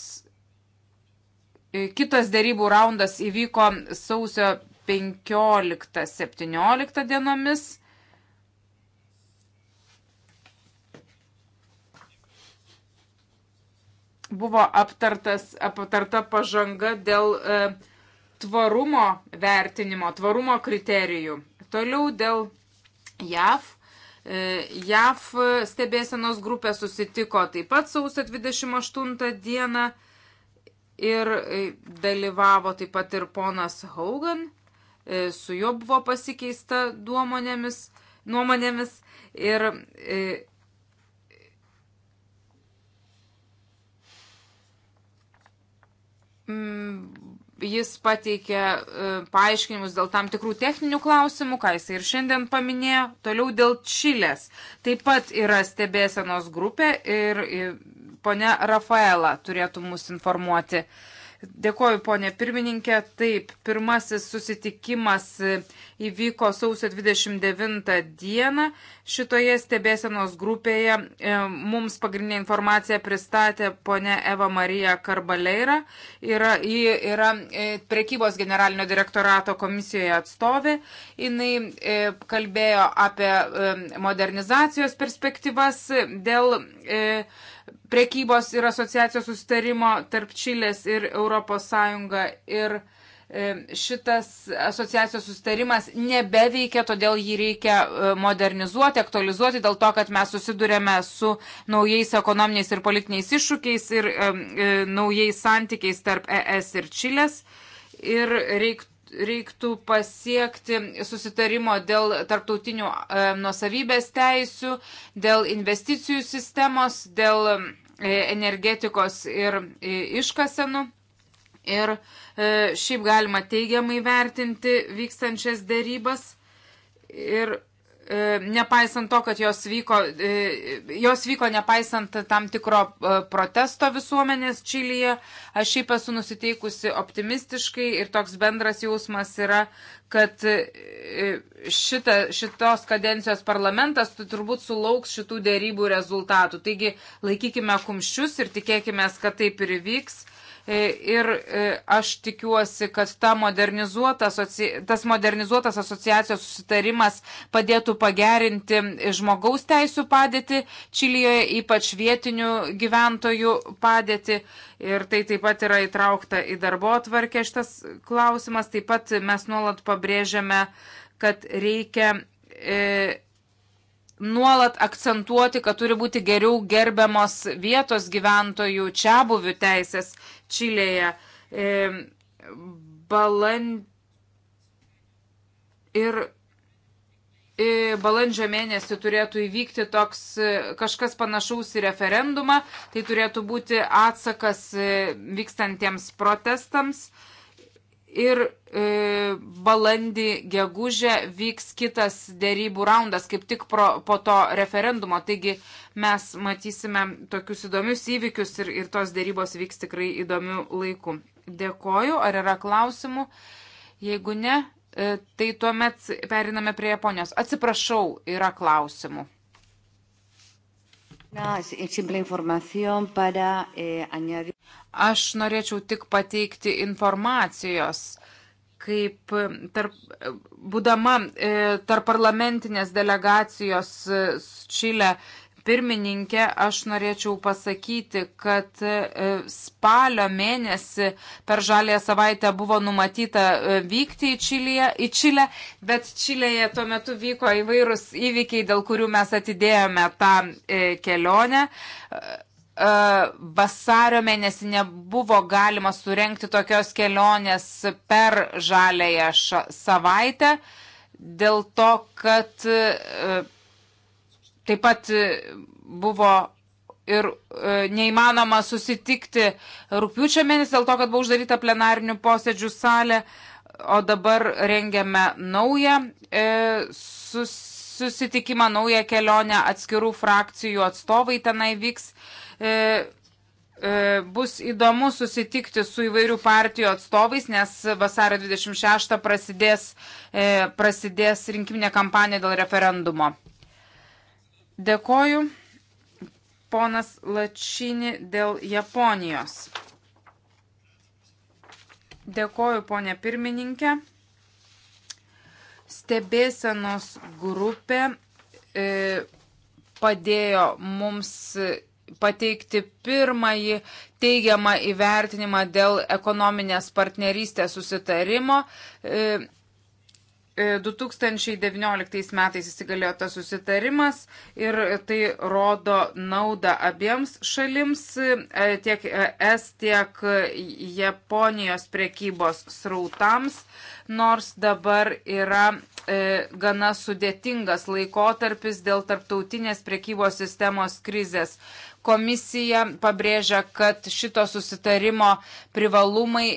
E, kitas dėrybų raundas įvyko sausio 15-17 dienomis buvo aptartas, aptarta pažanga dėl e, tvarumo vertinimo, tvarumo kriterijų. Toliau dėl JAV. E, JAV stebėsenos grupė susitiko taip pat sausio 28 dieną ir e, dalyvavo taip pat ir ponas Haugan. E, su juo buvo pasikeista duomonėmis, nuomonėmis ir e, Mm, jis pateikė e, paaiškinimus dėl tam tikrų techninių klausimų, ką jis ir šiandien paminėjo. Toliau dėl Čilės. Taip pat yra stebėsenos grupė ir ponia Rafaela turėtų mus informuoti. Uh, Dėkoju, ponė pirmininkė. Taip, pirmasis susitikimas įvyko sausio 29 dieną. Šitoje stebėsenos grupėje e, mums pagrindinę informaciją pristatė ponė Eva Marija Karbaleira. Yra, ji yra e, prekybos generalinio direktorato komisijoje atstovė. Jis e, kalbėjo apie modernizacijos perspektyvas dėl. E, prekybos ir asociacijos sustarimo tarp Čilės ir ES. Ir e, šitas asociacijos sustarimas nebeveikia, todėl jį reikia e, modernizuoti, aktualizuoti, dėl to, kad mes susidurėme su naujais ekonominiais ir politiniais iššūkiais ir e, e naujais santykiais tarp ES ir Čilės. Ir reik, reiktų pasiekti susitarimo dėl tarptautinių e, nusavybės teisių, dėl investicijų sistemos, dėl e, energetikos ir e, iškasenų. Ir e, šiaip galima teigiamai vertinti vykstančias dėrybas. Ir E, nepaisant to, kad jos vyko, e, jos vyko nepaisant tam tikro e, protesto visuomenės Čilyje, aš šiaip esu nusiteikusi optimistiškai ir toks bendras jausmas yra, kad šita, šitos kadencijos parlamentas turbūt sulauks šitų dėrybų rezultatų. Taigi laikykime kumščius ir tikėkime, kad taip ir įvyks. E, ir e, aš tikiuosi, kad ta modernizuota, tas modernizuotas asociacijos susitarimas padėtų pagerinti žmogaus teisų padėtį Čilijoje, ypač vietinių gyventojų padėtį. Ir tai taip pat yra įtraukta į darbo atvarkę šitas klausimas. Taip pat mes nuolat pabrėžiame, kad reikia. E, nuolat akcentuoti, kad turi būti geriau gerbiamos vietos gyventojų čia buvių teisės Čilėje. E, baland... Ir e, balandžio mėnesį turėtų įvykti toks e, kažkas panašaus į referendumą, tai turėtų būti atsakas e, vykstantiems protestams. E, Ir e, balandį, gegužę vyks kitas dėrybų raundas, kaip tik pro, po to referendumo. Taigi mes matysime tokius įdomius įvykius ir, ir tos dėrybos vyks tikrai įdomių laikų. Dėkoju, ar yra klausimų? Jeigu ne, e, tai tuomet periname prie Japonijos. Atsiprašau, yra klausimų. Na, simple información para eh, añadir. Aš norėčiau tik pateikti informacijos, kaip e, tarp, būdama e, tarp parlamentinės delegacijos e, Čilė pirmininkė, aš norėčiau pasakyti, kad spalio mėnesį per žalę savaitę buvo numatyta vykti į, Čilėje, į Čilę, bet Čilėje tuo metu vyko įvairūs įvykiai, dėl kurių mes atidėjome tą kelionę vasario mėnesį nebuvo galima surenkti tokios kelionės per žalėją savaitę, dėl to, kad e, taip pat buvo ir e, neįmanoma susitikti rūpiučio mėnesį, dėl to, kad buvo uždaryta plenarinių posėdžių salė, o dabar rengiame naują e, susitikimą, naują kelionę, atskirų frakcijų atstovai tenai vyks. E, e, bus įdomu susitikti su įvairių partijų atstovais, nes vasario 26 prasidės, e, prasidės rinkiminė kampanija dėl referendumo. Dėkoju, ponas Lačini, dėl Japonijos. Dėkoju, ponė pirmininkė. Stebėsenos grupė e, padėjo mums pateikti pirmąjį teigiamą įvertinimą dėl ekonominės partnerystės susitarimo. 2019 e, e, metais įsigalėjo tas susitarimas ir tai rodo naudą abiems šalims, e, tiek es, tiek Japonijos prekybos srautams, nors dabar yra gana sudėtingas laikotarpis dėl tarptautinės prekybos sistemos krizės. Komisija pabrėžia, kad šito susitarimo privalumai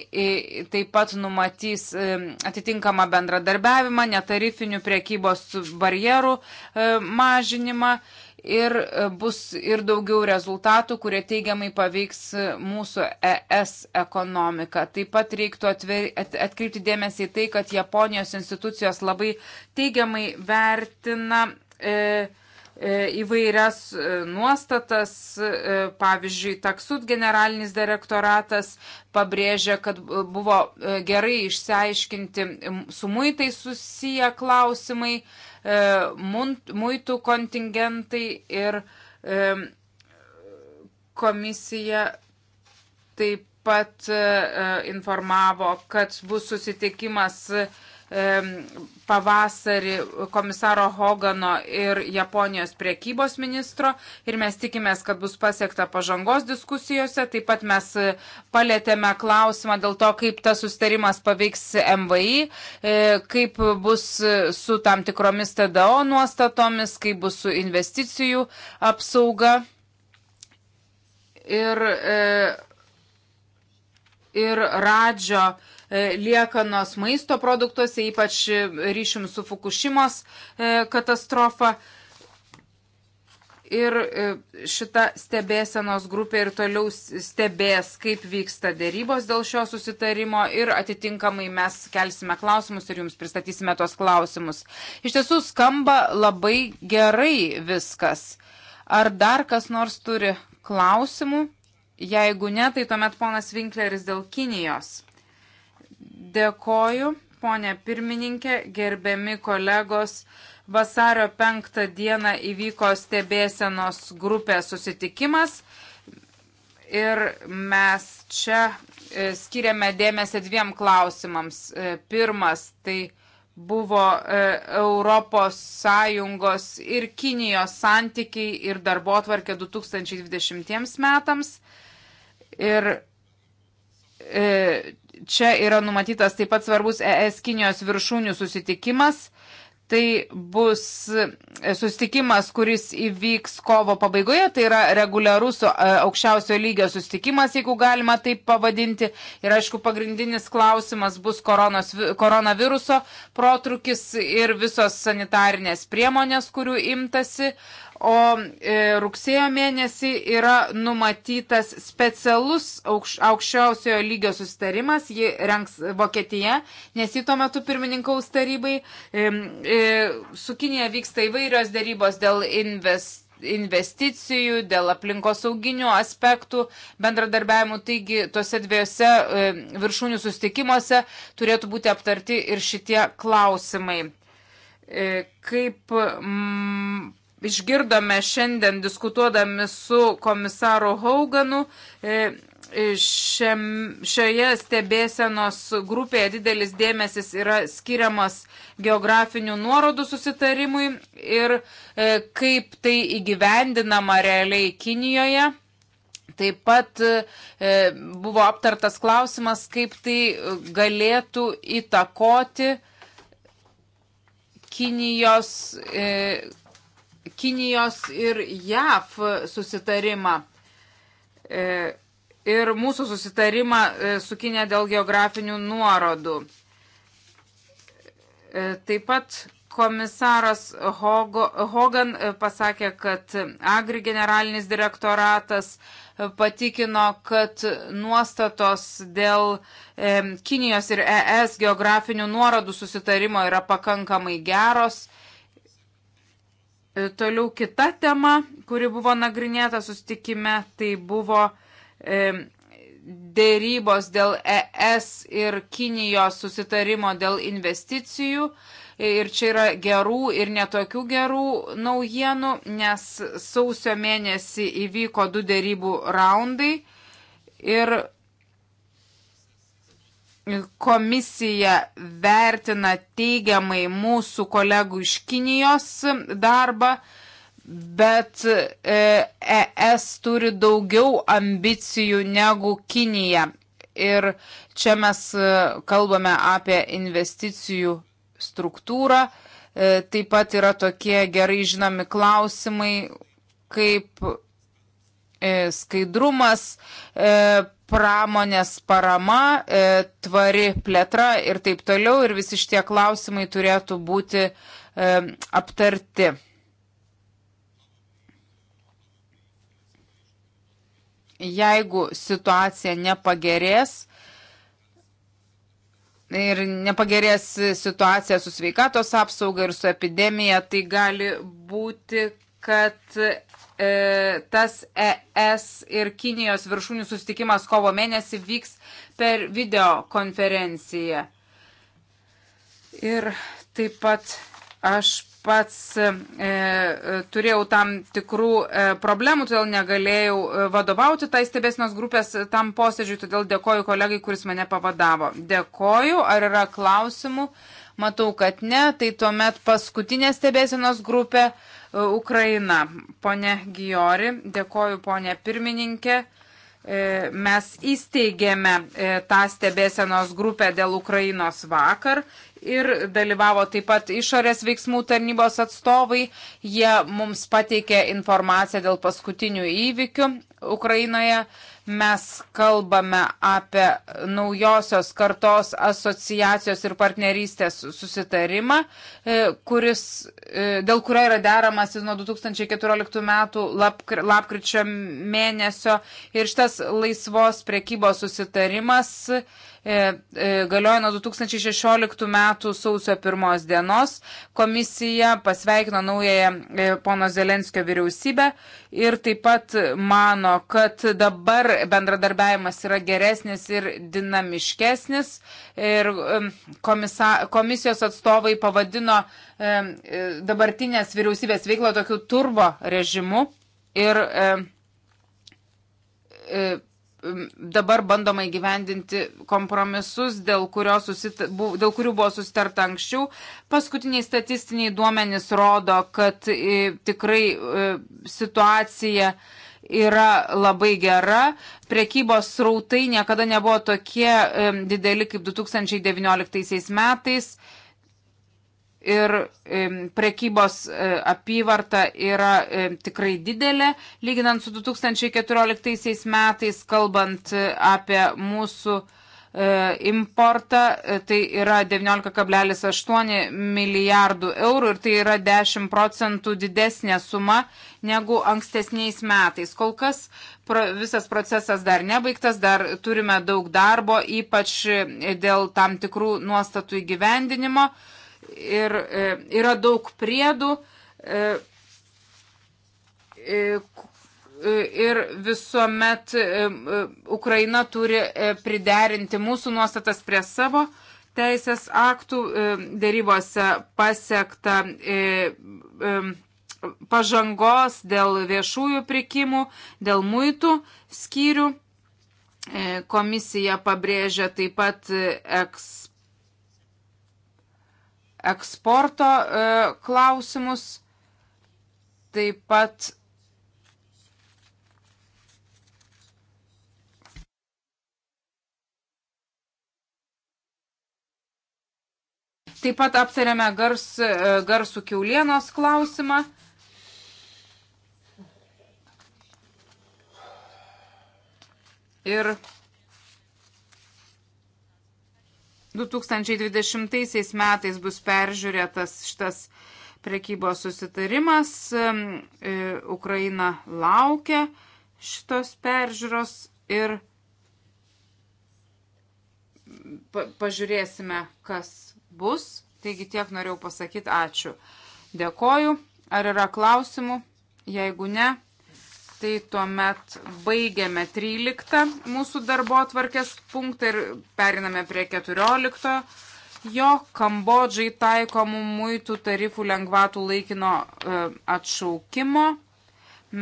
taip pat numatys atitinkamą bendradarbiavimą, netarifinių priekybos barjerų e, mažinimą ir e, bus ir daugiau rezultatų, kurie teigiamai paveiks e, mūsų ES ekonomiką. Taip pat reiktų atver, at, atkreipti dėmesį į tai, kad Japonijos institucijos labai teigiamai vertina e, E, įvairias e, nuostatas, e, pavyzdžiui, taksut generalinis direktoratas pabrėžė, kad buvo gerai išsiaiškinti su muitai susiję klausimai, muitų kontingentai ir komisija taip pat informavo, kad bus susitikimas pavasarį komisaro Hogano ir Japonijos priekybos ministro ir mes tikimės, kad bus pasiekta pažangos diskusijose. Taip pat mes e, palėtėme klausimą dėl to, kaip tas sustarimas paveiks MVI, e, kaip bus su tam tikromis TDO nuostatomis, kaip bus su investicijų apsauga. Ir, e, ir radžio E, liekanos maisto produktuose, ypač e, ryšim su Fukushimos e, katastrofa. Ir šita stebėsenos grupė ir toliau stebės, kaip vyksta dėrybos dėl šio susitarimo ir atitinkamai mes kelsime klausimus ir jums pristatysime tuos klausimus. Iš tiesų skamba labai gerai viskas. Ar dar kas nors turi klausimų? Jeigu ne, tai tuomet ponas Winkleris dėl Kinijos. Dėkoju, ponė pirmininkė, gerbiami kolegos. Vasario penktą dieną įvyko stebėsenos grupės susitikimas ir mes čia e, skiriame dėmesį dviem klausimams. E, pirmas tai buvo e, Europos Sąjungos ir Kinijos santykiai ir darbo atvarkė 2020 metams. Ir E, čia yra numatytas taip pat svarbus ES Kinijos viršūnių susitikimas. Tai bus e, susitikimas, kuris įvyks kovo pabaigoje, tai yra reguliarus e, aukščiausio lygio susitikimas, jeigu galima taip pavadinti. Ir aišku, pagrindinis klausimas bus koronos, koronaviruso protrukis ir visos sanitarinės priemonės, kurių imtasi. Uh, o e, rugsėjo mėnesį yra numatytas specialus aukš, aukščiausiojo lygio sustarimas, jį renks Vokietija, nes jį tuo metu pirmininkaus tarybai. E, e, su Kinėje vyksta įvairios darybos dėl investicijų investicijų, dėl aplinkosauginių aspektų bendradarbiavimų. Taigi, tuose dviejose e, viršūnių sustikimuose turėtų būti aptarti ir šitie klausimai. E, kaip mm, išgirdome šiandien diskutuodami su komisaru Hauganu. E, e, šiam, šioje stebėsenos grupėje didelis dėmesys yra skiriamas geografinių nuorodų susitarimui ir e, kaip tai įgyvendinama realiai Kinijoje. Taip pat e, buvo aptartas klausimas, kaip tai galėtų įtakoti Kinijos e, Kinijos ir JAF susitarimą. E, ir mūsų susitarimą e, su Kinė dėl geografinių nuorodų. E, taip pat komisaras Hogo, Hogan pasakė, kad Agri generalinis direktoratas patikino, kad nuostatos dėl e, Kinijos ir ES geografinių nuorodų susitarimo yra pakankamai geros. E, E, toliau kita tema, kuri buvo nagrinėta sustikime, tai buvo e, dėrybos dėl ES ir Kinijos susitarimo dėl investicijų. E, ir čia yra gerų ir netokių gerų naujienų, nes sausio mėnesį įvyko du dėrybų raundai. Ir komisija vertina teigiamai mūsų kolegų iš Kinijos darbą, bet ES e turi daugiau ambicijų negu Kinija. Ir čia mes e, kalbame apie investicijų struktūrą. E, taip pat yra tokie gerai žinomi klausimai, kaip skaidrumas, pramonės parama, e, tvari plėtra ir taip toliau ir visi šitie klausimai turėtų būti e, aptarti. Jeigu situacija nepagerės ir nepagerės situacija su sveikatos apsauga ir su epidemija, tai gali būti, kad E, tas ES ir Kinijos viršūnių sustikimas kovo mėnesį vyks per videokonferenciją. Ir taip pat aš pats e, turėjau tam tikrų e, problemų, todėl negalėjau e, vadovauti tai stebėsinos grupės tam posėdžiui, todėl dėkoju kolegai, kuris mane pavadavo. Dėkoju, ar yra klausimų? Matau, kad ne, tai tuomet paskutinė stebėsinos grupė. E, Ukraina. Pone Giori, dėkoju ponė pirmininkė. E, mes įsteigėme e, tą stebėsenos grupę dėl Ukrainos vakar ir dalyvavo taip pat išorės veiksmų tarnybos atstovai. Jie mums pateikė informaciją dėl paskutinių įvykių Ukrainoje mes kalbame apie naujosios kartos asociacijos ir partnerystės susitarimą, e, kuris, e, dėl kurio yra deramasi nuo 2014 metų lapkri, lapkričio mėnesio. Ir šitas laisvos priekybos susitarimas E, e, galioja nuo 2016 metų sausio pirmos dienos. Komisija pasveikino naująją e, pono Zelenskio vyriausybę ir taip pat mano, kad dabar bendradarbiavimas yra geresnis ir dinamiškesnis. Ir komisa, komisijos atstovai pavadino dabartinės vyriausybės veiklą tokiu turbo režimu. Ir e, e, dabar bandoma įgyvendinti kompromisus, dėl, susita, dėl kurių buvo susitarta anksčiau. Paskutiniai statistiniai duomenys rodo, kad e, tikrai e, situacija yra labai gera. Prekybos srautai niekada nebuvo tokie dideli kaip 2019 metais ir prekybos e, apyvarta yra e, tikrai didelė, lyginant su 2014 metais, kalbant e, apie mūsų importą, tai yra 19,8 milijardų eurų ir tai yra 10 procentų didesnė suma negu ankstesniais metais. Kol kas pro, visas procesas dar nebaigtas, dar turime daug darbo, ypač dėl tam tikrų nuostatų įgyvendinimo. Uh, ir e, yra daug priedų e, e, ir visuomet Ukraina turi priderinti mūsų nuostatas prie savo teisės aktų. Darybose pasiekta pažangos dėl viešųjų prikimų, dėl muitų skyrių. Komisija pabrėžia taip pat eksportą eksporto e, klausimus, taip pat Taip pat aptarėme gars, e, garsų kiaulienos klausimą. Ir 2020 metais bus peržiūrėtas šitas prekybos susitarimas. E, Ukraina laukia šitos peržiūros ir pa pažiūrėsime, kas bus. Taigi tiek norėjau pasakyti. Ačiū. Dėkoju. Ar yra klausimų? Jeigu ne, Tai tuomet baigiame 13 mūsų darbo atvarkės punktą ir periname prie 14. Jo Kambodžai taikomų muitų tarifų lengvatų laikino e, atšaukimo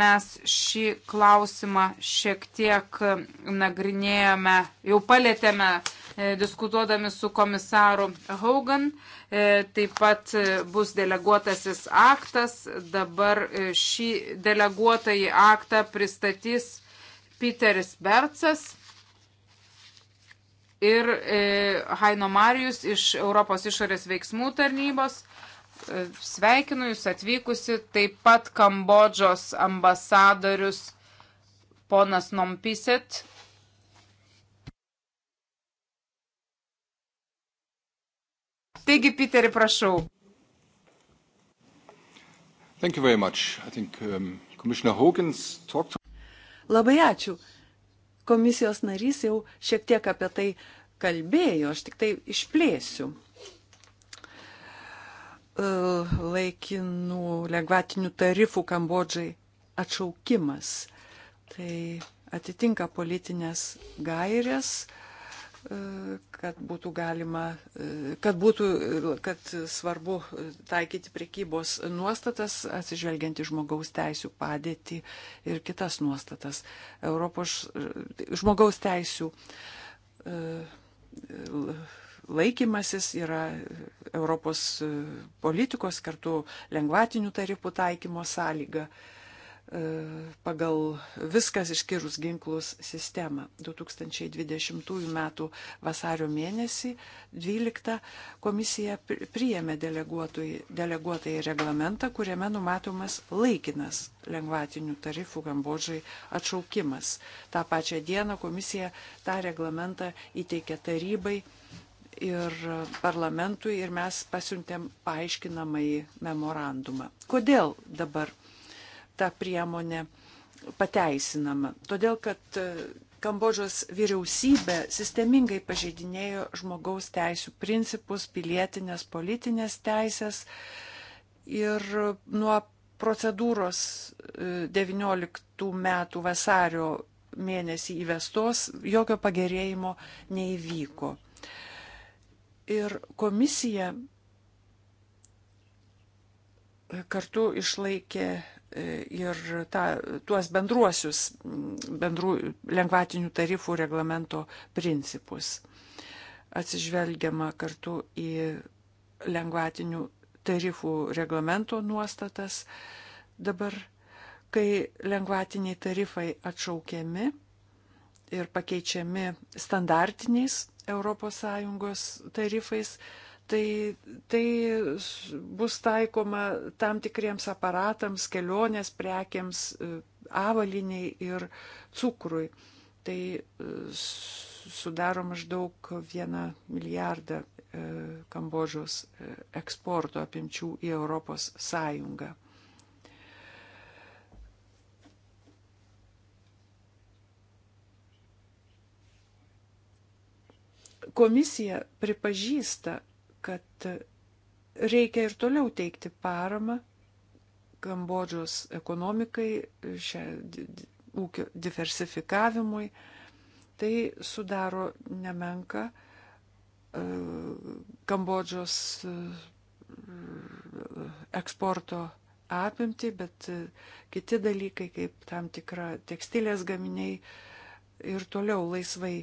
mes šį klausimą šiek tiek e, nagrinėjome, jau palėtėme E, diskutuodami su komisaru Haugan. E, taip pat e, bus deleguotasis aktas. Dabar šį deleguotąjį aktą pristatys Peteris Bercas ir Haino Marijus iš Europos išorės veiksmų tarnybos. Sveikinu Jūs atvykusi, taip pat Kambodžos ambasadorius ponas Nompiset Taigi, Piteri, prašau. Thank you very much. I think um, Commissioner Hogans talked to... Labai ačiū. Komisijos narys jau šiek tiek apie tai kalbėjo, aš tik tai išplėsiu. E, laikinų lengvatinių tarifų Kambodžai atšaukimas. Tai atitinka politinės gairės, uh, E, kad būtų galima, e, kad būtų, kad svarbu taikyti priekybos nuostatas, atsižvelgiant į žmogaus teisų padėtį ir kitas nuostatas. Europos e, žmogaus teisų laikymasis yra Europos politikos kartu lengvatinių tarifų taikymo sąlyga. E, pagal viskas išskyrus ginklus sistemą. 2020 m. vasario mėnesį 12 komisija priėmė deleguotąjį reglamentą, kuriame numatomas laikinas lengvatinių tarifų Kambodžai atšaukimas. Ta pačia diena komisija tą reglamentą įteikė tarybai ir parlamentui ir mes pasiuntėm paaiškinamąjį memorandumą. Kodėl dabar ta priemonė pateisinama. Todėl, kad e, Kambodžos vyriausybė sistemingai pažeidinėjo žmogaus teisų principus, pilietinės, politinės teisės ir nuo procedūros 19 e, metų vasario mėnesį įvestos jokio pagerėjimo neįvyko. Ir komisija kartu išlaikė ir ta, tuos bendruosius bendrų lengvatinių tarifų reglamento principus. Atsižvelgiama kartu į lengvatinių tarifų reglamento nuostatas. Dabar, kai lengvatiniai tarifai atšaukiami ir pakeičiami standartiniais ES tarifais, tai, tai bus taikoma tam tikriems aparatams, kelionės prekiams, e, avaliniai ir cukrui. Tai e, sudaro maždaug vieną milijardą e, Kambodžos eksporto apimčių į Europos Sąjungą. Komisija pripažįsta, kad reikia ir toliau teikti paramą Kambodžos ekonomikai, šią ūkio diversifikavimui. Tai sudaro nemenka e, Kambodžos e, eksporto apimti, bet e, kiti dalykai, kaip tam tikra tekstilės gaminiai ir toliau laisvai,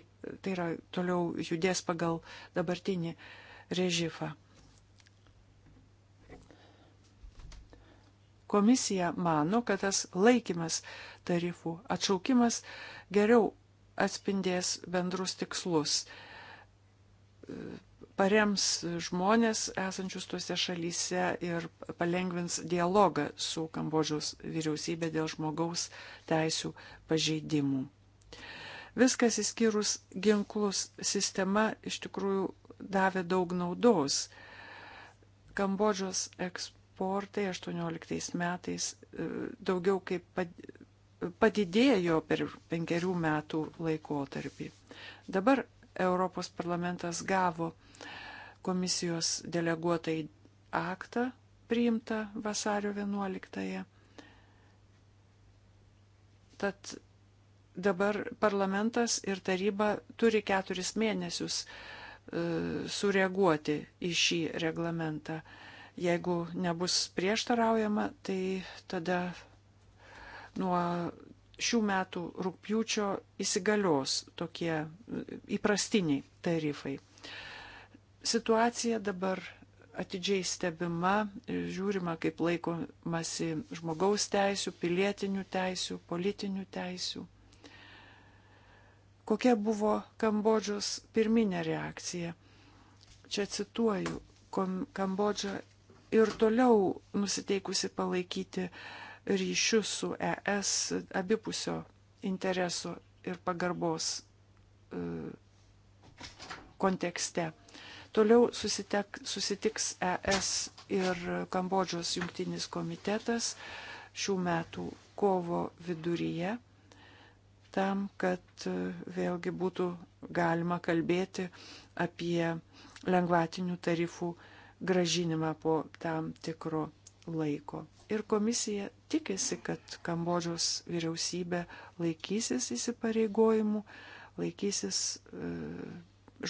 tai yra toliau judės pagal dabartinį uh, Režifą. Komisija mano, kad tas laikimas tarifų atšaukimas geriau atspindės bendrus tikslus, parems žmonės esančius tuose šalyse ir palengvins dialogą su Kambodžos vyriausybė dėl žmogaus teisų pažeidimų. Viskas įskyrus ginklus sistema iš tikrųjų davė daug naudos. Kambodžos eksportai 18 metais e, daugiau kaip padidėjo per penkerių metų laikotarpį. Dabar Europos parlamentas gavo komisijos deleguotai aktą priimtą vasario 11-ąją. Tad dabar parlamentas ir taryba turi keturis mėnesius uh, E, sureaguoti į šį reglamentą. Jeigu nebus prieštaraujama, tai tada nuo šių metų rūpjūčio įsigalios tokie e, įprastiniai tarifai. Situacija dabar atidžiai stebima, e, žiūrima, kaip laikomasi žmogaus teisų, pilietinių teisų, politinių teisų kokia buvo Kambodžos pirminė reakcija. Čia cituoju, Kambodža ir toliau nusiteikusi palaikyti ryšius su ES abipusio intereso ir pagarbos e, kontekste. Toliau susitek, susitiks ES ir Kambodžos jungtinis komitetas šių metų kovo viduryje tam, kad e, vėlgi būtų galima kalbėti apie lengvatinių tarifų gražinimą po tam tikro laiko. Ir komisija tikisi, kad Kambodžos vyriausybė laikysis įsipareigojimų, laikysis e,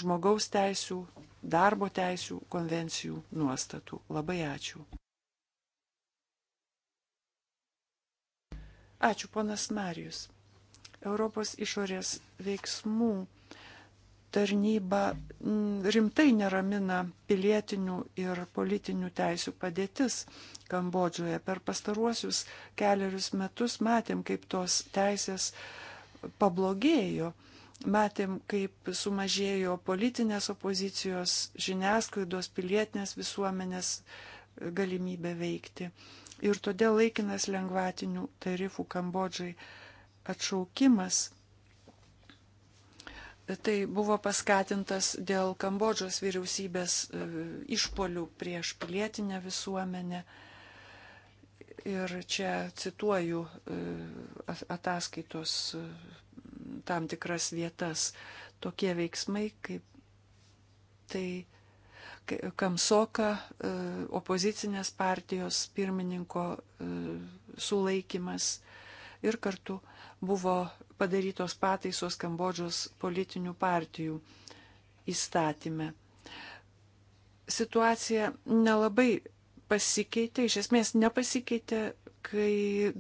žmogaus teisų, darbo teisų konvencijų nuostatų. Labai ačiū. Ačiū, ponas Marijus. Europos išorės veiksmų tarnyba mm, rimtai neramina pilietinių ir politinių teisių padėtis Kambodžoje. Per pastaruosius keliarius metus matėm, kaip tos teisės pablogėjo, matėm, kaip sumažėjo politinės opozicijos, žiniasklaidos, pilietinės visuomenės galimybė veikti. Ir todėl laikinas lengvatinių tarifų Kambodžai atšaukimas tai buvo paskatintas dėl Kambodžos vyriausybės e, išpolių prieš pilietinę visuomenę. Ir čia cituoju e, ataskaitos e, tam tikras vietas. Tokie veiksmai, kaip tai Kamsoka opozicinės partijos pirmininko sulaikimas ir kartu buvo padarytos pataisos Kambodžos politinių partijų įstatymę. Situacija nelabai pasikeitė, iš esmės nepasikeitė, kai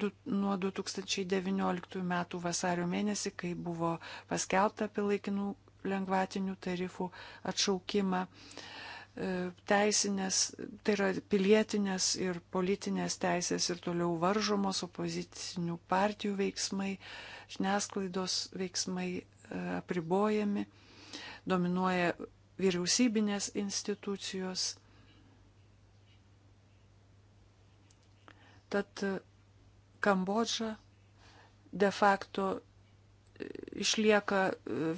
du, nuo 2019 metų vasario mėnesį, kai buvo paskelbta apie laikinų lengvatinių tarifų atšaukimą. Uh, E, teisinės, tai yra pilietinės ir politinės teisės ir toliau varžomos opozicinių partijų veiksmai, žiniasklaidos veiksmai e, apribojami, dominuoja vyriausybinės institucijos. Tad e, Kambodža de facto išlieka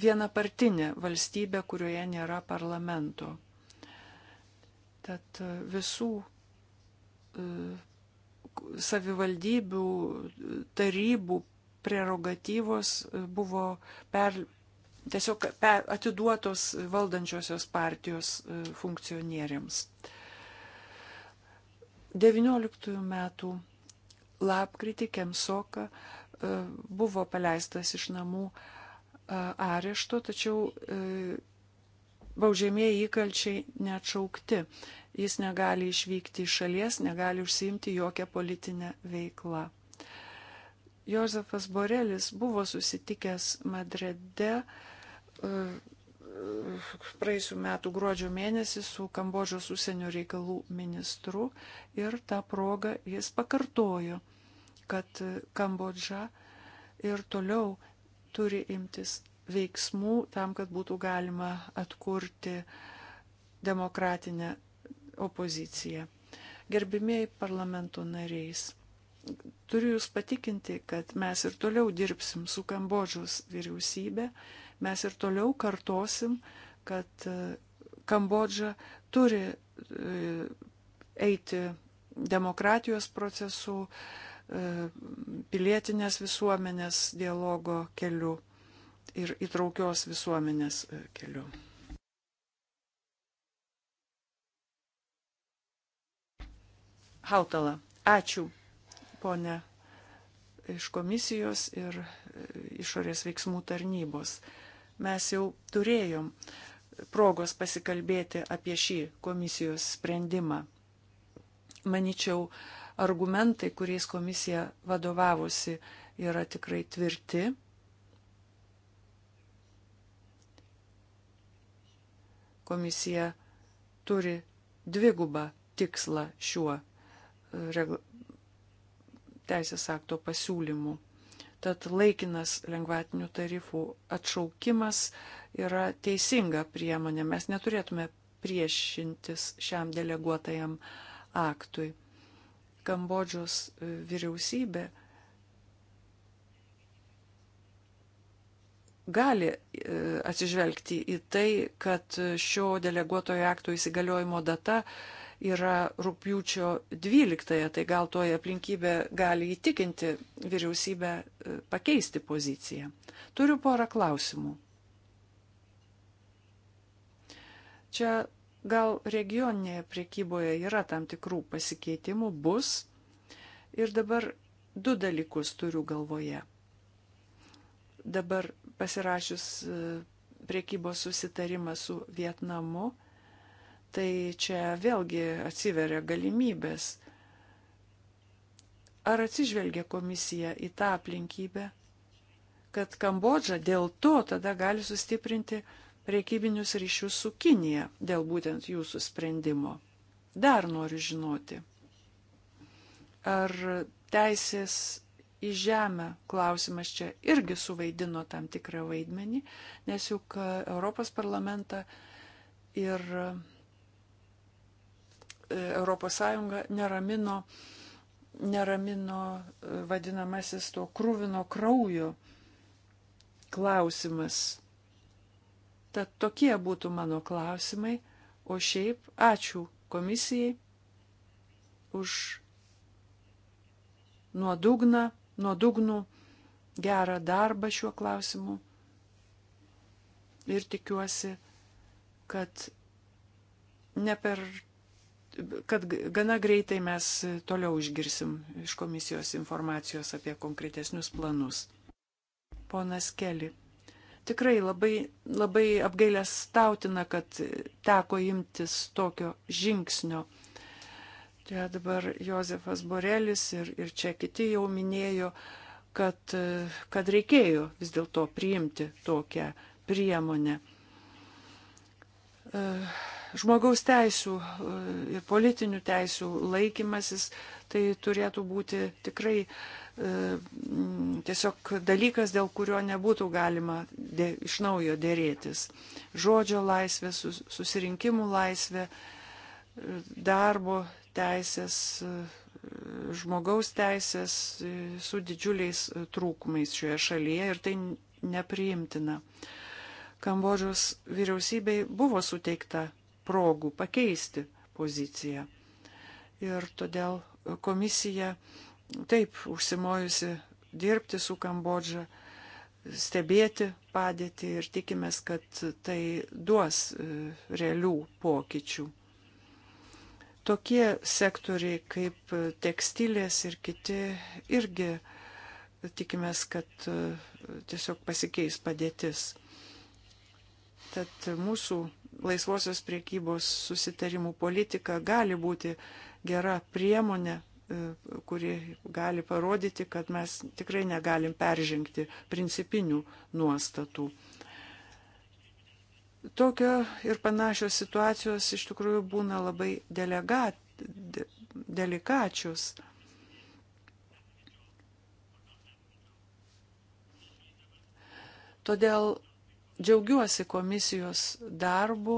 viena partinė valstybė, kurioje nėra parlamento. Tad e, visų e, savivaldybių tarybų prerogatyvos e, buvo per, tiesiog per, atiduotos valdančiosios partijos funkcionieriams. 19 metų lapkritį Kemsoka buvo paleistas iš namų arešto, tačiau baudžiamieji įkalčiai neatšaukti. Jis negali išvykti iš šalies, negali užsiimti jokią politinę veiklą. Jozefas Borelis buvo susitikęs Madride e, praėjusiu metu gruodžio mėnesį su Kambodžos užsienio reikalų ministru ir tą progą jis pakartojo, kad Kambodža ir toliau turi imtis veiksmų tam, kad būtų galima atkurti demokratinę opoziciją. Gerbimieji parlamento nariais, turiu Jūs patikinti, kad mes ir toliau dirbsim su Kambodžos vyriausybė, mes ir toliau kartosim, kad e, Kambodža turi e, eiti demokratijos procesų, e, pilietinės visuomenės dialogo keliu ir įtraukios visuomenės e, keliu. Hautala. Ačiū, ponė, iš komisijos ir e, išorės veiksmų tarnybos. Mes jau turėjom progos pasikalbėti apie šį komisijos sprendimą. Maničiau, argumentai, kuriais komisija vadovavosi, yra tikrai tvirti komisija turi dvigubą tikslą šiuo e, teisės akto pasiūlymu. Tad laikinas lengvatinių tarifų atšaukimas yra teisinga priemonė. Mes neturėtume priešintis šiam deleguotajam aktui. Kambodžos e, vyriausybė gali e, atsižvelgti į tai, kad šio deleguotojo akto įsigaliojimo data yra rūpjūčio 12-ąją, tai gal toje aplinkybė gali įtikinti vyriausybę e, pakeisti poziciją. Turiu porą klausimų. Čia gal regioninėje priekyboje yra tam tikrų pasikeitimų, bus. Ir dabar du dalykus turiu galvoje dabar pasirašius e, priekybos susitarimą su Vietnamu, tai čia vėlgi atsiveria galimybės. Ar atsižvelgia komisija į tą aplinkybę, kad Kambodža dėl to tada gali sustiprinti priekybinius ryšius su Kinija dėl būtent jūsų sprendimo? Dar noriu žinoti, ar teisės į žemę klausimas čia irgi suvaidino tam tikrą vaidmenį, nes juk e, Europos parlamentą ir e, Europos Sąjunga neramino, neramino e, vadinamasis to krūvino kraujo klausimas. Tad tokie būtų mano klausimai, o šiaip ačiū komisijai už nuodugną nuodugnų gerą darbą šiuo klausimu ir tikiuosi, kad ne per kad gana greitai mes toliau išgirsim iš komisijos informacijos apie konkretesnius planus. Ponas Keli. Tikrai labai, labai apgailęs stautina, kad teko imtis tokio žingsnio Čia dabar Jozefas Borelis ir, ir čia kiti jau minėjo, kad, kad reikėjo vis dėlto priimti tokią priemonę. E, žmogaus teisų e, ir politinių teisų laikymasis tai turėtų būti tikrai e, tiesiog dalykas, dėl kurio nebūtų galima dė, iš naujo dėrėtis. Žodžio laisvė, susirinkimų laisvė, darbo teisės, žmogaus teisės su didžiuliais trūkumais šioje šalyje ir tai nepriimtina. Kambodžos vyriausybei buvo suteikta progų pakeisti poziciją. Ir todėl komisija taip užsimojusi dirbti su Kambodža, stebėti padėtį ir tikimės, kad tai duos e, realių pokyčių tokie sektoriai kaip tekstilės ir kiti irgi tikimės, kad e, tiesiog pasikeis padėtis. Tad mūsų laisvosios priekybos susitarimų politika gali būti gera priemonė, e, kuri gali parodyti, kad mes tikrai negalim peržengti principinių nuostatų. Tokio ir panašios situacijos iš tikrųjų būna labai delegat, de, delikačius. Todėl džiaugiuosi komisijos darbu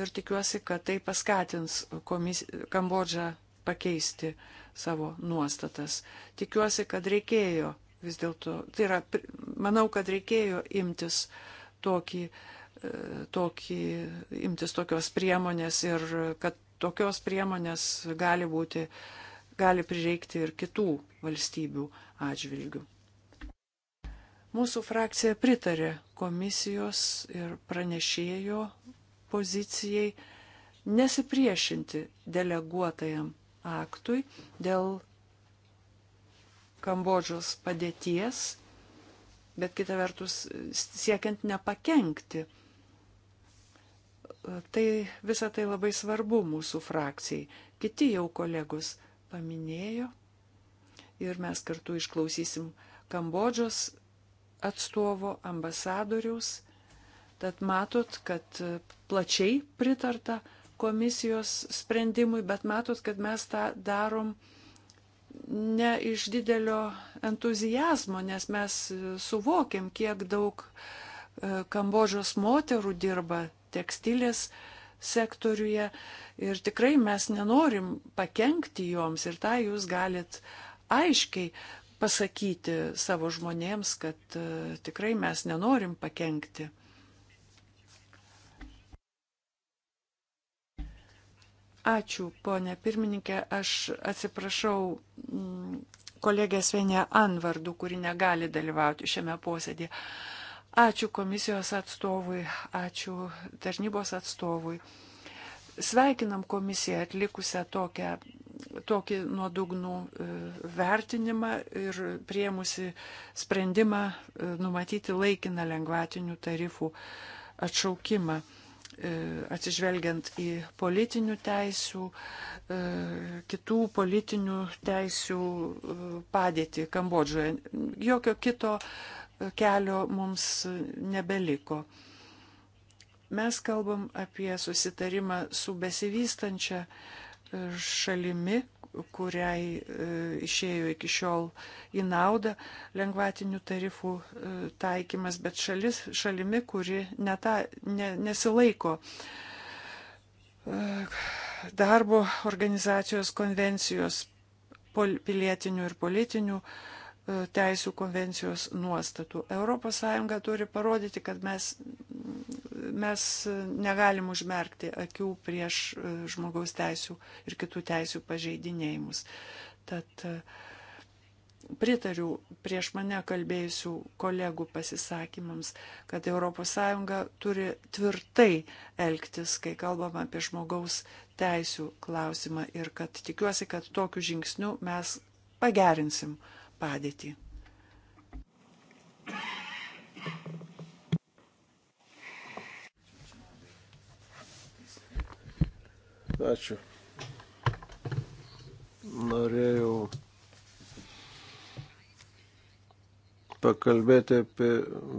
ir tikiuosi, kad tai paskatins komis... Kambodžą pakeisti savo nuostatas. Tikiuosi, kad reikėjo vis dėlto, tai yra, manau, kad reikėjo imtis tokį uh, tokį, imtis tokios priemonės ir kad tokios priemonės gali būti, gali prireikti ir kitų valstybių atžvilgių. Mūsų frakcija pritarė komisijos ir pranešėjo pozicijai nesipriešinti deleguotajam aktui dėl Kambodžos padėties, bet kita vertus siekiant nepakenkti Tai visą tai labai svarbu mūsų frakcijai. Kiti jau kolegos paminėjo ir mes kartu išklausysim Kambodžos atstovo ambasadoriaus. Tad matot, kad plačiai pritarta komisijos sprendimui, bet matot, kad mes tą darom ne iš didelio entuzijazmo, nes mes suvokiam, kiek daug e, Kambodžos moterų dirba tekstilės sektoriuje ir tikrai mes nenorim pakengti joms ir tą jūs galit aiškiai pasakyti savo žmonėms, kad e, tikrai mes nenorim pakengti. Ačiū, ponė pirmininkė, aš atsiprašau mm, kolegės Venė Anvardų, kuri negali dalyvauti šiame posėdėje. Ačiū komisijos atstovui, ačiū tarnybos atstovui. Sveikinam komisiją atlikusią tokią, tokį nuodugnų e, vertinimą ir priemusi sprendimą e, numatyti laikiną lengvatinių tarifų atšaukimą e, atsižvelgiant į politinių teisių, kitų politinių teisių padėtį Kambodžoje. Jokio kito kelio mums nebeliko. Mes kalbam apie susitarimą su besivystančia e, šalimi, kuriai e, išėjo iki šiol į naudą lengvatinių tarifų e, taikymas, bet šalis, šalimi, kuri neta, ne, nesilaiko darbo organizacijos konvencijos pol, pilietinių ir politinių E, teisų konvencijos nuostatų. ES turi parodyti, kad mes, mes negalim užmerkti akių prieš e, žmogaus teisų ir kitų teisų pažeidinėjimus. Tad e, pritariu prieš mane kalbėjusių kolegų pasisakymams, kad ES turi tvirtai elgtis, kai kalbam apie žmogaus teisų klausimą ir kad tikiuosi, kad tokiu žingsniu mes pagerinsim uh, padėtį. Ačiū. Norėjau pakalbėti apie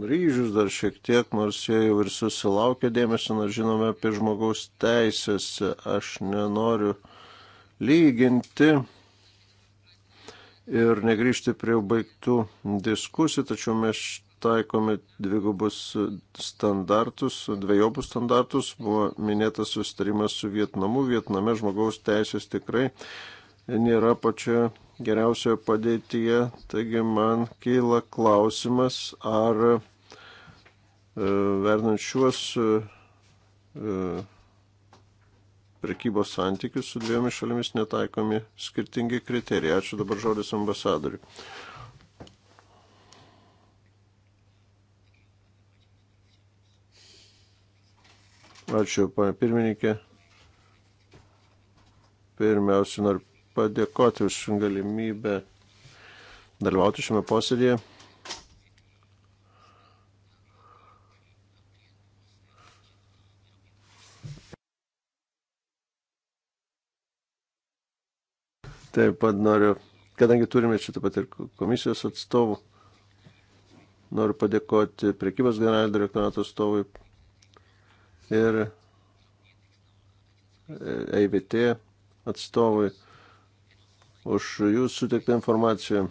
ryžius dar šiek tiek, nors jie jau ir susilaukia dėmesio, nors žinome apie žmogaus teisės. Aš nenoriu lyginti ir negrįžti prie baigtų diskusijų, tačiau mes taikome dvigubus standartus, dviejopus standartus. Buvo minėtas sustarimas su Vietnamu. Vietname žmogaus teisės tikrai nėra pačioje geriausioje padėtyje. Taigi man keila klausimas, ar e, vernant šiuos e, prekybos santykius su dviejomis šalimis netaikomi skirtingi kriterijai. Ačiū dabar žodis ambasadoriui. Ačiū, pane pirmininkė. Pirmiausia, noriu padėkoti už galimybę dalyvauti šiame posėdėje. Taip pat noriu, kadangi turime čia taip pat ir komisijos atstovų, noriu padėkoti prekybos generalinio direktorato atstovui ir EIVT atstovui už jūsų suteiktą informaciją.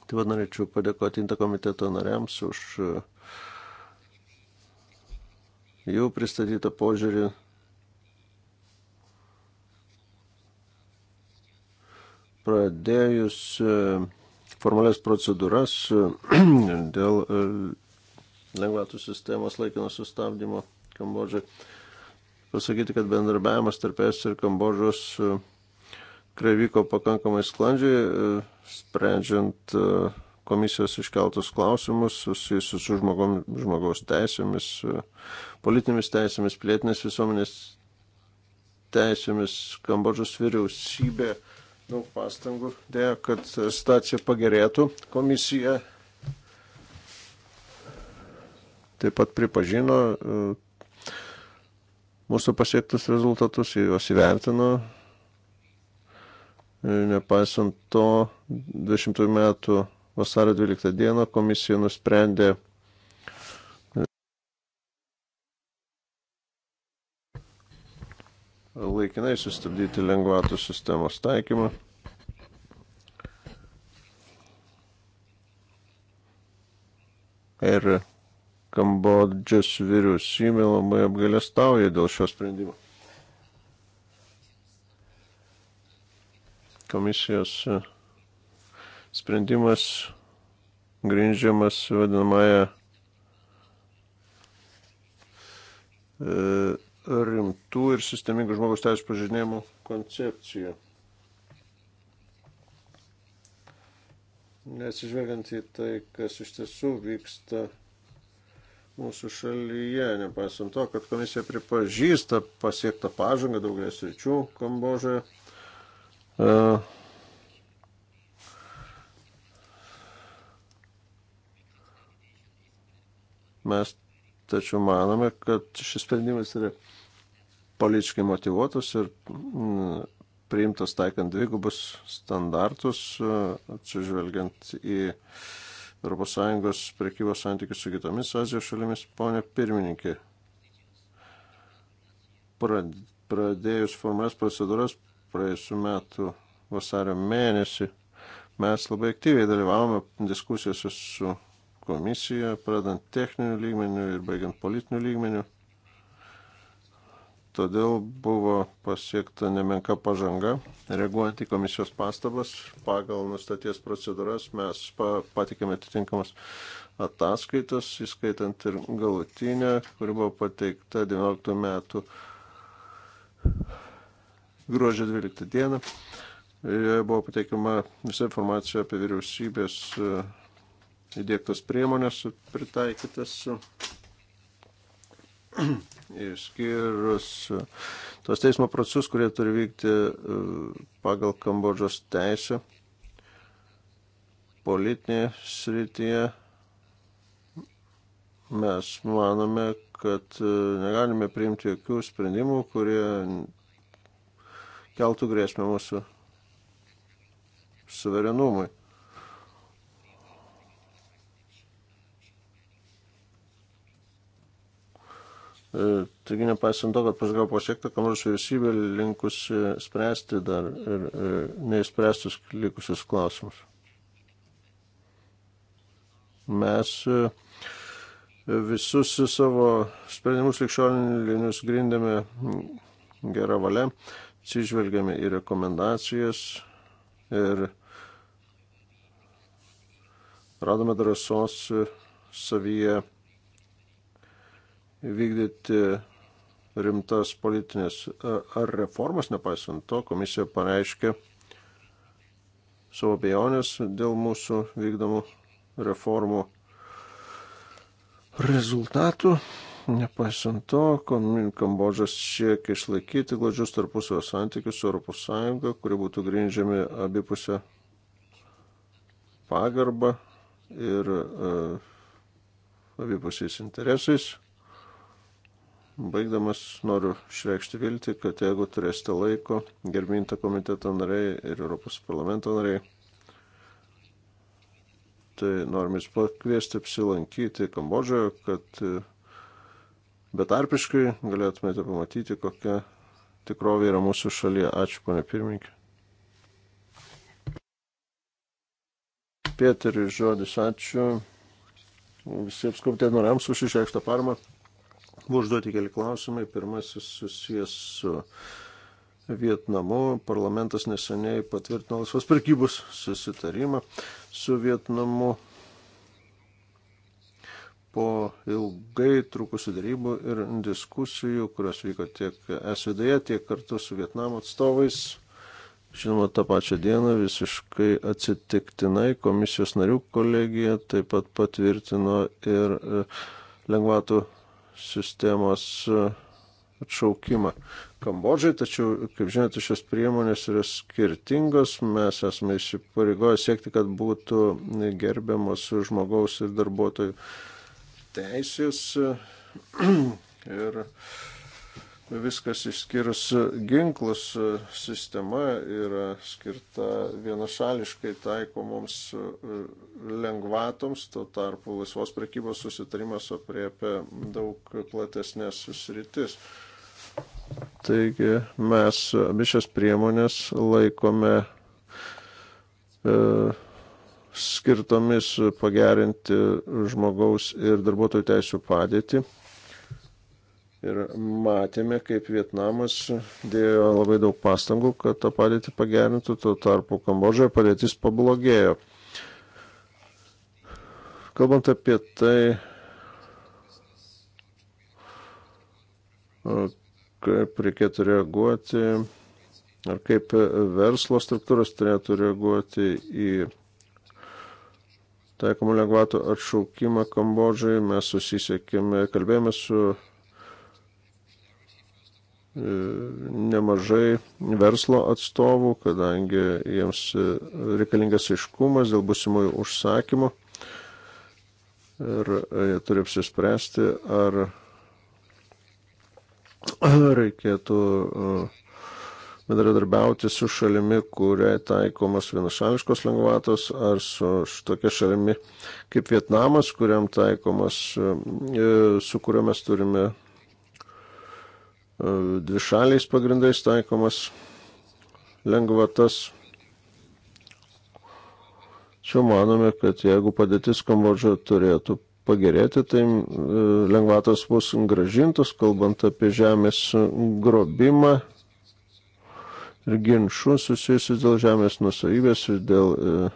Taip pat norėčiau padėkoti Inta komiteto nariams už e, jų pristatytą požiūrį pradėjus e, formalias procedūras e, dėl e, lengvatų sistemos laikino sustabdymo Kambodžai. Pasakyti, kad bendarbiavimas tarp Es ir Kambodžos tikrai vyko pakankamai sklandžiai, sprendžiant komisijos iškeltus klausimus susijusius su žmogom, žmogaus teisėmis, politinėmis teisėmis, plėtinės visuomenės teisėmis. Kambodžos vyriausybė uh, daug pastangų dėjo, kad situacija pagerėtų. Komisija taip pat pripažino e, mūsų pasiektus rezultatus, juos įvertino. E, nepaisant to, 20 metų vasario 12 dieną komisija nusprendė laikinai sustabdyti lengvatų sistemos taikymą. Ir Kambodžos vyriausybė labai apgalėstauja dėl šio sprendimo. Komisijos sprendimas grindžiamas vadinamąją e, rimtų ir sistemingų žmogaus teisų pažinėjimų koncepciją. Nesižvelgiant į tai, kas iš tiesų vyksta mūsų šalyje, nepaisant to, kad komisija pripažįsta pasiektą pažangą daugelės ryčių Kambožoje. Uh, e, mes tačiau manome, kad šis sprendimas yra politiškai motivuotus ir mm, priimtas taikant dvigubus standartus, e, atsižvelgiant į ES prekybos santykius su kitomis Azijos šalimis. Pone pirmininkė, pradėjus formalias procedūras praėjusiu metu vasario mėnesį, mes labai aktyviai dalyvavome diskusijose su komisija, pradant techninių lygmenių ir baigiant politinių lygmenių. Todėl buvo pasiekta nemenka pažanga. Reaguojant į komisijos pastabas, pagal nustaties procedūras mes patikėme atitinkamas ataskaitas, įskaitant ir galutinę, kuri buvo pateikta 19 metų gruodžio 12 dieną. Joje buvo pateikiama visa informacija apie vyriausybės e, įdėktas priemonės pritaikytas išskyrus e, tos teismo procesus, kurie turi vykti e, pagal Kambodžos teisę, politinėje srityje, mes manome, kad e, negalime priimti jokių sprendimų, kurie keltų grėsmę mūsų suverenumui. E, taigi, nepaisant to, kad pažanga pasiekta, Kamaros vyriausybė linkusi spręsti dar ir e, neįspręstus likusius klausimus. Mes e, visus savo sprendimus likščioninius grindėme gerą valią, atsižvelgėme į rekomendacijas ir radome drąsos savyje vykdyti rimtas politinės ar reformas, nepaisant to, komisija pareiškė savo bejonės dėl mūsų vykdomų reformų rezultatų. Nepaisant to, Kambodžas siekia išlaikyti glaudžius tarpusavio santykius su ES, kurie būtų grindžiami abipusę pagarbą ir uh, abipusiais interesais. Baigdamas noriu išreikšti viltį, kad jeigu turėsite laiko, gerbinta komiteto nariai ir Europos parlamento nariai, tai norim jūs pakviesti apsilankyti Kambodžoje, kad e, betarpiškai galėtumėte pamatyti, kokia tikrovė yra mūsų šalyje. Ačiū, ponė pirmininkė. Pieteriui žodis ačiū visiems komiteto nariams už išreikštą paramą. Buvo užduoti keli klausimai. Pirmasis susijęs su Vietnamu. Parlamentas neseniai patvirtino laisvos prekybos susitarimą su Vietnamu po ilgai trukusių darybų ir diskusijų, kurios vyko tiek SVD, e, tiek kartu su Vietnamo atstovais. Žinoma, tą pačią dieną visiškai atsitiktinai komisijos narių kolegija taip pat patvirtino ir e, lengvatų sistemos e, atšaukimą Kambodžai, tačiau, kaip žinote, šios priemonės yra skirtingos. Mes esame įsipareigoję siekti, kad būtų gerbiamos žmogaus ir darbuotojų teisės. E, ir viskas išskyrus ginklus e, sistema yra skirta vienašališkai taikomoms e, lengvatoms, tuo tarpu laisvos prekybos susitarimas apriepia daug platesnės sritis. Taigi mes abi šias priemonės laikome e, skirtomis pagerinti žmogaus ir darbuotojų teisų padėtį Ir matėme, kaip Vietnamas dėjo labai daug pastangų, kad tą padėtį pagerintų, tuo tarpu Kambodžoje padėtis pablogėjo. Kalbant apie tai, kaip reikėtų reaguoti, ar kaip verslo struktūros turėtų reaguoti į taikomų lengvatų atšaukimą Kambodžai, mes susisiekėme, kalbėjome su nemažai verslo atstovų, kadangi jiems reikalingas aiškumas dėl busimųjų užsakymų ir jie turi apsispręsti, ar reikėtų uh, bendradarbiauti su šalimi, kuriai taikomas vienašališkos lengvatos, ar su tokia šalimi kaip Vietnamas, kuriam taikomas, uh, su kuriuo mes turime dvišaliais pagrindais taikomas lengvatas. Čia manome, kad jeigu padėtis Kambodžoje turėtų pagerėti, tai lengvatos bus gražintos, kalbant apie žemės grobimą ir ginčių susijusius dėl žemės nusavybės ir dėl e,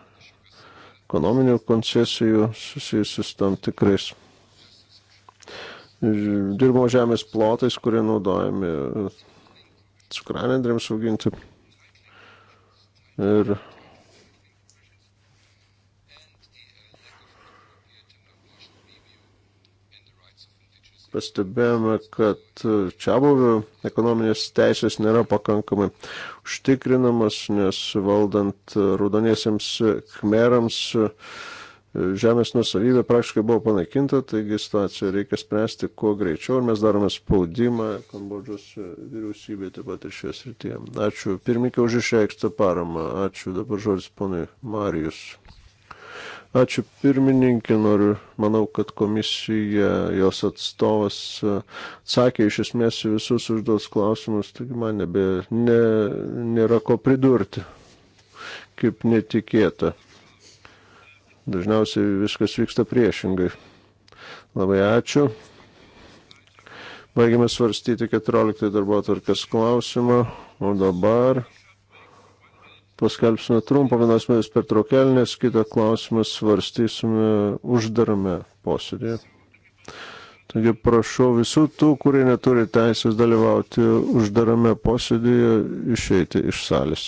ekonominių koncesijų susijusius tam tikrais dirbamo žemės plotais, kurie naudojami e, cukranendrėms auginti. Ir pastebėjome, kad e, čia buvių ekonominės teisės nėra pakankamai užtikrinamas, nes valdant e, rudoniesiems kmerams žemės nusavybė praktiškai buvo panaikinta, taigi situaciją reikia spręsti kuo greičiau ir mes darome spaudimą Kambodžos vyriausybė taip pat ir šioje srityje. Ačiū pirmininkė už išreikštą paramą. Ačiū dabar žodis ponui Marijus. Ačiū pirmininkė, noriu, manau, kad komisija, jos atstovas atsakė iš esmės visus užduos klausimus, taigi man nebe, ne, nėra ko pridurti, kaip netikėta. Dažniausiai viskas vyksta priešingai. Labai ačiū. Baigėme svarstyti 14 darbo atvarkės klausimą, o dabar paskelbsime trumpą vienos minutės pertraukėlį, nes kitą klausimą svarstysime uždarame posėdėje. Taigi prašau visų tų, kurie neturi teisės dalyvauti uždarame posėdėje, išeiti iš salės.